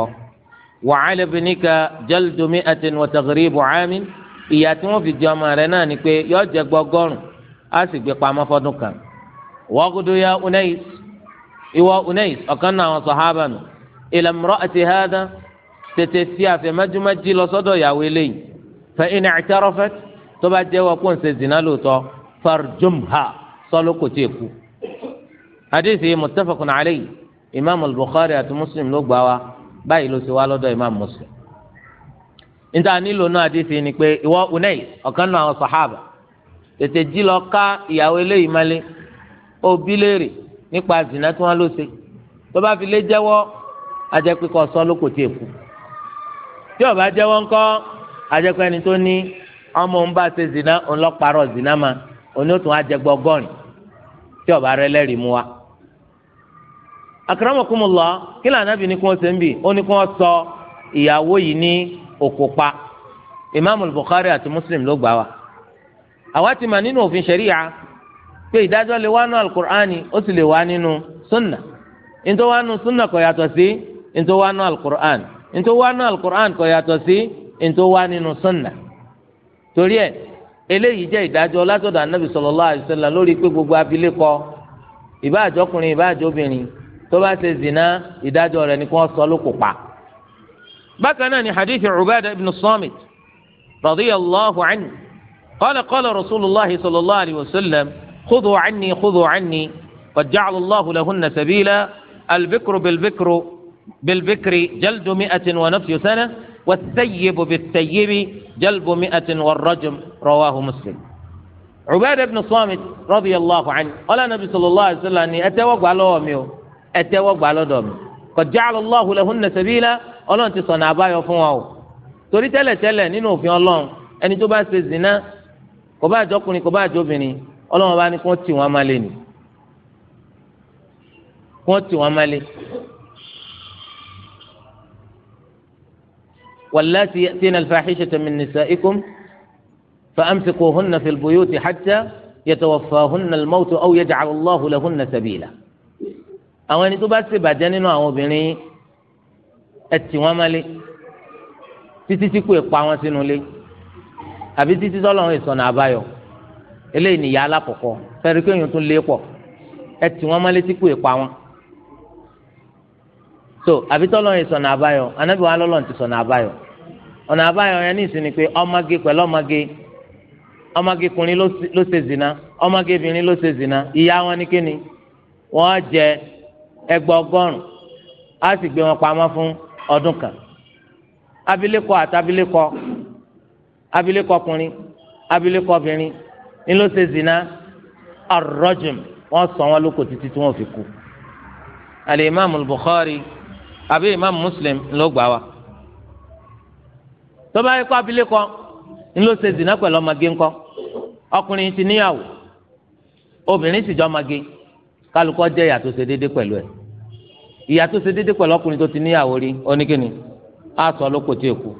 ọ wàhálà ibnika jaldu mi'atin wa taghribu 'amin ìyá tí wọ́n fi jẹ ọmọ rẹ̀ náà ni pé yọ jẹ gbọgọ́rùn á sì gbé pamọ́ fọdún kan wọ́gudu ya unais ìwọ unais ọ̀kan náà àwọn sọ̀hábà nù ila imra'ati hada tètè fi àfẹ̀májúmájí lọ sọ́dọ̀ ìyàwó eléyìí fa in i'tarafat tó bá jẹ́wọ́ kó ń ṣe zina lóòótọ́ farjumha sọ́ló kò tí ì kú. hadith yìí muttafaqun alayhi imaamu al-bukhari àti muslim ló gbà wá báyìí ló ti wá lọ́dọ̀ imam muslim níta nílò náà àdìsí ni pé ìwọ unais ọ̀kan náà àwọn sàhábà tètè jí lọ ká ìyàwó eléyìí mọ́lé òbí léèrè nípa zina tí wọ́n ló ṣe tó bá fi lé jẹ́wọ́ ajẹ́pẹ́ kọ́ sọ́ tí ì tí tó ní ọmọ zina zina ma tún tí ọba rẹ wa. akramakumullah kí lànà bí ní kí wọ́n ṣe ń bì ó ní kí sọ ìyàwó yìí ní òkúpa imaamu bukhari àti muslim ló gbà wá àwa ti mà nínú òfin ṣẹ̀ríyà pé ìdájọ́ lè wá nínú alukur'ani ó sì lè wá nínú sunna nítorí wá nínú sunna kò yàtọ̀ sí nítorí wá nínú alukur'an nítorí wá nínú alukur'an kò yàtọ̀ sí nítorí wá nínú sunna torí ẹ̀ eléyìí jẹ́ ìdájọ́ látọ̀dọ̀ anabi sallallahu alaihi wasallam lórí pé gbogbo abilékọ ìbáàjọ́kùnrin ìbáàjọ́bìnrin tó bá ṣe zina ìdájọ́ rẹ̀ ni kò sọ ló kò pa. bákan náà ni hadith Ubadah ibn Samit radiyallahu anhu qala qala rasulillah sallallahu alayhi wa sallam khudhu anni khudhu anni qad ja'ala allahu lahunna sabila albikru bilbikru bilbikri jaldu mi'atin wa nafyu sana والثيب بالثيب جلب مئة والرجم رواه مسلم Ubadah ibn Samit radiyallahu anhu قال النبي صلى الله عليه وسلم ẹ tẹ́wọ́ gbà mi o ẹ tẹ́wọ́ gbà lọ́dọ̀ mi qad ja'ala Allahu lahunna la ọlọ́run ti sọ̀nà àbáyọ fún wa o torí tẹ́lẹ̀tẹ́lẹ̀ nínú òfin ọlọ́run ẹni tó bá ṣe zina kò bá àjọkùnrin kò bá àjọbìnrin ọlọ́run bá ní kó tì wọ́n mọ́lé ni kó tì wọ́n mọ́lé. واللاتي يأتين الفاحشة من نسائكم فأمسكوهن في البيوت حتى يتوفاهن الموت أو يجعل الله لهن سبيلا àwọn ẹni tó bá ṣe bàjẹ́ nínú àwọn obìnrin ẹ tì wọ́n mọ́lé títí tí kò ì pa wọn sínú ilé àbí títí tọ́lọ́run ìsọ̀nà àbáyọ eléyìí nìyá alákọ̀ọ́kọ́ fẹ́rí kéèyàn tún lé pọ̀ ẹ tì wọ́n mọ́lé tí kò ì pa wọn. so àbí tọ́lọ́run ìsọ̀nà àbáyọ anábì wa lọ́lọ́run ti sọ̀nà àbáyọ ọ̀nà àbáyọ yẹn ní ìsinmi pé ọmọge pẹ̀lú ọmọge ọmọge kùnrin ló ṣe zina ọmọge obìnrin ló ṣe zina ìyá wọn ní kíni ẹgbẹ́ ọgọ́rùn á sì gbé wọn pamọ́ fún ọdún kan abilékọ àtàbilékọ abilékọ ọkùnrin abilékọ obìnrin ni ló ṣe zina arrajm wọn sọ wọn lóko títí tí wọn fi kú alẹ imaamu Bukhari àbí imaamu Muslim ló gbà wá tó bá yẹ kó abilékọ ni ló ṣe zina pẹ̀lú ọmọge ńkọ́ ọkùnrin ti níyàwó obìnrin sì jọ ọmọge. kálukọ́ jẹ́ ìyà tó ṣe déédéé pẹ̀lú ẹ ìyà tó ṣe déédéé pẹ̀lú ọkùnrin tó ti níyàwó rí oníkìní á lóko tí èkó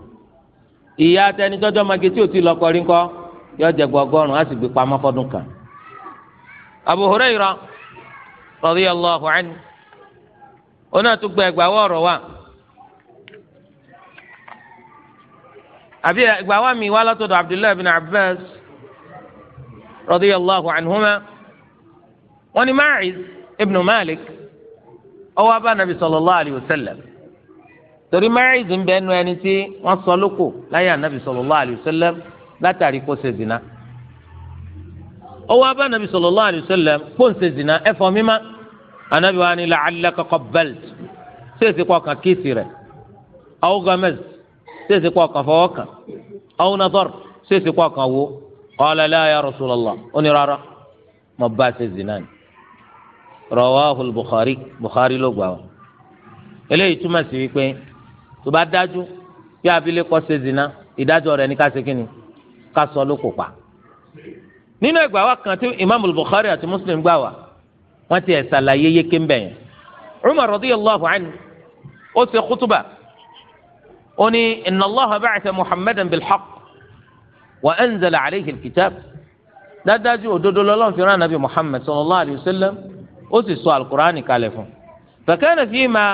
ìyà atẹni tọ́jọ́ magi tí ò ti lọ́kọ rí ńkọ́ yọ jẹ gbọgọrùn á sì gbé fọdún kan. tó gba wa àbí mi látọ̀dọ̀ Abdullahi bin Abbas wọ́n ní Ma'iz ibn Malik ọwọ́ abá nàbì sallallahu alayhi wa sallam torí Ma'iz ń bẹ́ẹ̀ nu ẹni tí wọ́n sọ lóko láyé ànàbì sallallahu alayhi wa sallam látàrí kó ṣe zina ọwọ́ abá nàbì sallallahu alayhi wa sallam kó ṣe zina ẹ̀fọ́ mímá ànàbì wa ni la'allaka qabbalt ṣèṣì kọ́ kan kíìsì rẹ̀ aw gamaz ṣèṣì kọ́ kan fọwọ́ kan aw nadar ṣèṣì kọ́ kan wo qala la ya ó ní rárá mo bá ṣe zina ni rawahul bukhari bukhari ló gbà wá eléyìí túmọ̀ sí wípé tó bá dájú bí abilékọ ṣe zina ìdájọ́ rẹ̀ ní ká ṣe kíni ká sọ ló kò pa nínú ẹgbà wa kan tí imaamu bukhari àti muslim gbà wá wọn ti ẹ̀ ṣàlàyé yéké ń bẹ̀ yẹn umar radiyallahu anhu ó ṣe kútúbà ó ní inna allaha ba'atha muhammadan bilhaq wa anzala alayhi alkitab dájú òdodo lọ́lọ́run fi rán anabi muhammad sallallahu alayhi wa sallam ó sì sọ alukur'ani kalẹ̀ fún fakana fima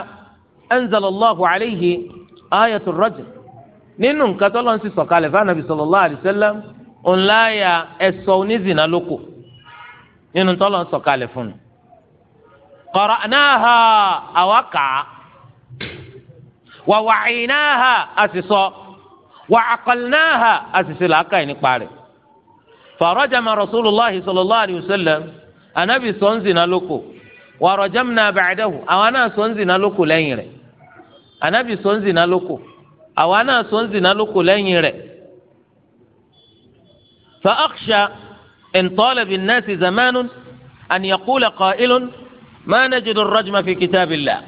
anzalallahu alayhi ayatul rajm nínú nǹkan tó lọ́n sì sọ kalẹ̀ fún anabi sallallahu alayhi wa sallam ọ̀nláyà ẹ̀sọ́ onízìnnà lóko nínú tó lọ́n sọ kalẹ̀ fún un qara'naha àwa kà á wa wa'inaha a sì sọ wa nípa rẹ̀ farajama rasulillah sallallahu alayhi wa sallam anabi sọ ń zina lóko wàrọ̀jámùnà ba'dahu àwa náà sọ ń zina lóko lẹ́yìn rẹ̀ anabi sọ ń zina lóko àwa náà sọ ń zina lóko lẹ́yìn rẹ̀ fa akhsha in tala bin nasi zamanun an yaqula qa'ilun ma najidu ar-rajma fi kitabillah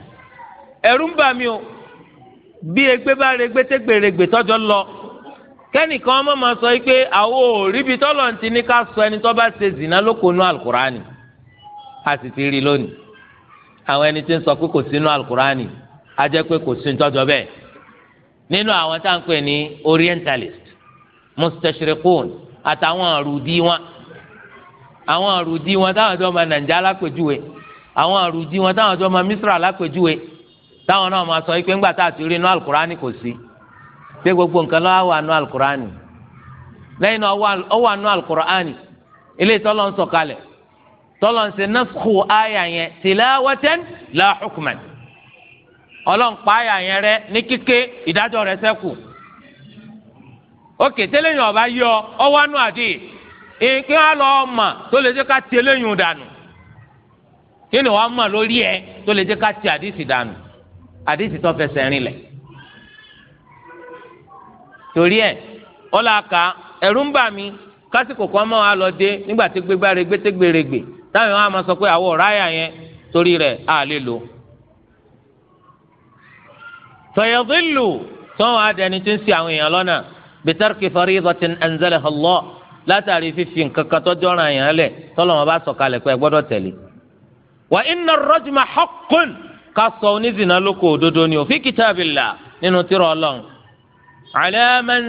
ẹ̀rù ń bà mí o bí egbe bá regbe tẹ́gbèrègbè tọ́jọ́ lọ kẹ́nìkan ọmọ máa sọ pé àwọn ò ríbi tọ́lọ̀ ń ní ká sọ ẹni tó bá ṣe zina lóko nú alukurani a sì ti rí lónìí àwọn ẹni tí ń sọ pé kò sínú alukurani a jẹ́ pé kò sí ntọ́jọ́ bẹ́ẹ̀ nínú àwọn tá à ń pè ní orientalist mustachirikun àtàwọn àrùdí wọn àwọn àrùdí wọn táwọn tó máa nàìjà alápèjúwe àwọn àrùdí wọn táwọn tó máa misra alápèjúwe táwọn náà máa sọ pé ńgbà tá a ti rí inú alukurani kò sí pé gbogbo nǹkan lọ́wọ́ wà nú alukurani lẹ́yìn náà ọwọ́ àánú alukurani ilé ìtọ́lọ́ ń sọ̀kalẹ̀ tọ́lọ̀ ń ṣe naskhu àyà yẹn tilawatan la hukman ọlọ́run pa àyà yẹn rẹ ní kíké ìdájọ́ rẹ sẹ́kù òkè tẹ́lẹ̀yìn ọba yọ ọwọ́nú àdì ìpín àlọ́ ọmọ tó lè jẹ́ ká tẹ́lẹ̀yìn dànù kí ni wàá mọ̀ lórí ẹ tó lè jẹ́ ká tẹ àdìsí dànù àdìsí tó fẹsẹ̀ rinlẹ̀ torí ẹ ọlọ́ọ̀ka ẹ̀rú ń bà mí kásìkò kan máa lọ dé nígbà tí gbégbá rẹ gbé tẹ́gbèrègbè táwọn èèyàn á máa sọ pé àwọn ọ̀ráyà yẹn torí rẹ̀ á lè lò. fẹ̀yọ̀dìlù tí wọ́n á dẹni tí ń sin àwọn èèyàn lọ́nà bitarki faridatin anzalaha Allah látàrí fífi nǹkan kan tó jọ́ràn èèyàn lẹ̀ tọ́lọ́ wọn bá sọ kalẹ̀ pé ẹ gbọ́dọ̀ tẹ̀lé. wà inna ar-rajma ká sọ onízìnnà lóko òdodo ni ó fi kitabillah nínú tírà Ọlọ́run. ala man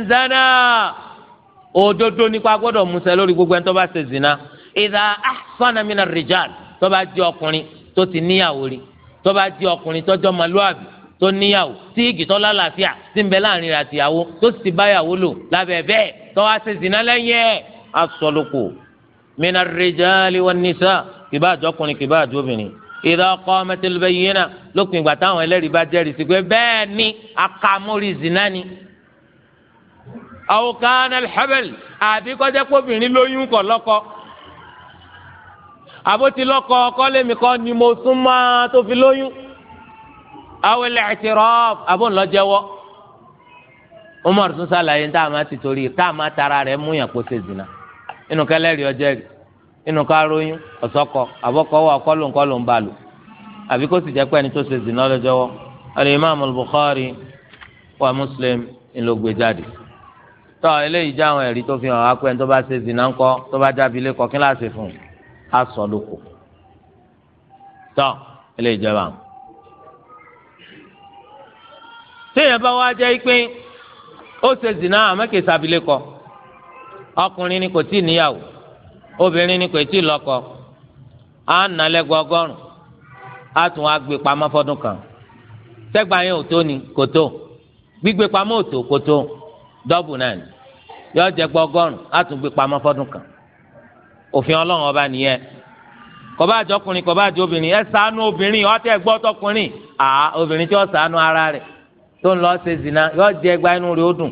òdodo nípa gbọ́dọ̀ musẹ́ lórí gbogbo ẹni tó bá ṣe zina ìdá ahsanamina rijal tó bá jẹ́ ọkùnrin tó ti níyàwó rí tó bá jẹ́ ọkùnrin tó jọ ọmọlúwàbí tó níyàwó tí igi tó lálàáfíà tí ń bẹ láàrin rẹ̀ àtìyàwó tó sì ti báyàwó lò lábẹ́ bẹ́ẹ̀ tó wá ṣe zina lẹ́yìn ẹ̀ asọ̀lùkù mina rijali wan nisa kìbá àjọkùnrin kìbá àjọbìnrin ìdá ọkọ mẹtẹlẹbẹ yìí náà lópin ìgbà táwọn ẹlẹ́rìí bá jẹ́rìí sí pé bẹ́ẹ̀ ni akamori zina ni àwòkán alḥabal àbí kọjá lóyún kọ lọ́kọ àbótí lọ́kọ kọ́lémi kọ́ ni mo sún mọ́ tó fi lóyún awele ẹtirọf abo ńlọ jẹ́wọ́ Umar tún sàlàyé tá a máa ti torí tá a máa tara rẹ̀ mú yàn kó ṣe zina inú kẹlẹrìí ọjẹ rẹ inú karoyún ọsọkọ abọkọwọ ọkọlù ńkọlù ń balù àbí kó sì jẹ́ pé ẹni tó ṣe zina lọjọwọ alimami Bukhari wa Muslim ńlọ jáde tọ eléyìí já àwọn ẹ̀rí tó fi hàn wá pé ẹni tó bá ṣe zina ńkọ́ tó bá jábí lé kọ kí láti fún un. asọ̀lùkù tọ ilé ìjọba. téèyàn bá wá jẹ pé ó ṣe zìnnà àmọ́kèsí abilékọ ọkùnrin ni kò tí ì níyàwó obìnrin ni kò tí ì lọ́kọ á nà lẹ́gbọ̀ á tún wá gbé kan yẹn ò tó ni kò tó gbígbé pamọ kò tó náà ni yọ á tún òfin ọlọ́run ọba nìyẹn kọba àjọ ọkùnrin kọba obìnrin ẹ ṣàánú obìnrin ọtẹ gbọ́ tọkùnrin à obìnrin tí ó ṣàánú ara rẹ tó ń lọ ṣe zina yọ jẹ ẹgbà inú rẹ̀ ó dùn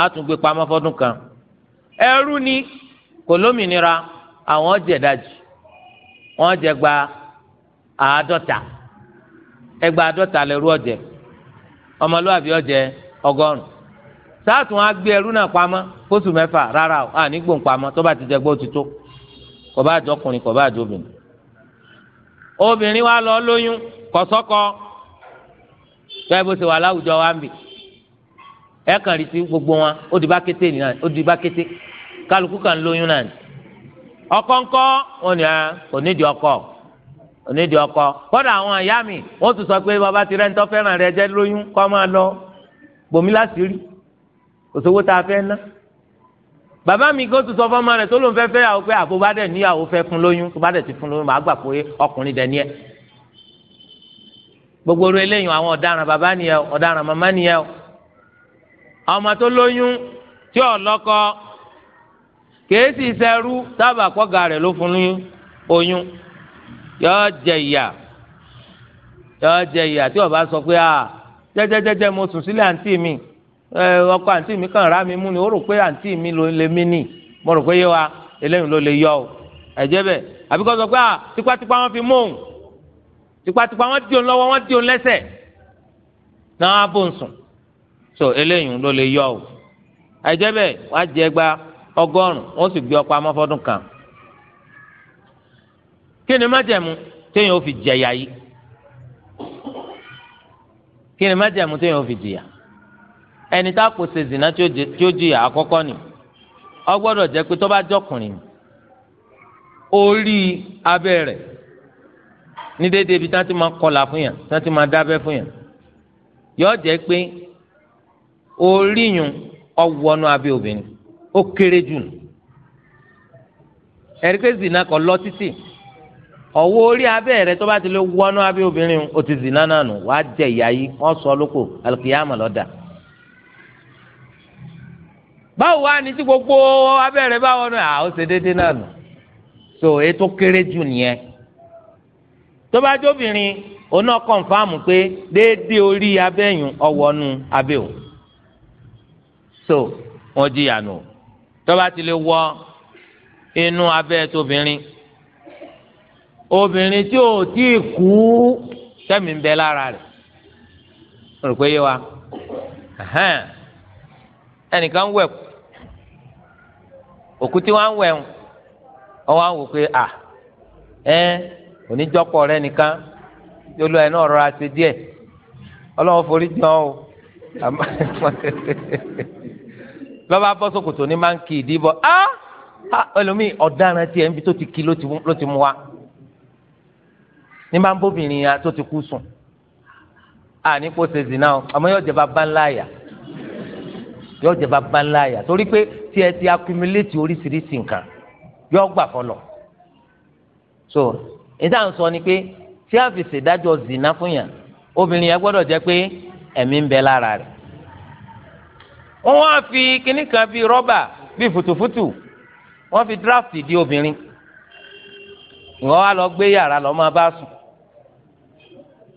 á tún gbé pamọ́ kan ni kò lómìnira àwọn jẹ gba àádọ́ta àádọ́ta lẹ́rú ọ̀jẹ̀ ọmọlúwàbí ọ̀jẹ̀ ọgọ́rùn sáà tún á gbé ẹrú náà pamọ́ fóṣù mẹ́fà o àní gbòǹpamọ́ tó bá ti jẹ gbọ́ kò bá àjọkùnrin kò bá àjọbìnrin obìnrin wa lọ lóyún kọsọkọ bẹ́ẹ̀ bó ṣe wà láwùjọ wa ń bì ẹ kàn rí sí gbogbo wọn ó di bá kété nìyà ó di bá kété kálukú kan lóyún náà ni ọkọ ńkọ wọn ni onídìí ọkọ onídìí ọkọ kódà àwọn ìyá mi wọn tún sọ pé bàbá ti rẹ ń tọ́ fẹ́ràn rẹ jẹ́ lóyún kọ́ máa lọ bòmí láti rí òṣòwò tá a fẹ́ ná bàbá mi kó tún sọ fọmọ rẹ tó ló ń fẹ́ fẹ́ yàwó pé àbó bá dẹ̀ níyàwó fẹ́ fún lóyún tó bá dẹ̀ ti fún lóyún màá gbà pé ọkùnrin dẹ̀ ní ẹ. gbogbo orí eléyìn àwọn ọ̀daràn bàbá nìyẹn ọ̀daràn màmá nìyẹn ọmọ tó lóyún tí ò lọ́kọ kèésì sẹ́rú tábà kọ́gà rẹ̀ ló fún lóyún oyún yọ jẹ ìyà yọ jẹ ìyà tí ó bá sọ pé a jẹjẹjẹjẹ mo sùn sílẹ̀ àǹtí mi ọkọ àǹtí mi kàn rà mí mú ni ó rò pé àǹtí mi ló lè mí nì mo rò pé yé wa eléyìí ló lè yọ o ẹ̀jẹ̀ bẹ̀ àbí kọ́ sọ pé à ah, tipátipá wọn fi mú òun tipátipá wọn dì òun lọ́wọ́ wọn dì òun lẹ́sẹ̀ náà á bò ń sùn so eléyìí ló lè yọ o ẹ̀jẹ̀ bẹ̀ wá jẹ gba ọgọ́rùn ó sì gbé ọkọ amọ́fọ́dún kan kí ni májẹ̀mú téèyàn ó fi jẹ̀yà yìí kí ni májẹ̀mú téèyàn ó fi jìyà. ẹni tá a kò ṣe zina tí ó jìyà àkọ́kọ́ ni ọ gbọ́dọ̀ jẹ́ pé tó bá jọkùnrin orí abẹ́ rẹ̀ ní déédéé ibi ti máa kọlà fún yàn tí ma ti máa dábẹ́ fún yàn yọ jẹ́ pé orí yùn ọwọ́nú abẹ́ obìnrin ó kéré jù ẹ̀rí pé zina kọ lọ títì ọwọ́ orí abẹ́ rẹ̀ tó bá ti lè wọ́nú abẹ́ obìnrin o ti zina náà nù wàá jẹ ìyá yìí wọ́n sọ lóko alùpùpù báwo wá ní tí gbogbo abẹ́rẹ́ báwo ni à ó ṣe déédéé náà nù so ètò kéré jù nìyẹn tó bá jóbìnrin òun náà kọ̀ǹfàmù pé déédéé orí abẹ́yùn ọ̀wọ́nu abẹ́ òun so wọ́n jìyà nù tó bá ti lè wọ inú abẹ́ tóbìnrin obìnrin tí ò tí ì kú sẹ́mi ń bẹ lára rẹ̀ rò pé yé wa ẹnìkan wẹ̀ òkú tí wọ́n wẹ̀ ń ọwọ́ àwọn òkú à ẹ́ oníjọ́pọ̀ rẹ nìkan yóò lọ ẹ̀ náà rọra ṣe díẹ̀ ọlọ́wọ́ forí jàn o lọ́ba bọ́ sókòtò ní máa ń kí ìdíbọ̀ á ẹlòmíì ọ̀daràn tiẹ̀ níbi tó ti kí ló ti mú wa ní máa ń bóbìnrin ya tó ti kú sùn à ní kó ṣe zina o àmọ́ yóò jẹba bá ńlá àyà yóò jẹba bá ńlá àyà torí pé tiẹ̀ ti accumulate oríṣiríṣi nǹkan yọ gbà fọlọ so ìta ń sọ ni pé tí a fi ṣèdájọ́ zina fún yàn obìnrin yẹn gbọdọ jẹ pé ẹ̀mí ń bẹ lára rẹ wọ́n wá fi kinní kan bíi bi bíi fùtùfùtù wọ́n fi draft di obìnrin ìwọ́n wá lọ gbé yàrá lọ máa bá sùn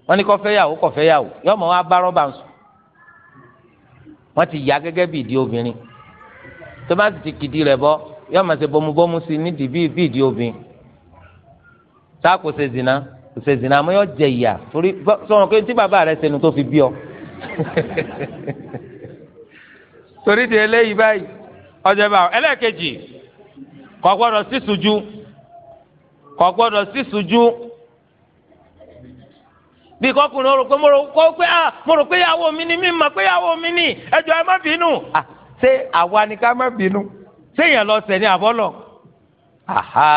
wọn ní yàwó yàwó wa bá rọba sùn ti yà gẹ́gẹ́ bíi di obìnrin tó bá sì ti kìdí rẹ̀ bọ́ yóò máa ṣe bọ́mubọ́mu sí nídìí bíi bíi ìdí obìn tá a kò ṣe zina kò ṣe zina àmọ́ yóò jẹ ìyà torí sọ̀rọ̀ pé tí bàbá rẹ̀ ṣẹnu tó fi bí ọ. torí di eléyìí báyìí ọjọ́ ìbá ẹlẹ́ẹ̀kejì kò gbọ́dọ̀ sí sùjú kò gbọ́dọ̀ sí sùjú bí kọkùnrin ó rò pé mo rò ah, pé ìyàwó mi ni mi mọ̀ pé ìyàwó mi ni ẹjọ́ ẹ má bínú. Ah, ṣé àwa ni ká má bínú séèyàn lọ sẹ ní àbọlọ aha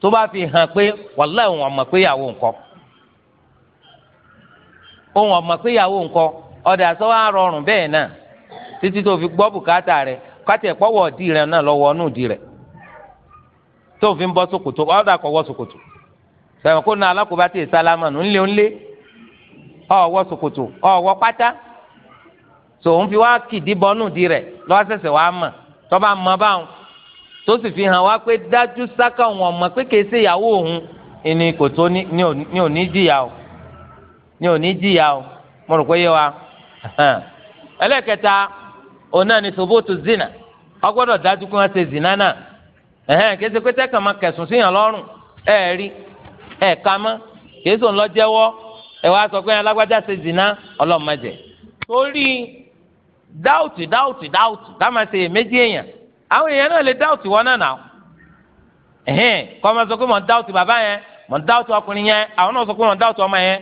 tó bá fi hàn pé wàláì òun ọmọ pé ìyàwó nǹkan òun ọmọ pé ìyàwó nǹkan ọdẹ bẹ́ẹ̀ náà títí tó fi gbọ́ bùkátà rẹ kátì ẹ pọwọ ọdí rẹ náà lọ́wọ́ rẹ̀ tó fi ń ọdà kọ wọ na alákòóbá so òun fi wá kìdí bọ́nù di rẹ̀ lọ́wọ́ sẹ̀sẹ̀ mọ̀ tọ́ba mọ̀ báwọn tó sì fi hàn wá pé dájú sáká wọn mọ̀ pé kèé ìyàwó òun ìní kò tó ní òní jìyà o ní òní jìyà o mo rò pé yé wa zina ọgbọ́dọ̀ dájú pé wọ́n ṣe zina náà ẹ̀hẹ́n kèé ṣe pé máa kẹ̀sùn síyàn lọ́rùn ẹ̀ rí ẹ̀ ká mọ́ kèé òun lọ jẹ́wọ́ ẹ̀ zina ọlọ́mọdé torí dáùtì dáùtì dáùtì dáàmà ṣe èméjì èèyàn àwọn èèyàn náà lè dáùtì wọn náà na ẹ̀hìn kọ́ máa sọ pé mò ń dáùtì bàbá yẹn mò ń dáùtì ọkùnrin yẹn àwọn náà sọ pé ń ọmọ yẹn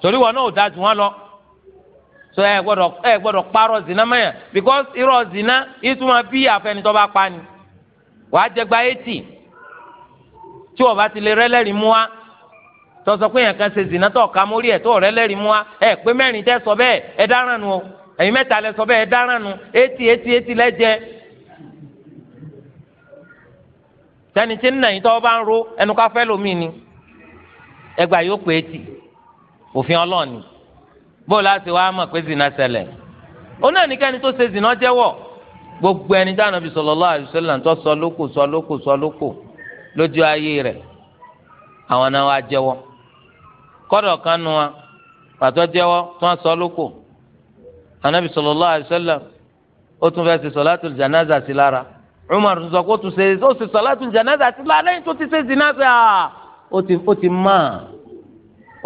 torí wọn náà ò dájú wọn lọ so ẹ gbọ́dọ̀ ẹ gbọ́dọ̀ parọ́ zina mẹyàn because irọ́ zina bi bí àfẹnitọ́ bá pa ni wàá jẹgba eighty tí wọn bá ti lè rẹlẹrìí mú wa tọ́sọ pé yẹn kan ṣe zina tó ọ̀ka mórí ẹ̀ tó ọ̀rẹ́ lẹ́rìí mú wa ẹ̀ pé mẹ́rin tẹ́ sọ bẹ́ẹ̀ ẹ dáràn nu ẹ̀yin mẹ́ta lẹ sọ bẹ́ẹ̀ ẹ dáràn nu etí etí etí lẹ́jẹ́ tẹni tí ń nà yín tọ́ bá ń ro ẹnu ká fẹ́ ni ẹgbà yóò pé etí òfin ọlọ́ọ̀ni bó láti wá mọ̀ pé zina ṣẹlẹ̀ tó ṣe zina jẹ́wọ́ gbogbo ẹni dáná bí sallallahu alaihi kọ́dọ̀ kan nu wa pàtó jẹ́wọ́ tó ń sọ lóko anabi sallallahu alaihi wasallam ó tún fẹ́ ṣe sọ̀látù janaza sí lára umar tún sọ kó tún ṣe ó ṣe sọ̀látù janaza sí lára lẹ́yìn tó ti ṣe zina sí a ah! ó ti ó ti máa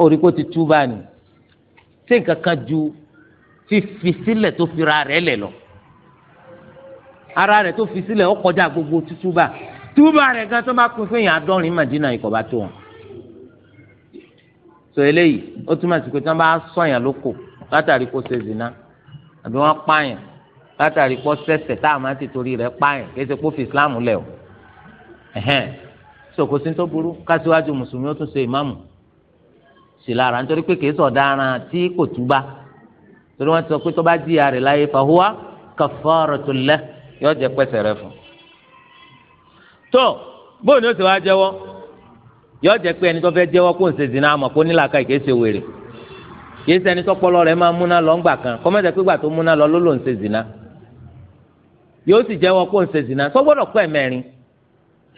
ó rí kó ti tú báyìí ṣé nǹkan kan ju fífi sílẹ̀ tó fira rẹ̀ lẹ̀ lọ ara rẹ̀ tó fi sílẹ̀ ó kọjá gbogbo tútúbà túbà rẹ̀ gan tó bá pín fún yàn àádọ́rin màdínà ìkọ̀bá tó wọn so eléyìí ó túmọ̀ sí pé tí wọ́n bá sọ̀yàn lóko látàrí kó ṣe zina àbí wọ́n pààyàn látàrí kó ṣẹ̀ṣẹ̀ tá a máa ti torí rẹ̀ pààyàn kí ẹ ṣe kó fi islam lẹ̀ o ẹ̀hẹ́n so kò sí tó burú kásíwájú mùsùlùmí ó tún ṣe ìmáàmù sí lára nítorí pé kìí sọ̀daràn tí kò túbá torí wọ́n ti sọ pé tó bá jìyà rẹ̀ láyé fahuwa kafaratul lah yóò jẹ́ pẹ́sẹ̀ rẹ̀ fún. tó bóun ni ó ti wá jẹ́wọ́ yọ jẹ pé ẹni tó fẹ́ jẹ́wọ́ kó n ṣe zina àmọ́ kó nílà ká ìkéṣe wèrè yìí sẹni tọpọlọ rẹ̀ máa múná lọ ńgbà kan kọmọdé pé gbà tó múná lọ ló ló ń ṣe zina yóò sì jẹ́wọ́ kó n ṣe zina sọ gbọ́dọ̀ pẹ mẹ́rin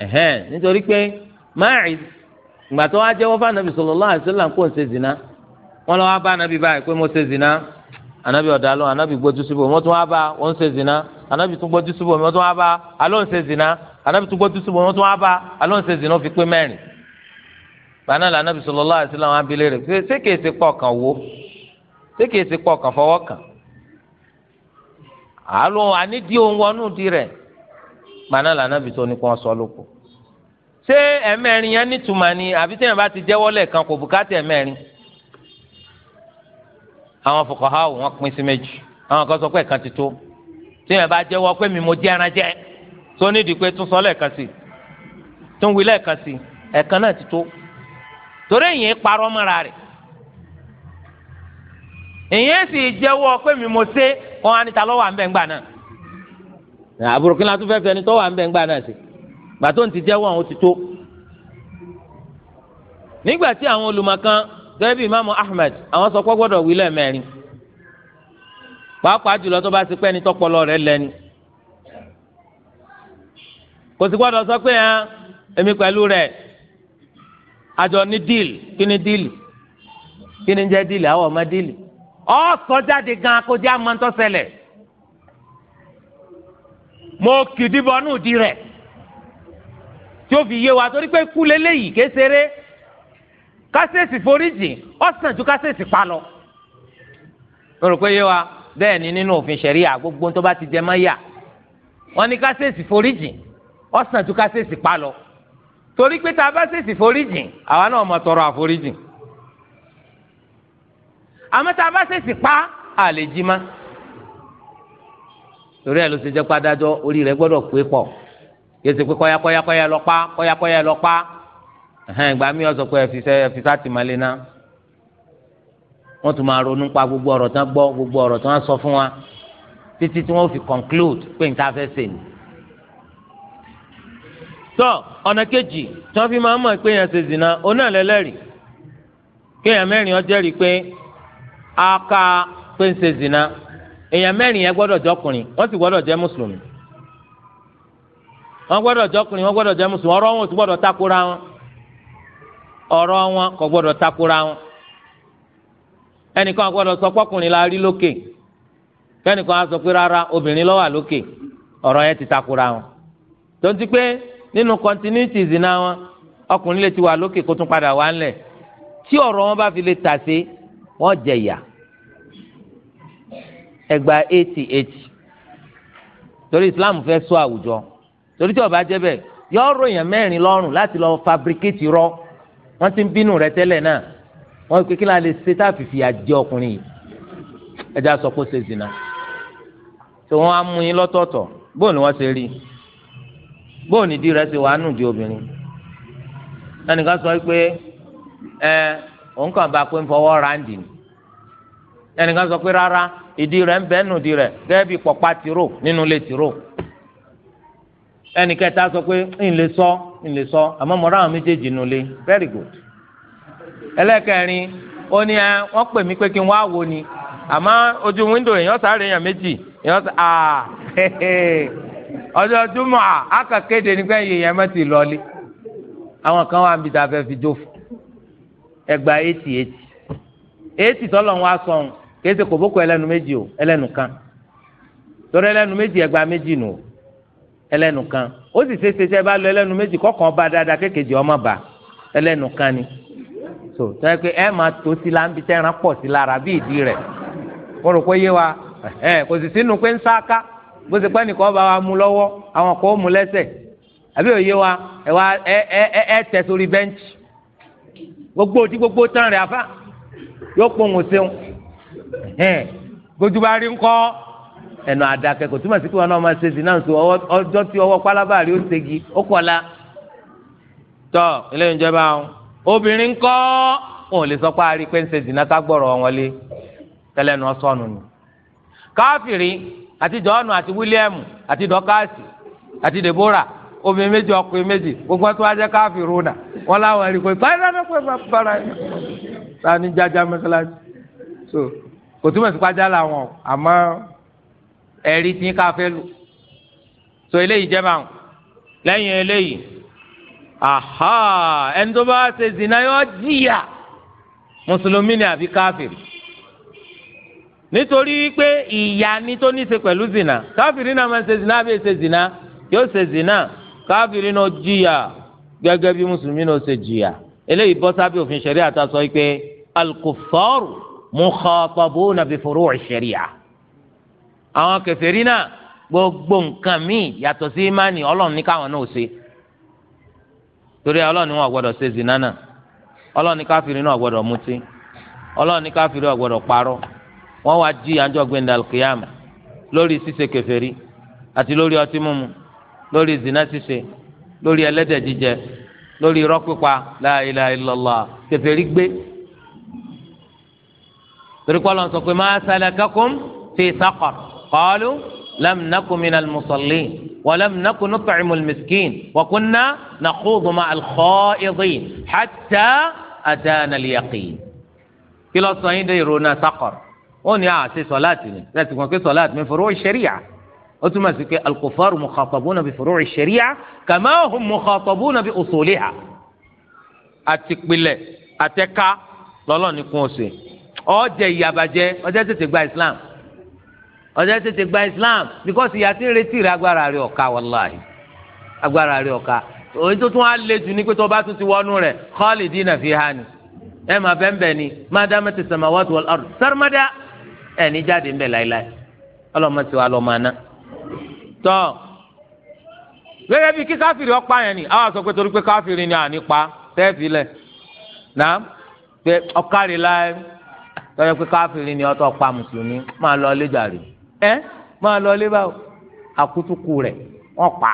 ẹhẹn nítorí pé máàrin ìgbà tó wá jẹ́wọ́ fún anabi sallallahu alaihi wasallam kó n ṣe zina wọn lọ wá bá anabi báyìí pé mo ṣe zina anabi ọ̀dà lọ anabi gbójú síbò wọn tún wá bá wọn ṣe zina anabi tún gbójú síbò wọn tún wá bá aló ṣe zina anabi tún gbójú síbò wọn tún wá bá aló ṣe zina ó fi pé mẹ́rin gbaná la Nabi sallallahu alaihi wasallam abilé rẹ̀ ṣé kìí ṣe pọ̀ kan wo ṣé kìí ṣe pọ̀ kan fọwọ́ kan àlọ́ ànídìí òun wọnú di rẹ̀ gbaná la Nabi sọ nípa ọ̀sọ́ lóko ṣé ẹ̀mẹ́rin yẹn nítumọ̀ ni àbí tẹ̀yìn bá ti jẹ́wọ́ lẹ́ẹ̀kan kò bùkátà ẹ̀mẹ́rin àwọn fuqaha wọn pín sí méjì àwọn kan sọ pé ẹ̀kan ti tó tẹ̀yìn bá jẹ́wọ́ pé mi mo jẹ́ ẹran jẹ́ tó nídìí pé tún sọ lẹ́ẹ̀kan sí tún wí lẹ́ẹ̀kan sí ẹ̀kan náà ti tó. torí èyàn parọ́ mọ́ra rẹ̀ si sì jẹ́wọ́ pé mi mo ṣe wọn á níta lọ́wọ́ à ń bẹ̀ ń gbà náà àbúrò kí n látún fẹ́ ni tọ́wọ́ à ń bẹ̀ ń gbà náà ti jẹ́wọ́ àwọn ti tó nígbà tí àwọn olùmọ̀kan gẹ́gẹ́ ahmed àwọn sọ pé gbọ́dọ̀ wí lẹ́ẹ̀mẹ́rin pàápàá jùlọ tó bá ti pẹ́ ni tọ́pọ̀lọ rẹ̀ lẹ́ni kò sì gbọ́dọ̀ sọ pé ẹ̀ àjọ ní díìlì kí ni díìlì kí ni jẹ́ díìlì àwọn ọmọ díìlì ọ sọ jáde gan kó jẹ́ amọ̀ntọ́sẹlẹ̀ mo kìdìbọn nù di rẹ̀ tí ó fi yé wa torí pé kú lélẹ́yìí kéṣeré kásẹ̀sì foríjì ọ̀sán ju kásẹ̀sì pa lọ. mo rò pé yé wa bẹ́ẹ̀ ni nínú òfin ṣẹ̀ríà gbogbo tó bá ti jẹ mọ́ yà wọ́n ní kásẹ̀sì foríjì ọ̀sán ju kásẹ̀sì pa lọ torí pé tá a bá ṣèṣì foríjìn àwa náà mọ tọrọ àforíjìn àmọ́ tá a bá ṣèṣì pa á lè jí má torí ẹ̀ ló ṣe jẹ́ pádájọ́ orí rẹ̀ gbọ́dọ̀ pé pọ̀ yóò ṣe pé kọ́yá kọ́yá kọ́yá lọ pa kọ́yá kọ́yá lọ pa ìgbà mi ọ̀ sọ pé ẹ̀fí sátìmọ́lé náà wọ́n tún máa ronú pa gbogbo ọ̀rọ̀ tán gbọ́ gbogbo ọ̀rọ̀ tán sọ fún wa títí tí wọ́n fi conclude pé nǹkan afẹ́ sèǹdì tọ́ ọ̀nà kejì tí wọ́n fi máa ń mọ̀ pé èèyàn ṣe zina oná lẹ́lẹ́rìí kéèyàn mẹ́rin ó jẹ́rìí pé aka pé ń ṣe zina èèyàn mẹ́rin yẹn gbọ́dọ̀ jọkùnrin wọ́n sì gbọ́dọ̀ jẹ́ mùsùlùmí wọ́n gbọ́dọ̀ jọkùnrin wọ́n gbọ́dọ̀ jẹ́ mùsùlùmí ọ̀rọ̀ wọn ò sì gbọ́dọ̀ takora wọn ọ̀rọ̀ wọn kò gbọ́dọ̀ takora wọn ẹnìkan gbọ́dọ̀ sọ pọ́kùnrin la rí lókè kẹ́nìkan á sọ pé rárá obìnrin ló lókè ọ̀rọ̀ yẹn ti takora wọn tó ń ti pé nínú continuity zina wọn ọkùnrin lè ti wà lókè kó tún padà wá ńlẹ̀ tí ọ̀rọ̀ wọn bá fi lè tà sí wọn jẹ ìyà ẹgbàá eighty eight torí Islam fẹ́ sọ àwùjọ torí tí ó bá jẹ́ bẹ́ẹ̀ yọ ọ̀rọ̀ èèyàn mẹ́rin lọ́rùn láti lọ fabricate rọ wọ́n ti ń bínú rẹ tẹ́lẹ̀ náà wọ́n pe kí la lè ṣe tá a fìfì ọkùnrin yìí ẹja sọ pé ó ṣe zina tí wọ́n á mú yín lọ́tọ̀ọ̀tọ̀ bóun ni wọ́n ṣe rí i bóò ni di rẹ ṣe di obìnrin ẹnìkan sọ pé ẹ òun kàn bá pé ń fọwọ́ ra ń sọ pé rárá ìdí rẹ ń bẹ́ẹ̀ nù di rẹ gẹ́gẹ́ bí pọ̀pá tìró nínú ilé sọ pé ń lè sọ ń lè sọ àmọ́ mo ráwọn méjèèjì nù lé very good ẹlẹ́kẹrin ó ní ẹ wọ́n pè mí pé kí n wá wo ni àmọ́ ojú wíńdò èèyàn sáré èèyàn méjì èèyàn ọjọ́ júmọ̀ àkàkéde nígbà yìí yẹn mẹ́tì lọ́lé àwọn kan wà níbi tá a fẹ́ fi ẹgbà eighty eti. eighty tọ́lọ̀ wá sọ̀n kòbókò ẹlẹ́nu méjì o ẹlẹ́nu kan torí ẹlẹ́nu méjì ẹgbà méjì nù o ẹlẹ́nu kan ó sì bá lọ ẹlẹ́nu méjì kọ́kàn dáadáa kékejì ọmọ bá kan ni tẹ́ pé ẹ máa tó sí la ń bi pọ̀ sí lára bí wa kò sì sínú pé bó ṣe pẹ́ nìkan bá wa mú lọ́wọ́ àwọn kan ó mú lẹ́sẹ̀ àbí òye wa ẹ wa ẹ ẹ ẹ tẹ̀ sórí bẹ́ńkì gbogbo òdi gbogbo tán rẹ̀ afá yóò pohùn ṣeun ẹ̀hìn gbójúbá rí ńkọ́ ẹnu àdàkẹ́ kò túmọ̀ sí kí wọn náà máa ṣe sí náà sọ ọjọ́ tí ọwọ́ pálábà rí ó ṣègi ó kọ̀la tọ́ ilé ìjọba ọ̀hún obìnrin ńkọ́ wọn ò lè sọ pé a rí pé ń ṣe sí náà ká gbọ́rọ̀ wọn lé tẹ́lẹ̀ ní sọnù ni káfíìrì àti jọ́ọ̀nù àti wílíẹ̀mù àti dọ́kàsì àti dèbóra obìnrin méjì ọkùnrin méjì gbogbo ẹtọ́ ajẹ́ káfí rúnà wọn láwọn ẹ̀rí pé báyìí lọ́dọ̀ pé bàbá yìí ta ni jaja mẹ́sàlásì so kò túmọ̀ sí pàjá làwọn àmọ́ ẹ̀rí tí káfẹ́ lù so eléyìí jẹ́ lẹ́yìn eléyìí aha ẹni tó bá ṣe zina yóò jìyà mùsùlùmí ni àbí káfíìrì nítorí pé ìyá ni tó ní í ṣe pẹ̀lú zina káfíìrì náà máa ń ṣe zina àbí ṣe zina yóò ṣe zina káfíìrì náà jìyà gẹ́gẹ́ bí mùsùlùmí náà ṣe jìyà eléyìí bọ́ sábẹ́ òfin ṣẹ̀ríà tá sọ pé al-kuffar mukhatabuna bi furu' ṣẹ̀ríà. àwọn kèfèrí náà gbogbo nǹkan míì yàtọ̀ sí imáni ọlọ́run ní káwọn náà ṣe torí ọlọ́run ní wọn gbọ́dọ̀ ṣe zina náà ọlọ́run ní wọ́n wá jí àjọ gbẹ̀ndà kìyàmù lórí ṣíṣe kèfèrí àti lórí ọtí mímu lórí zina ṣíṣe lórí ẹlẹ́dẹ̀ jíjẹ lórí irọ́ pípa la ilaha illallah kèfèrí gbé torí kọ́ ló ń sọ pé fi saqar qalu lam naku minal musallin wa lam naku nut'imul miskin wa kunna nakhudu ma'al kha'idin hatta atana al kí ló sọ yín dé ìrònú saqar ó ní àṣẹ sọláàtì ni láti wọn pé sọláàtì mi fòrò ìṣẹríà ó túmọ̀ sí pé alukófáàrù mukhatabuna bi fòrò ìṣẹríà kama hum mukhatabuna bi usuliha àtìpilẹ̀ àtẹ̀ká lọ́lọ́ ní ọ̀sẹ̀ ọ̀jẹ̀ ìyàbàjẹ́ ọjọ́ tètè gba Islam ọjọ́ tètè gba Islam because ìyá tí ń retí rẹ agbára rẹ ọ̀ka wàláhì agbára rẹ ọ̀ka òye tó tún á lé jù ní pé tó bá tún ti wọnú rẹ khalidina fiha ni ẹ máa bẹ́ẹ̀ bẹ́ẹ̀ ni ma damati samawati wal ard sármádá ẹni jáde ńbẹ láéláé ọlọmọ tiwa lọmọ aná tọ gẹ́gẹ́ bíi kí káfíìrì ọpa yẹn ni àwọn sọ torí pé káfíìrì ni àní pa tẹẹfì lẹ náà pé ọkàrí láé tọyọ pé káfíìrì ni ọtọ pa mùsùlùmí máa lọ ilé jàre ẹ máa lọ ilé báwo àkútùkù rẹ wọn pa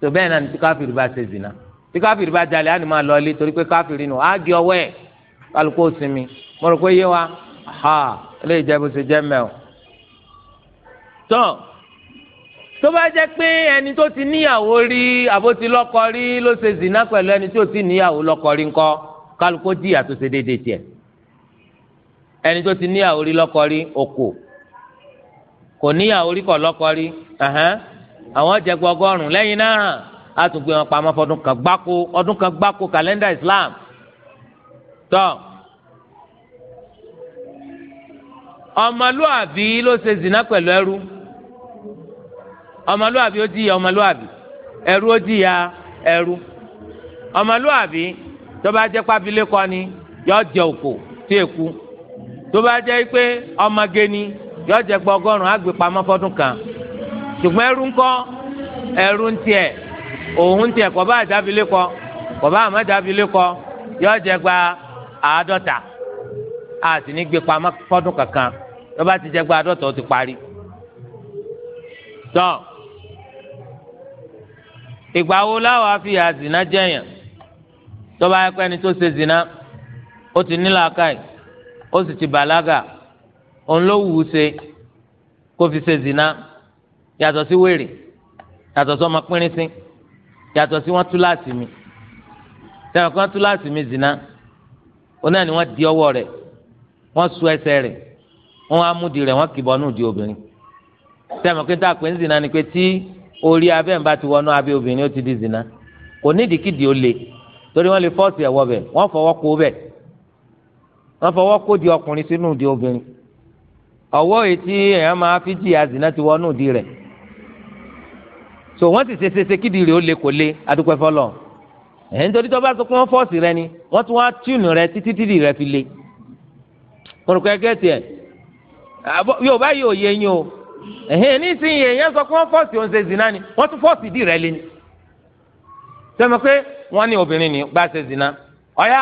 tó bẹ́ẹ̀ náà ní tí káfíìrì bá ṣe zina tí káfíìrì bá jalè máa lọ ilé torí pé káfíìrì nù eléyìí jẹ́ bó ṣe jẹ́ mẹ́ o. tán tó bá jẹ́ pé ẹni tó ti níyàwó rí àbó ti lọ́kọ rí ló ṣe zìnà pẹ̀lú ẹni tó ti níyàwó lọ́kọ rí ńkọ́ kálukó jìyà tó ṣe déédéé tiẹ̀ ẹni tó ti níyàwó rí lọ́kọ rí okò kò níyàwó rí kọ̀ lọ́kọ rí àwọn jẹ gbọgọrùn lẹ́yìn náà á tún gbé wọn pamọ́ fọdún kan gbáko ọdún kan gbáko kàlẹ́ndà Islam tán. So, ọmọlúwàbí ló ṣe zina pẹ̀lú ẹrú ọmọlúwàbí ó jìyà ọmọlúwàbí ẹrú ó jìyà ẹrú ọmọlúwàbí tó bá jẹ́ ni yọ jẹ òkò tí èkú tó bá jẹ́ pé ọmọge ni yọ jẹ pé ọgọ́rùn fọdún kan ṣùgbọ́n ẹrú ńkọ́ ẹrú gba àádọ́ta a sì ní gbé pamọ́ fọ́dún kankan tó bá ti jẹ́ gba àádọ́tọ̀ ti parí. tọ́ ìgbà wo láwa fi zina, jẹ̀yàn tó bá yẹ pé ẹni tó ṣe zìnà ó ti nílò akáì ó sì ti bàlágà òun ló wù ú ṣe kó fi ṣe zìnà yàtọ̀ sí wèrè yàtọ̀ sí ọmọ pínrín sí yàtọ̀ sí wọ́n tú láti mi tẹ̀wọ̀n kan tú láti mi zina, ó náà ni wọ́n di ọwọ́ rẹ̀ wọ́n so ẹsẹ̀ rẹ̀ wọ́n amúdi rẹ̀ wọ́n kìbọ̀ nù di obìnrin sẹ́mi pé táà pé ń zina ni pé tí orí abẹ́ ń bá ti wọnú abẹ́ obìnrin ó ti di zina kò ní ìdíkìdí ó le torí wọ́n lè fọ́ọ̀sì ẹ̀wọ́ bẹ̀ wọ́n fọwọ́ kó bẹ̀ wọ́n fọwọ́ kó di ọkùnrin sínú di obìnrin ọwọ́ etí èèyàn máa fi jìyà zina ti wọnú di rẹ̀ so wọ́n ti ṣeṣeṣe kídi rẹ̀ ó le kò le adúpẹ́ fọlọ́ ẹ̀ ń torí tó bá sọ pé wọ́n fọ́ọ̀sì rẹ ni wọ́n tún wá tíùnù rẹ títí mọ̀rùkọ ẹgẹ́ tiẹ̀ yorùbá yìí ò yẹ yín o ẹ̀hìn nísìnyí èèyàn sọ pé wọ́n fọ́ọ̀sì òun ṣe zina ni wọ́n tún fọ́ọ̀sì ìdí rẹ̀ lé ni sẹ́mi pé wọ́n ní obìnrin ni bá ṣe zina ọ̀yá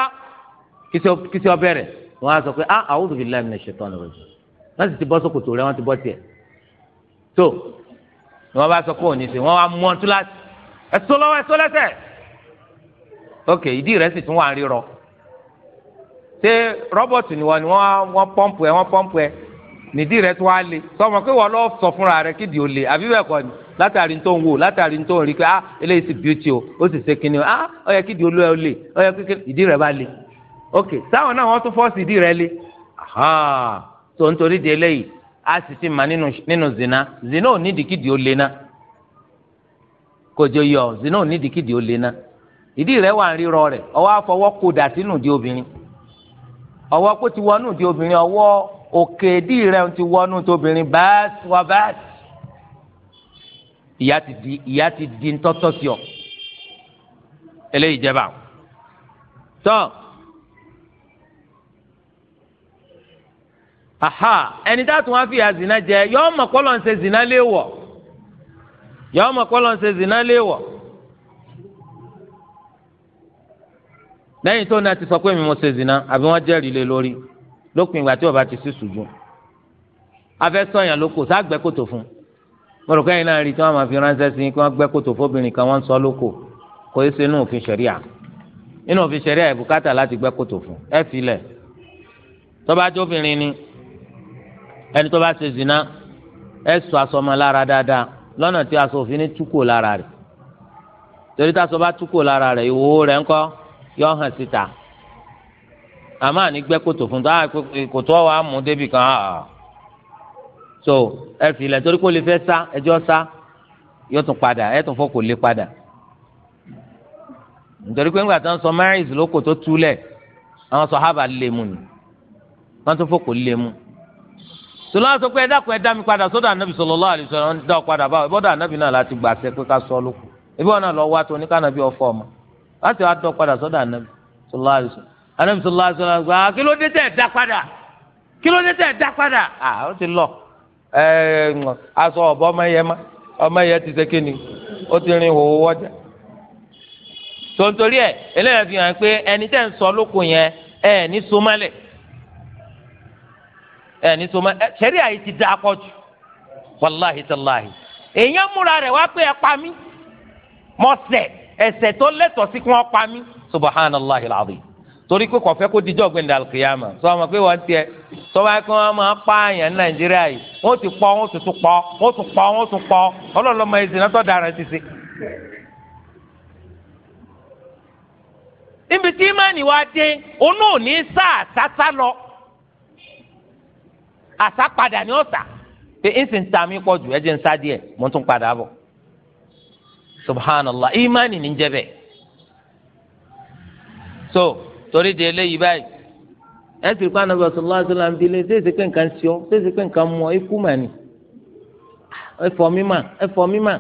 kìsì ọbẹ̀ rẹ̀ wọ́n á sọ pé ah a'udhu billahi minash shaitanir rajim wọ́n sì ti bọ́ sókòtò rẹ̀ wọ́n ti bọ́ tiẹ̀ tó ni wọ́n bá sọ pé òun ní sè wọ́n wá mú ọ tún láti ẹ̀sọ́ lọ́wọ́ ẹ̀sọ́ lẹ́sẹ̀ ṣé rọ́bọ̀tì ni wani wọ́n pọ́ǹpù ẹ̀ wọ́n pọ́ǹpù ẹ̀ nìdí rẹ̀ tó wá le sọmọ pé wọ́n lọ sọ fúnra rẹ̀ kí di o le àbí bẹ́ẹ̀ kọ́ ni látàrí tó ń wò látàrí tó ń rí pé ah eléyìí o ó sì ṣe kinní o ah ó yẹ kí di olú ẹ o le ó kí ìdí bá le ok sáwọn náà wọ́n tún fọ́ọ̀sì ìdí rẹ̀ le tó ń torí di eléyìí sì ti ma nínú zina zina ò nídìí kí di o le yọ zina ò nídìí kí di o le náà ìdí wà ń ọwọ́ kó ti wọnú ti obìnrin ọwọ́ òkè ìdí rẹ̀ ti wọnú ti obìnrin báàsì wà báàsì ti di ti ntọ́tọ́ sí ọ eléyìí jẹba aha ẹni tá a fi ìyá zina jẹ yọọ mọ kọlọ ń ṣe zina léèwọ̀ yọọ lẹ́yìn tó náà ti sọ pé mi mo ṣe zina àbí wọ́n jẹ́rìí lé lórí lópin ìgbà tí ọba ti sí sùjú afẹ́ sọ̀yàn lóko sáàgbẹ́ kòtò fún mo rò kẹ́yìn náà rí tí wọ́n máa fi ránṣẹ́ sí kí wọ́n gbẹ́ kòtò fóbìnrin kan wọ́n ń sọ lóko kò é ṣe inú òfin ṣẹ̀ríà inú òfin ṣẹ̀ríà ìbùkátà láti gbẹ́ kòtò fún ẹ filẹ̀ tọ́ba jó obìnrin ni ẹni tó bá ṣe zina ẹ sọ aṣọ ọmọ lára dáadáa lọ́nà tí aṣọ òfin ní túkò lára rẹ̀ torí tá aṣọ bá túkò lára rẹ̀ ìwòwò rẹ̀ ńkọ́ yọ hàn síta àmọ́ àní gbẹ́ kòtò fún tó ah, eh, kòtò ọ̀wọ́ àmú débì kan áà ah, ah. so ẹ filẹ̀ torí kò lè fẹ́ sá ẹjọ́ sá yóò tún padà ẹ tún fọ́ kò lè padà nítorí pé ńgbà tí wọ́n sọ mẹ́rìndínlẹ́ tó túlẹ̀ àwọn lè mu ni wọ́n tún fọ́ kò lè mu sọ pé ẹ dákun ẹ dá mi padà anabi sọlọ alaihi wasallam ń dá ọ padà báwo ẹ bọdọ anabi náà láti gbà pé sọ lóko ebi wọn náà lọ wá tó ọmọ láti wá dán padà sọ́dọ̀ anabi sọlá àdìsọ anabi sọlá àdìsọ náà gba kí ló dé tẹ̀ dá padà kí ló dé ah, ti lọ ẹ aṣọ ọ̀bọ ọmọ má ọmọ ti ṣe kíni ó ti rin òwò wọ́jà tontori ẹ eléyà fi hàn pé ẹni tẹ́ ń sọ lóko yẹn ẹ ní ẹ ní sẹ́rí àyè ti dá wàláhi tàláhi èèyàn múra rẹ̀ wá pé ẹ pa mí ese tó lẹ́tọ̀ọ́ sí kí wọ́n pa mí subhanallahi alazim torí pé kò kó dijọ́ gbẹ̀ndà alkiyama sọ ma pé wọ́n tiẹ̀ tọ́ba kí wọ́n máa pa àyàn nàìjíríà ti pọ̀ wọ́n tuntun pọ̀ wọ́n tún pọ̀ wọ́n tún pọ̀ ọlọ́lọ́mọ ẹ̀sìn náà tọ́ dara ṣiṣẹ́. níbi tí imáàni wa dé onú ò sá lọ àsápadà ni ó sà pé ń sì ń ta mí pọ̀ jù ẹ jẹ́ ń sá subhanallah imani ní jẹbẹ so torí di eléyìí báyìí ẹ sì kó anabi ọsùn lọ́wọ́ sọlá ń bilé ṣéèṣì pé nǹkan ṣe ọ ṣéèṣì pé nǹkan mú ọ ikú mà ní ẹfọ mímà ẹfọ mímà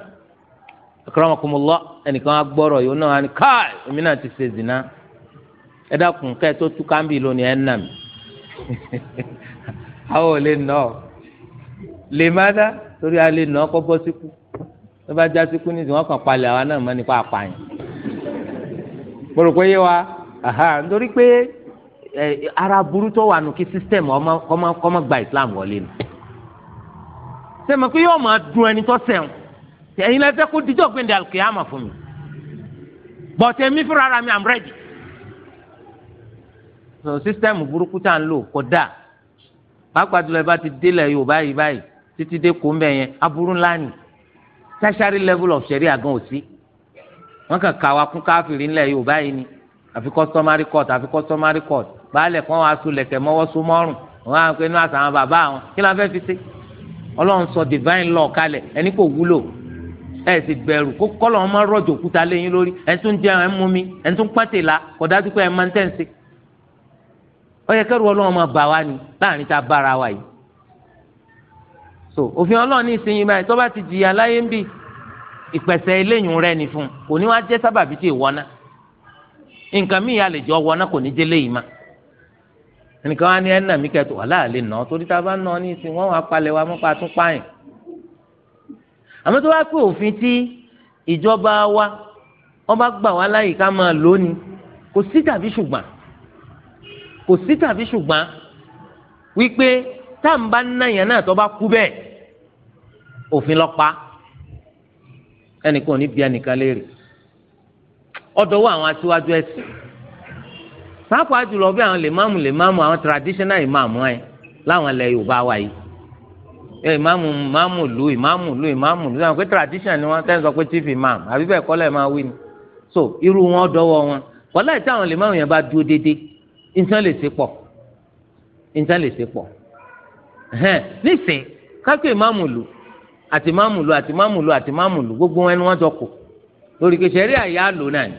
akramakumullah ẹnìkan á gbọ́rọ̀ yìí ó náà á ní káì èmi náà ti ṣe zina ẹ dákun ká tó tú kámbì lónìí ẹ nà mí àwọn ò lè nà ọ lè má dá torí a lè nà ọ kọ́ bọ́ síkú tó bá já sí kúnìsì wọn kàn palẹ̀ àwa náà mọ́ nípa àpààyàn mo rò pé yé wa nítorí pé ara burú tó wà nù kí sísítẹ̀mù ọmọ gba Islam wọlé nù sẹ́mi pé yóò máa dun ẹni tó sẹ́wọ̀n ẹ̀yin lẹ́sẹ̀ kó dijọ́ gbẹ̀ndẹ̀ alùkìyàmà fún mi bọ̀tẹ̀ mi fúnra ara mi am ready so sísítẹ́ẹ̀mù burúkú tá à ń lò kò dáa pàápàá jùlọ ẹ bá ti délẹ̀ Yorùbá yìí báyìí títí dé kó ń bẹ̀ yẹn aburú ńlá nìyí tertiary level of sharia gan ò sí wọn kàn kà wá kún káfíìrì ńlẹ̀ yorùbá yìí ni àfi customary court àfi customary court baálẹ̀ kan wàá so lẹ̀kẹ̀ mọ́wọ́ so mọ́rùn wọn á pe inú àṣà àwọn bàbá àwọn kí ló fẹ́ fi ṣe ọlọ́run sọ divine law kalẹ̀ ẹni kò wúlò ẹ sì bẹ̀rù kó kọ́lọ̀ wọn máa rọ̀jò òkúta léyìn lórí ẹ̀ tún jẹun ẹ̀ mú mi ẹ̀ tún pàtẹ́ la kò dájú pé ẹ̀ máa ń tẹ̀sí. ó yẹ kẹ́rù ọlọ́run máa bà wá ni láàrin tá a bára wa yìí so òfin ọlọ́run ní ìsinyìí báyìí tó bá ti jìyà láyé ń bì ìpẹ̀sẹ̀ eléyìí rẹ̀ ni fún un kò ní wá jẹ́ sábàbí tí ìwọ náà nǹkan míì alè jọ wọ náà kò ní délé yìí ma nǹkan wá ní ẹnà mi kẹtù wà láàlè nà torí tá a bá nà ọ ní ìsìn wọn wà palẹ̀ wa mọ́pá tún pààyàn àmọ́ tó bá pé òfin tí ìjọba wa wọ́n bá gbà wá láyè ká máa lò ní kò sí tàbí ṣùgbọ́n kò sí tàbí ṣùgbọ́n wípé táǹbà náyàn náà tó bá kú bẹ́ẹ̀ òfin lọ pa ẹnìkan ò ní bí ẹnìkan léèrè ọ̀dọ̀ wọ àwọn aṣíwájú ẹ̀sìn pàápàá jùlọ bí àwọn lèmáàmù lèmáàmù àwọn traditional ìmáàmù ẹ láwọn ilẹ̀ Yorùbá wa yìí ẹ ìmáàmù ìmáàmù lu ìmáàmù lu ìmáàmù lu àwọn pé tradition ni wọ́n tẹ́lẹ̀ sọ pé chief imam àbí bẹ́ẹ̀ kọ́ máa wí ni so irú wọn dọ́wọ́ wọn wọ́n láì tí àwọn lèmáàmù yẹn bá dúró déédéé nǹkan lè ṣe pọ̀ nǹkan lè ṣe pọ̀ hẹn nísìn kápẹ́ ìmáàmù lù àti ìmáàmù lù àti ìmáàmù lù àti ìmáàmù lù gbogbo wọn ni wọ́n jọ kù lórí kẹsẹ̀ rí àyà lò náà ni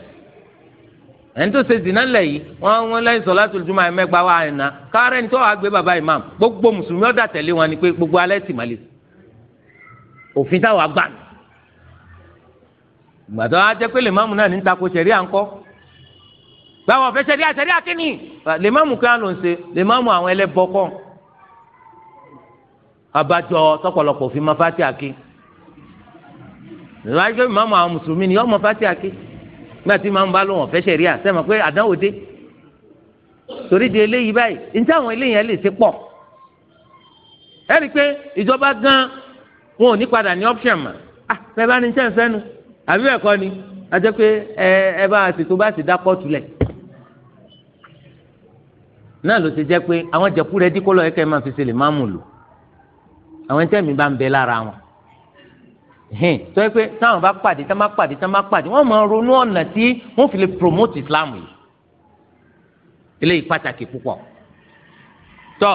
ẹni tó ṣe zina lẹ yìí wọn wọn lẹ́yìn sọlá tó lùdúmọ ẹ mẹgba wa ẹ na kárẹ ní tó wàá gbé baba imam gbogbo mùsùlùmí ọdà tẹ̀lé wọn ni pé gbogbo alẹ sì má le òfin táwa gbà ní. gbàdọ́ ajẹ́ pé lèmọ́mù náà ní tako sẹ̀rí à ń kọ́ báwo ọ̀fẹ́ sẹ̀rí à sẹ̀rí à kí ni lèmọ́mù kí wọn lò ń ṣe lèmọ́mù àwọn ẹlẹ́bọ kọ́ abájọ tọpọlọpọ fi ma fati ake lọ́wọ́ ìmáàmù àwọn mùsùlùmí ni ọmọ fati ake nígbà tí ìmáàmù bá lò wọ́n fẹ́ sẹ̀ríà sẹ́mi pé àdánwò dé torí di eléyìí báyìí níta àwọn eléyìí yẹn lè ṣe pọ̀ ẹ rí i pé ìjọba gan wọn ò ní padà ní option mà á fẹ́ bá ní sẹ́ǹ sẹ́nu àbí ẹ̀kọ́ ni a jẹ́ pé ẹ ẹ bá a ṣètò bá a ṣe dá kọ́ọ̀tù lẹ̀ náà ló ti jẹ́ pé àwọn jẹ̀kú rẹ̀ díkọ́ lọ́ọ́ yẹ kẹ́ máa fi ṣe lè má mú àwọn tẹ́mi bá ń bẹ lára wọn hìn tó yẹ pé táwọn bá pàdé tá má pàdé tá má pàdé wọ́n máa ronú ọ̀nà tí wọ́n fi lè promote Islam yìí eléyìí pàtàkì púpọ̀ tọ́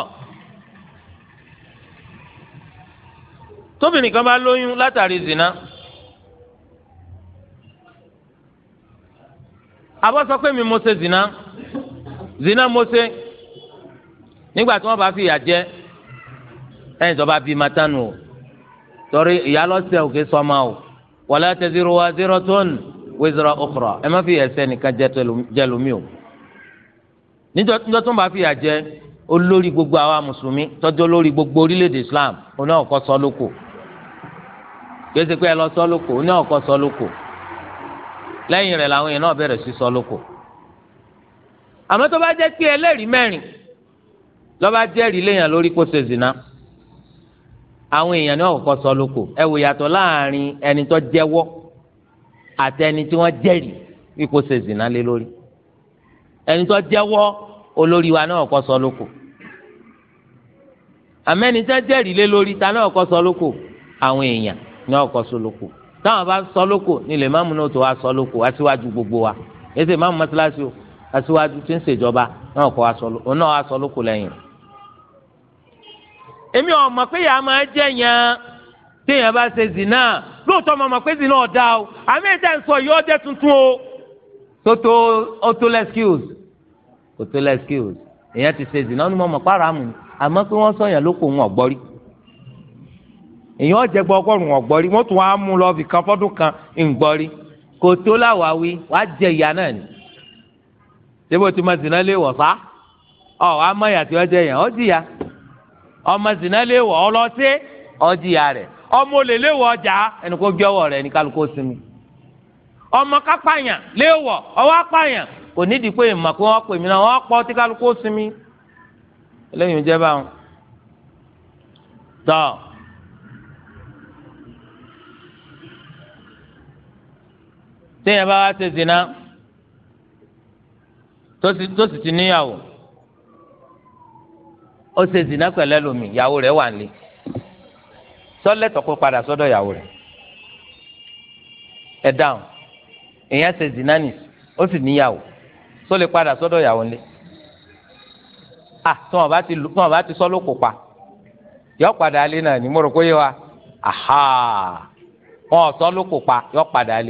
tóbìnrin kan bá lóyún látàrí zina àbọ̀ sọ pé mi mo ṣe zina zina mo ṣe nígbà tí wọ́n bá fi ìyà jẹ ẹni tó bá bí matanu o torí ìyálọ́sẹ̀ òkè sọ́mà o wala taziru waziratun wizra ukhra ẹ má fi ẹsẹ̀ nìkan jẹ lómi o níjọ́ tó ń bá fìyà jẹ olórí gbogbo àwa mùsùlùmí tọ́jú olórí gbogbo orílẹ̀-èdè Islam oní ọ̀kọ́ sọ lóko gbèsè pé ẹ lọ sọ lóko oní ọ̀kọ́ sọ lóko lẹ́yìn rẹ̀ làwọn yẹn náà bẹ̀rẹ̀ sí sọ lóko àmọ́ tó bá jẹ́ pé ẹlẹ́rìí mẹ́rin lọ́ba jẹ́rìí léèyàn lórí kó ṣe zina àwọn èèyàn ní wọn kọ́kọ́ sọ lóko ẹ wò yàtọ̀ láàrin ẹni tó jẹ́wọ́ àti ẹni tí wọ́n jẹ́rìí ipò ṣe zìnà lé lórí ẹni tó jẹ́wọ́ olórí wa náà kọ́kọ́ sọ lóko àmẹ́ni tó jẹ́rìí lé lórí ta náà kọ́kọ́ sọ lóko àwọn èèyàn ní wọn kọ́kọ́ sọ lóko táwọn bá sọ lóko nílẹ̀ máàmù náà tó wá sọ lóko aṣíwájú gbogbo wa èsì máàmù mọ́tíláṣí o aṣíwájú tí ń ṣèjọba náà kọ́ wa sọ lóko lẹ́yìn rẹ̀ èmi ọmọ pé yàrá máa jẹ yẹn téèyàn bá ṣe zina lóòótọ́ ọmọ ọmọ pé zina ọ̀dà o àmì ìjà ń sọ yìí ọjẹ́ tuntun o tótó ọtólẹ̀ skills ọtólẹ̀ skills èèyàn ti ṣe zina ọ̀nà ọmọ pàrọ̀ àmù àmọ́ pé wọ́n sọ̀yàn lóko òun ọ̀gbọ́rí èèyàn ọ̀jẹ̀ gbọ́ ọgọ́rùn-ún ọ̀gbọ́rí wọ́n tún wá mú lọ fìkan fọ́dún kan ǹgbọ́rí kò tó láwàáwí wàá jẹ ìyá náà ni ṣé bó ti máa zina lé wọ̀ sá ọ̀ ọmọ zina lè wọ ọlọtí ọdìyà rẹ ọmọ olè lè wọ ọjà ẹni kó gbẹwọ rẹ ní kálukó sinmi ọmọ kápáyàn lè wọ ọwọ apáyàn kò nídìí pé ìmọ̀ pé wọ́n pè mí náà wọ́n pọ̀ tí kálukó sinmi lẹ́yìn ìjẹ́ báwọn. tọ́ téèyàn bá wá ṣe zina tó sì ti níyàwó. ó ṣe zina pẹ̀lú ẹlòmíì ìyàwó rẹ̀ wà nílé sọ́lẹ̀tọ̀ kó padà sọ́dọ̀ ìyàwó rẹ̀ ẹ̀ dáhùn èèyàn ṣe zina nì ó sì níyàwó só padà sọ́dọ̀ ìyàwó nílé à tí wọn bá ti tí wọn bá ti sọ́ ló kó pa yọ padà alé náà ni mo kó yé wa àhà wọn ò sọ́ ló kó pa yọ padà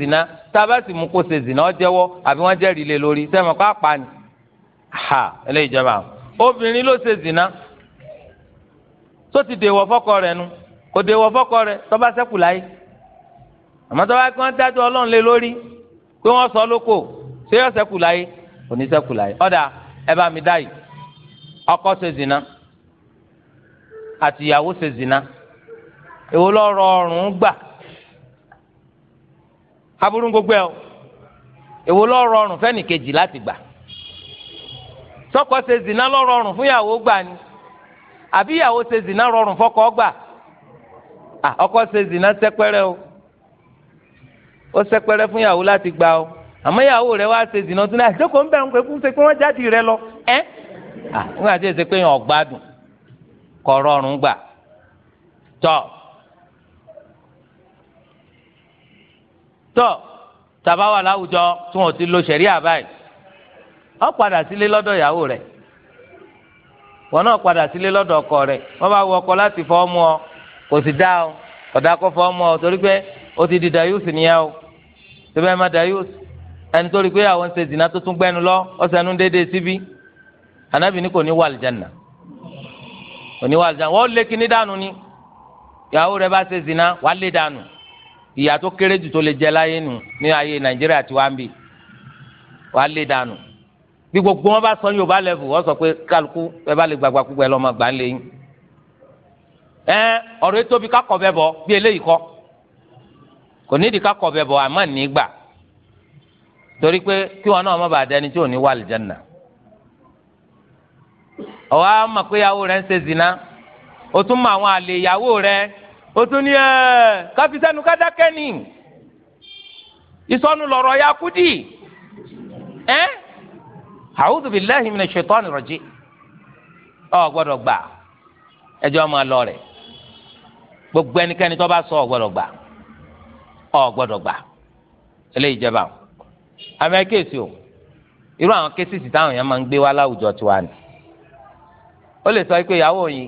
zina tába sì mú kó ṣe zìnà jẹ́wọ́ àbí wọ́n jẹ́rìí lé lórí sẹ́mi kó apá ni ha ẹlẹ́yìí ìjọba obìnrin ló ṣe zìnà tó ti dèwọ̀ fọ́kọ rẹ̀ nu kò dèwọ̀ fọ́kọ rẹ̀ tọ́ba sẹ́kù láyé àmọ́ tọ́ba kí wọ́n dájọ́ ọlọ́run lé lórí pé wọ́n sọ lóko ṣé yọ sẹ́kù láyé òní sẹ́kù láyé ọ̀dà ẹ mi dá yìí ọkọ ṣe zìnà àtìyàwó ṣe zìnà èwo lọ́rọ̀ ọ̀rùn gbà aburú gbogbo ẹ o èwo ló rọrùn fẹ́nì kejì láti gbà sọ́kọ ṣe zina ló rọrùn fún ìyàwó gbà ni àbí ìyàwó ṣe zina rọrùn fọ́kọ gbà à ọkọ ṣe zina sẹ́pẹ́rẹ́ o ó sẹ́pẹ́rẹ́ fún ìyàwó láti gbà o àmọ́ ìyàwó rẹ̀ wá ṣe zina tún náà àjókòó ń bẹ̀rù pé kó ṣe pé wọ́n jáde rẹ lọ ẹ́ à nígbà tí èsè pé yàn ọ̀gbádùn kọ̀ rọrùn gbà tọ́. tọ tàbá wà láwùjọ tí wọ́n ti lo ṣẹ̀ríà báyìí padà sílé lọdọ ìyàwó rẹ wọn náà padà sílé lọdọ ọkọ rẹ wọn bá wọ ọkọ láti ọmọ ọ kò sì dá ọ ọ̀dà kó fọ́ ọmọ torí pé ó ti di nìyẹn o má ẹni pé àwọn ṣe tó tún lọ ọ̀sẹ̀nu déédéé síbí anábì kò ìyà tó kéré jù tó lè jẹ láyé nù ní ayé nàìjíríà tí wàá ń bì wàá lé dànù bí gbogbo wọn bá sọ yorùbá lẹ́fù wọ́n sọ pé kálukú ẹ bá lè gbàgbà púpọ̀ ẹ lọ́mọ gbà ń lé yín ẹ ọ̀rọ̀ ètò bí kakọ̀ bẹ bọ̀ bí eléyìí kọ́ kò nídìí kakọ̀ bẹ bọ̀ àmọ́ nígbà torí pé kí wọn náà má bàa dẹni tí ò ní wà lìjánà ọ̀wá mọ̀ pé ìyàwó rẹ̀ ń ṣe zina ó tún mọ àwọn àlè ìyàwó rẹ̀ o ni ní eh, ẹ káfíńsẹ́nu kádákẹ́ ni ìsọnù lọ̀rọ̀ ya kú dì ẹ́ a'udhu billahi minash ọ lọ rẹ̀ gbogbo ẹnikẹ́ni tó bá sọ ọ gbọ́dọ̀ gbà ọ gbọ́dọ̀ gbà eléyìí jẹba àmì ẹkẹsì o irú àwọn kesi táwọn èèyàn máa ń gbé wá láwùjọ tiwa ni ó lè sọ pé ìyàwó yìí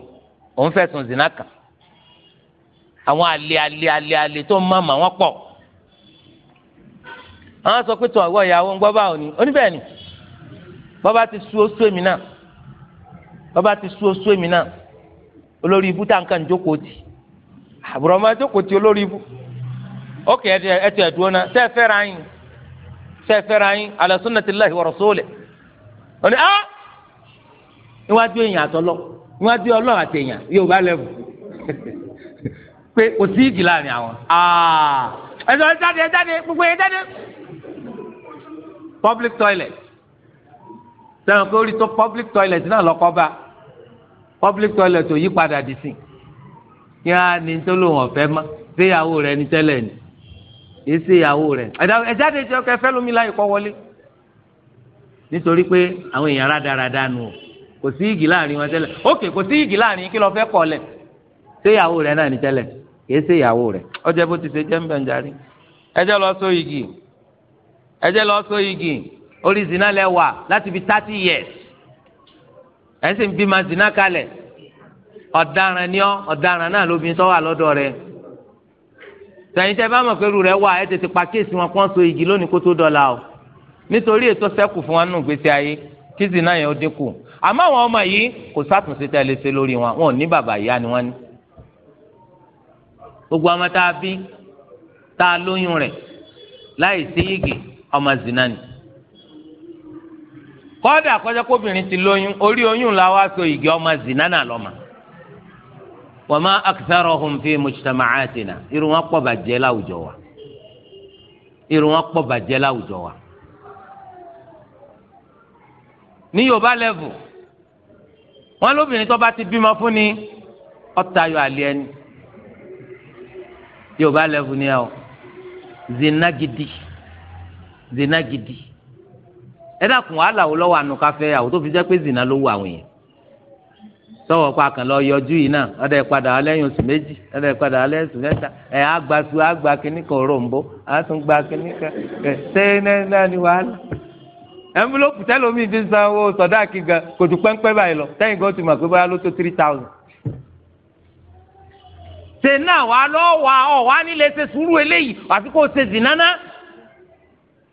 òun àwọn àlè àlè àlè tó ń mọ̀mọ́ wọn pọ̀ àwọn sọ pé ìyàwó ń gbọ́ bá òní oníbẹ̀ ni bọ́bá ti èmi náà bọ́bá ti su oṣù èmi náà olórí ibú tá nǹkan jókòó tì àbúrò ọmọ jókòó tì olórí ibú ókè ẹ ẹ ti ẹdùn náà sẹ fẹ́ ra yín sẹ wa òní pé kò sí ìjì láàrin àwọn ah. ẹjọ ẹ jáde ẹ jáde gbogbo ẹ jáde public toilet sẹ́wọ̀n pé orí tó public toilet náà lọ́kọ́ bá public toilet ò yí padà dì sí kí á ní tó lòun ọ̀fẹ́ mọ́ séyàwó rẹ ní tẹ́lẹ̀ ni èyí séyàwó rẹ ẹ jáde jẹ́ ọkẹ́ fẹ́ lómi láyé kọ́ wọlé nítorí pé àwọn èèyàn rádaràda nù kò sí ìgì láàrin wọn tẹ́lẹ̀ kìí ṣe ìyàwó rẹ̀ ọjọ́ bó ti ṣe jẹ́ ń bẹ̀ ń darí ẹjẹ́ lọ sọ igi ẹjẹ́ lọ sọ igi orí zina lẹ wà láti fi thirty years ẹ̀ sì ń zina kalẹ̀ ọ̀daràn ni ọ́ ọ̀daràn náà ló fi sọ wà lọ́dọ̀ rẹ̀ sẹ̀yìn tẹ́ bá mọ̀ pé irú rẹ̀ wà ẹ̀ tètè pa kéèsì wọn kán so igi lónìí kó tó dọ̀la o nítorí ètò sẹ́kù fún wa nù gbèsè ayé kí zina yẹn ó dínkù àmọ́ àwọn ọmọ yìí kò sátúnṣe tẹ́ lè ṣe lórí wọn wọn ò ní bàbá ìyá ni wọ́n ní gbogbo ọmọ tá a bí tá a lóyún rẹ̀ láì sí yìgì ọmọ zina ni kọ́dà kọjá kóbìnrin ti lóyún orí oyún la wá so yìgì ọmọ zina náà lọ́mọ wa ma aktharuhum fi mujtama'atina irun wọn pọ̀ bàjẹ́ láwùjọ wa irun wọn pọ̀ bàjẹ́ láwùjọ wa ní yorùbá level wọn lóbìnrin tó bá ti bímọ fún ni ọ̀tayọ̀ àlẹ́ ẹni yóò lẹ́fù ni ẹ o zinagidi zinagidi ẹ dàkún wàhálà wo lọ́wọ́ káfẹ́ àwọn fi jẹ́ zina ló wù àwọn yẹn sọ̀wọ́ pa kàn lọ yọjú yìí náà ọ̀dà ìpadà alẹ́yìn oṣù méjì ọ̀dà ìpadà alẹ́yìn oṣù mẹ́ta ẹ̀ àgbàsù àgbà kìíní kan àtúngbà kìíní kan ẹ̀ náà ni wàhálà ẹnvilópù tẹ́lómi ti san owó sọ̀dá kí pẹ́ńpẹ́ báyìí lọ pé báyà tó three ṣe náà wà lọ́wọ́ ọ wà nílé ṣe sùúrù eléyìí àti kò ṣe zìnà náà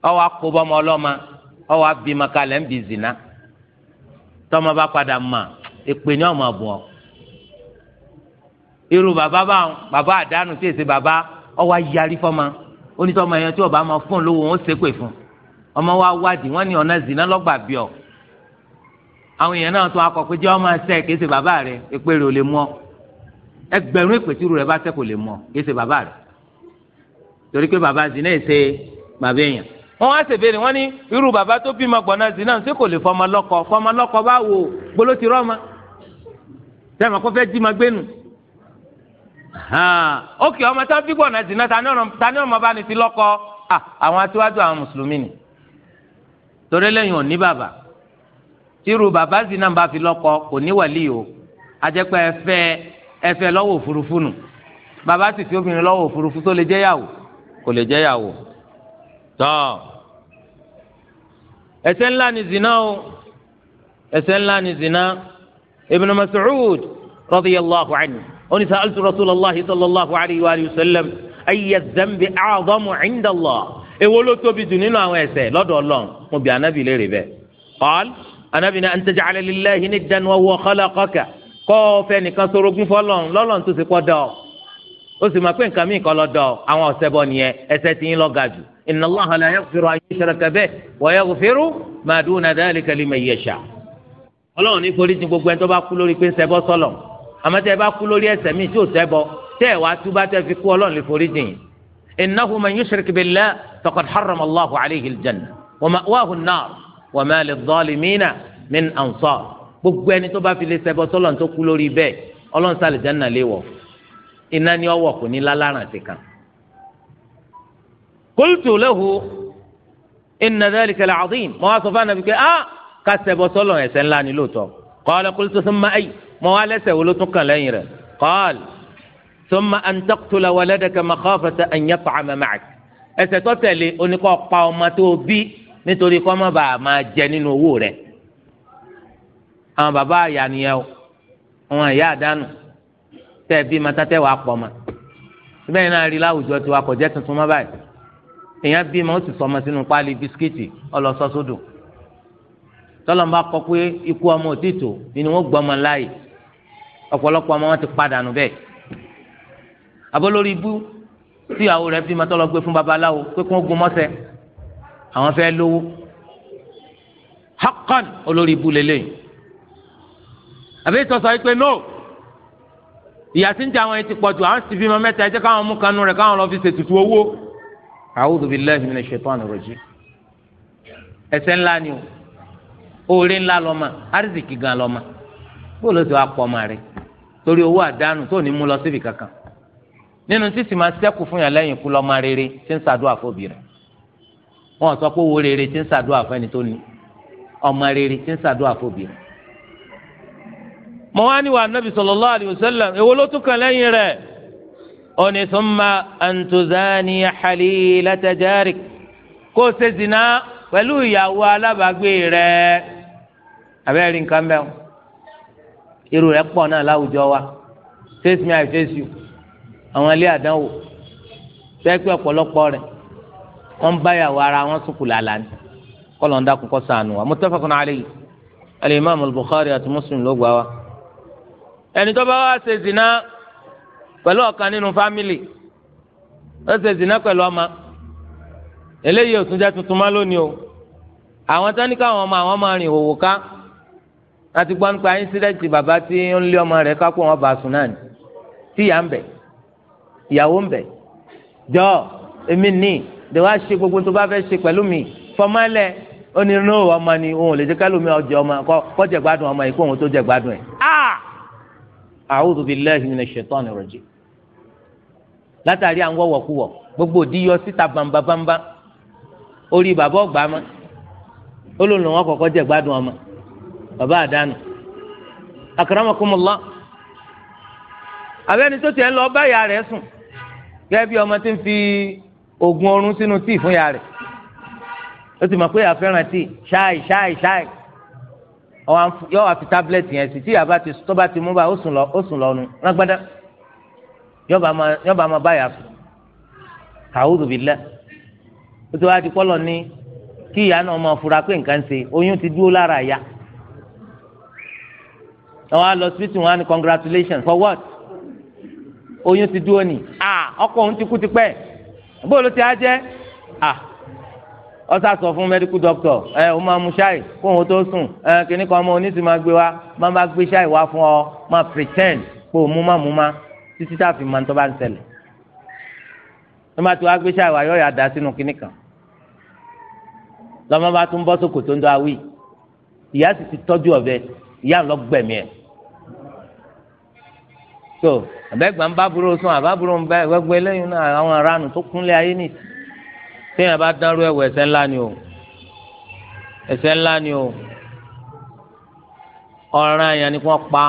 ọwọ́ akóbọ́mọ ọlọ́mọ ọwọ́ abimọ kalẹ̀ ń bi zìnà tọ́mọ bá padà mà èpè ní ọmọ bọ̀ irú bàbá bá bàbá àdánù tí èsì bàbá ọwọ́ ayarí fọ́mọ onítọ́mọ yẹn tí ọba máa fún lówó wọn ṣépè fún ọmọ wa wádìí wọn ní ọ̀nà zìnà lọ́gbà bíọ̀ àwọn èèyàn náà tún akọ pé jẹ́ ọmọ ẹsẹ̀ kìí ṣe bàbá rẹ̀ èpè rẹ̀ ò lè mú ọ ẹgbẹ̀rún ìpèsìrú rẹ bá tẹ kò lè mọ èsè bàbá rẹ torí pé bàbá zina èsè bàbá èèyàn wọn wá ṣèbéèrè wọn ní irú bàbá tó bímọ gbọnà zina ṣé kò lè fọmọ lọ́kọ fọmọ lọ́kọ bá wò gbolo ti rọmọ sẹmọ kó fẹ jí ma gbénu ókè ọmọ tó bí gbọnà zina ta ni ọmọ bá ní ti lọ́kọ àwọn atiwájú àwọn mùsùlùmí ni torí lẹ́yìn ò bàbá tírú bàbá zina bá fi lọ́kọ kò ní wàlíì o ajẹpẹ fẹ ẹsẹ̀ lọ́wọ́ òfurufú nù bàbá sì fi obìnrin lọ́wọ́ òfurufú tó lè jẹ́ yàwó kò lè jẹ́ yàwó tọ́ ẹ̀ṣẹ̀ ńlá ni zina o ẹ̀ṣẹ̀ ńlá ni zina Ibn Mas'ud radiyallahu anhu oni sa'altu rasulallahi sallallahu alayhi wa sallam ayé zambi a'zamu inda Allah ló tóbi jù nínú àwọn ẹ̀ṣẹ̀ lọ́dọ̀ mo bi anabi léèrè bẹ́ẹ̀ qal anabi na an taj'ala lillahi niddan wa huwa khalaqaka kọ́ ọ̀fẹ́ nìkan sorogún fọlọ́n lọ́lọ́n tó ti pọ̀ dọ̀ ó sì máa pé nǹkan míì kọ́ lọ dọ̀ àwọn ọ̀sẹ̀ bọ̀ nìyẹn ẹsẹ̀ ti yín lọ́ga jù inna Allaha la yaghfiru an yushraka bihi wa yaghfiru ma duna dhalika liman yasha ọlọ́run ní foríjì gbogbo ẹni tó bá kú lórí pé ń ṣẹbọ sọ́lọ̀ àmọ́ ẹ bá kú lórí ẹ̀ṣẹ̀ míì tí ò ṣẹbọ tẹ́ ẹ wá gbogbo ẹni tó bá fi lè ṣẹbọ sọ́lọ́run tó kú lórí bẹ́ẹ̀ Ọlọ́run sàlẹ jẹ nàlẹ wọ iná ni ọwọ kò ní lálàrán ti kàn. qultu lahu inna dhalika la'azim mọ wá sọ fún anabi pé a ká ṣẹbọ sọ́lọ́run ẹ̀ṣẹ̀ ńlá ni lóòótọ́ qala qultu thumma ay mọ wá lẹ́ṣẹ̀ wo ló tún kàn lẹ́yìn rẹ̀ qala thumma an taqtula waladaka makhafata an yat'ama ma'ak ẹ̀ṣẹ̀ tó àwọn Baba àyà nìyẹn o àwọn àyà àdánù tẹ ẹ bí mata tẹ wàá pọ̀ ma síbẹ̀ yìí náà rí láwùjọ tí wàá kọjá tuntun má báyìí èèyàn bí ma ó sì sọmọ sínú páálí bisikíìtì ọlọsọ sódò tọ́lọ́mù bá pé ikú ọmọ òtítọ́ ni wọ́n gbọ́ ọmọ láàyè ọ̀pọ̀lọpọ̀ ọmọ wọn ti padà nù bẹ́ẹ̀ abolórí ibú tí ìyàwó rẹ̀ bí ma tọ́lọ́ gbé fún babaláwo pé kí wọ́n gun mọ́sẹ̀ àwọn fẹ́ lówó hakan olórí ibú lélẹ́yìn àbí ìtọ́sọ yìí pé no ìyá tí ń jẹ àwọn yẹn ti pọ̀ jù àwọn sì fi máa mẹ́ta ẹ jẹ́ káwọn mú kanú rẹ̀ káwọn lọ fi ṣètùtù owó. a'udhu billahi minash shaitani rajim ẹ̀ṣẹ̀ ńlá ni o oore ńlá lọ́mọ arzikì gan lọ́mọ bó ló ti wá pọ̀ ọmọ rẹ̀ torí owó àdánù tó ní mú lọ síbi kankan nínú títì máa ṣẹ́kù fún yàn lẹ́yìn ikú lọ́mọ rere tí ń ṣàdúrà fóbi rẹ̀ wọ́n sọ mọ wá ní wa anabi sallallahu alayhi wa sallam èwo ló tún kàn lẹ́yìn rẹ̀ ó ní summa an tuzani halilata jarik kó o ṣe zina pẹ̀lú ìyàwó alábàágbé rẹ̀ abẹ́rẹ́ nǹkan bẹ́ẹ̀ irú rẹ̀ pọ̀ náà láwùjọ wa face me i face you àwọn ilé àdánwò sẹ́gbẹ́ ọ̀pọ̀lọpọ̀ rẹ̀ wọ́n bá yàwó ara wọn sùkù làlà ni kọ́lọ̀ ń dákun kọ́ sànù wa muttafaqun alayhi al-imam al-bukhari àti muslim ló gbà wá ẹni tó bá wá ṣe zina pẹ̀lú ọ̀kan nínú fámìlì ó ṣe zina pẹ̀lú ọmọ eléyìí ò tún jẹ́ tuntun má lónìí o àwọn tán ní káwọn ọmọ àwọn máa rìn òwò ká láti gbọ́ nípa ínsídẹ́ǹtì bàbá tí ń lé ọmọ rẹ̀ kápò wọn bá sùn náà ni tíyà ń bẹ̀ ìyàwó ń bẹ̀ jọ èmi ní ìdè wá ṣe gbogbo tó bá fẹ́ ṣe pẹ̀lú mi fọmọ́lẹ̀ ó ní inú ọmọ ni òun ò lè jẹ́ kẹ́lómi ọjọ́ ọmọ kọ́ jẹ̀gbádùn ọmọ yìí kó òun tó jẹ̀gbádùn ẹ̀. Ah! a'udhu billahi minash shaitani rajim látàrí àwọn wọ̀wọ̀kuwọ̀ gbogbo òdìyọ síta bambabamba orí bàbá ọgbà ma olóòlù wọn kọ́kọ́ jẹ gbádùn ọmọ bàbá àdánù akramakumullah abẹ́ni tó tiẹ̀ ń lọ bá ìyá rẹ̀ sùn gẹ́gẹ́ bí ọmọ tí ń fi oògùn oorun sínú tíì fún ìyá rẹ̀ ó sì mọ̀ pé ìyá tíì ṣáì ṣáì ṣáì yọ wá fi tábìlẹ̀tì yẹn sí tí yàrá ti tó bá ti mú bá ó sùn lọ ó sùn lọ nu rágbádá yọba ma yọba ma bá yà sùn a'udhu billah ó ti wá ti kọ́ lọ ní kí ìyá náà máa fura pé nǹkan ṣe oyún ti dúró lára ìyá àwọn alọ́sibítù wọn á ní congratulations for what oyún ti dúró ni ah ọkọ òun ti kú tipẹ́ bóòlù ti á jẹ́ ah ọsà sọ fún medical doctor ẹ o máa mu ṣáì kó òun tó sùn ẹ kìnnì kan ọmọ oníṣìí máa gbé wa máa bá gbé ṣáì wá fún ọ máa pretend kó o mú má mú má títí tá a fi máa ń tọ́ba ń ṣẹlẹ̀ tó máa ti wá gbé ṣáì wá yọ̀ yà sínú kìnnì kan lọ́mọ bá tún bọ́ sókò tó ń dọ́ awí ìyá sì ti tọ́jú ọ̀bẹ ìyá lọ gbẹ̀mí ẹ̀ so àbẹ́gbà ń bá burú sùn àbábúrò ń bá ẹ̀wẹ́gbẹ́ lẹ́yìn náà àwọn téèyàn bá dánrú ẹ̀wọ̀ ẹ̀ṣẹ̀ ńlá ni o ẹ̀ṣẹ̀ ńlá ni o ọ̀ràn yẹn ni wọ́n pa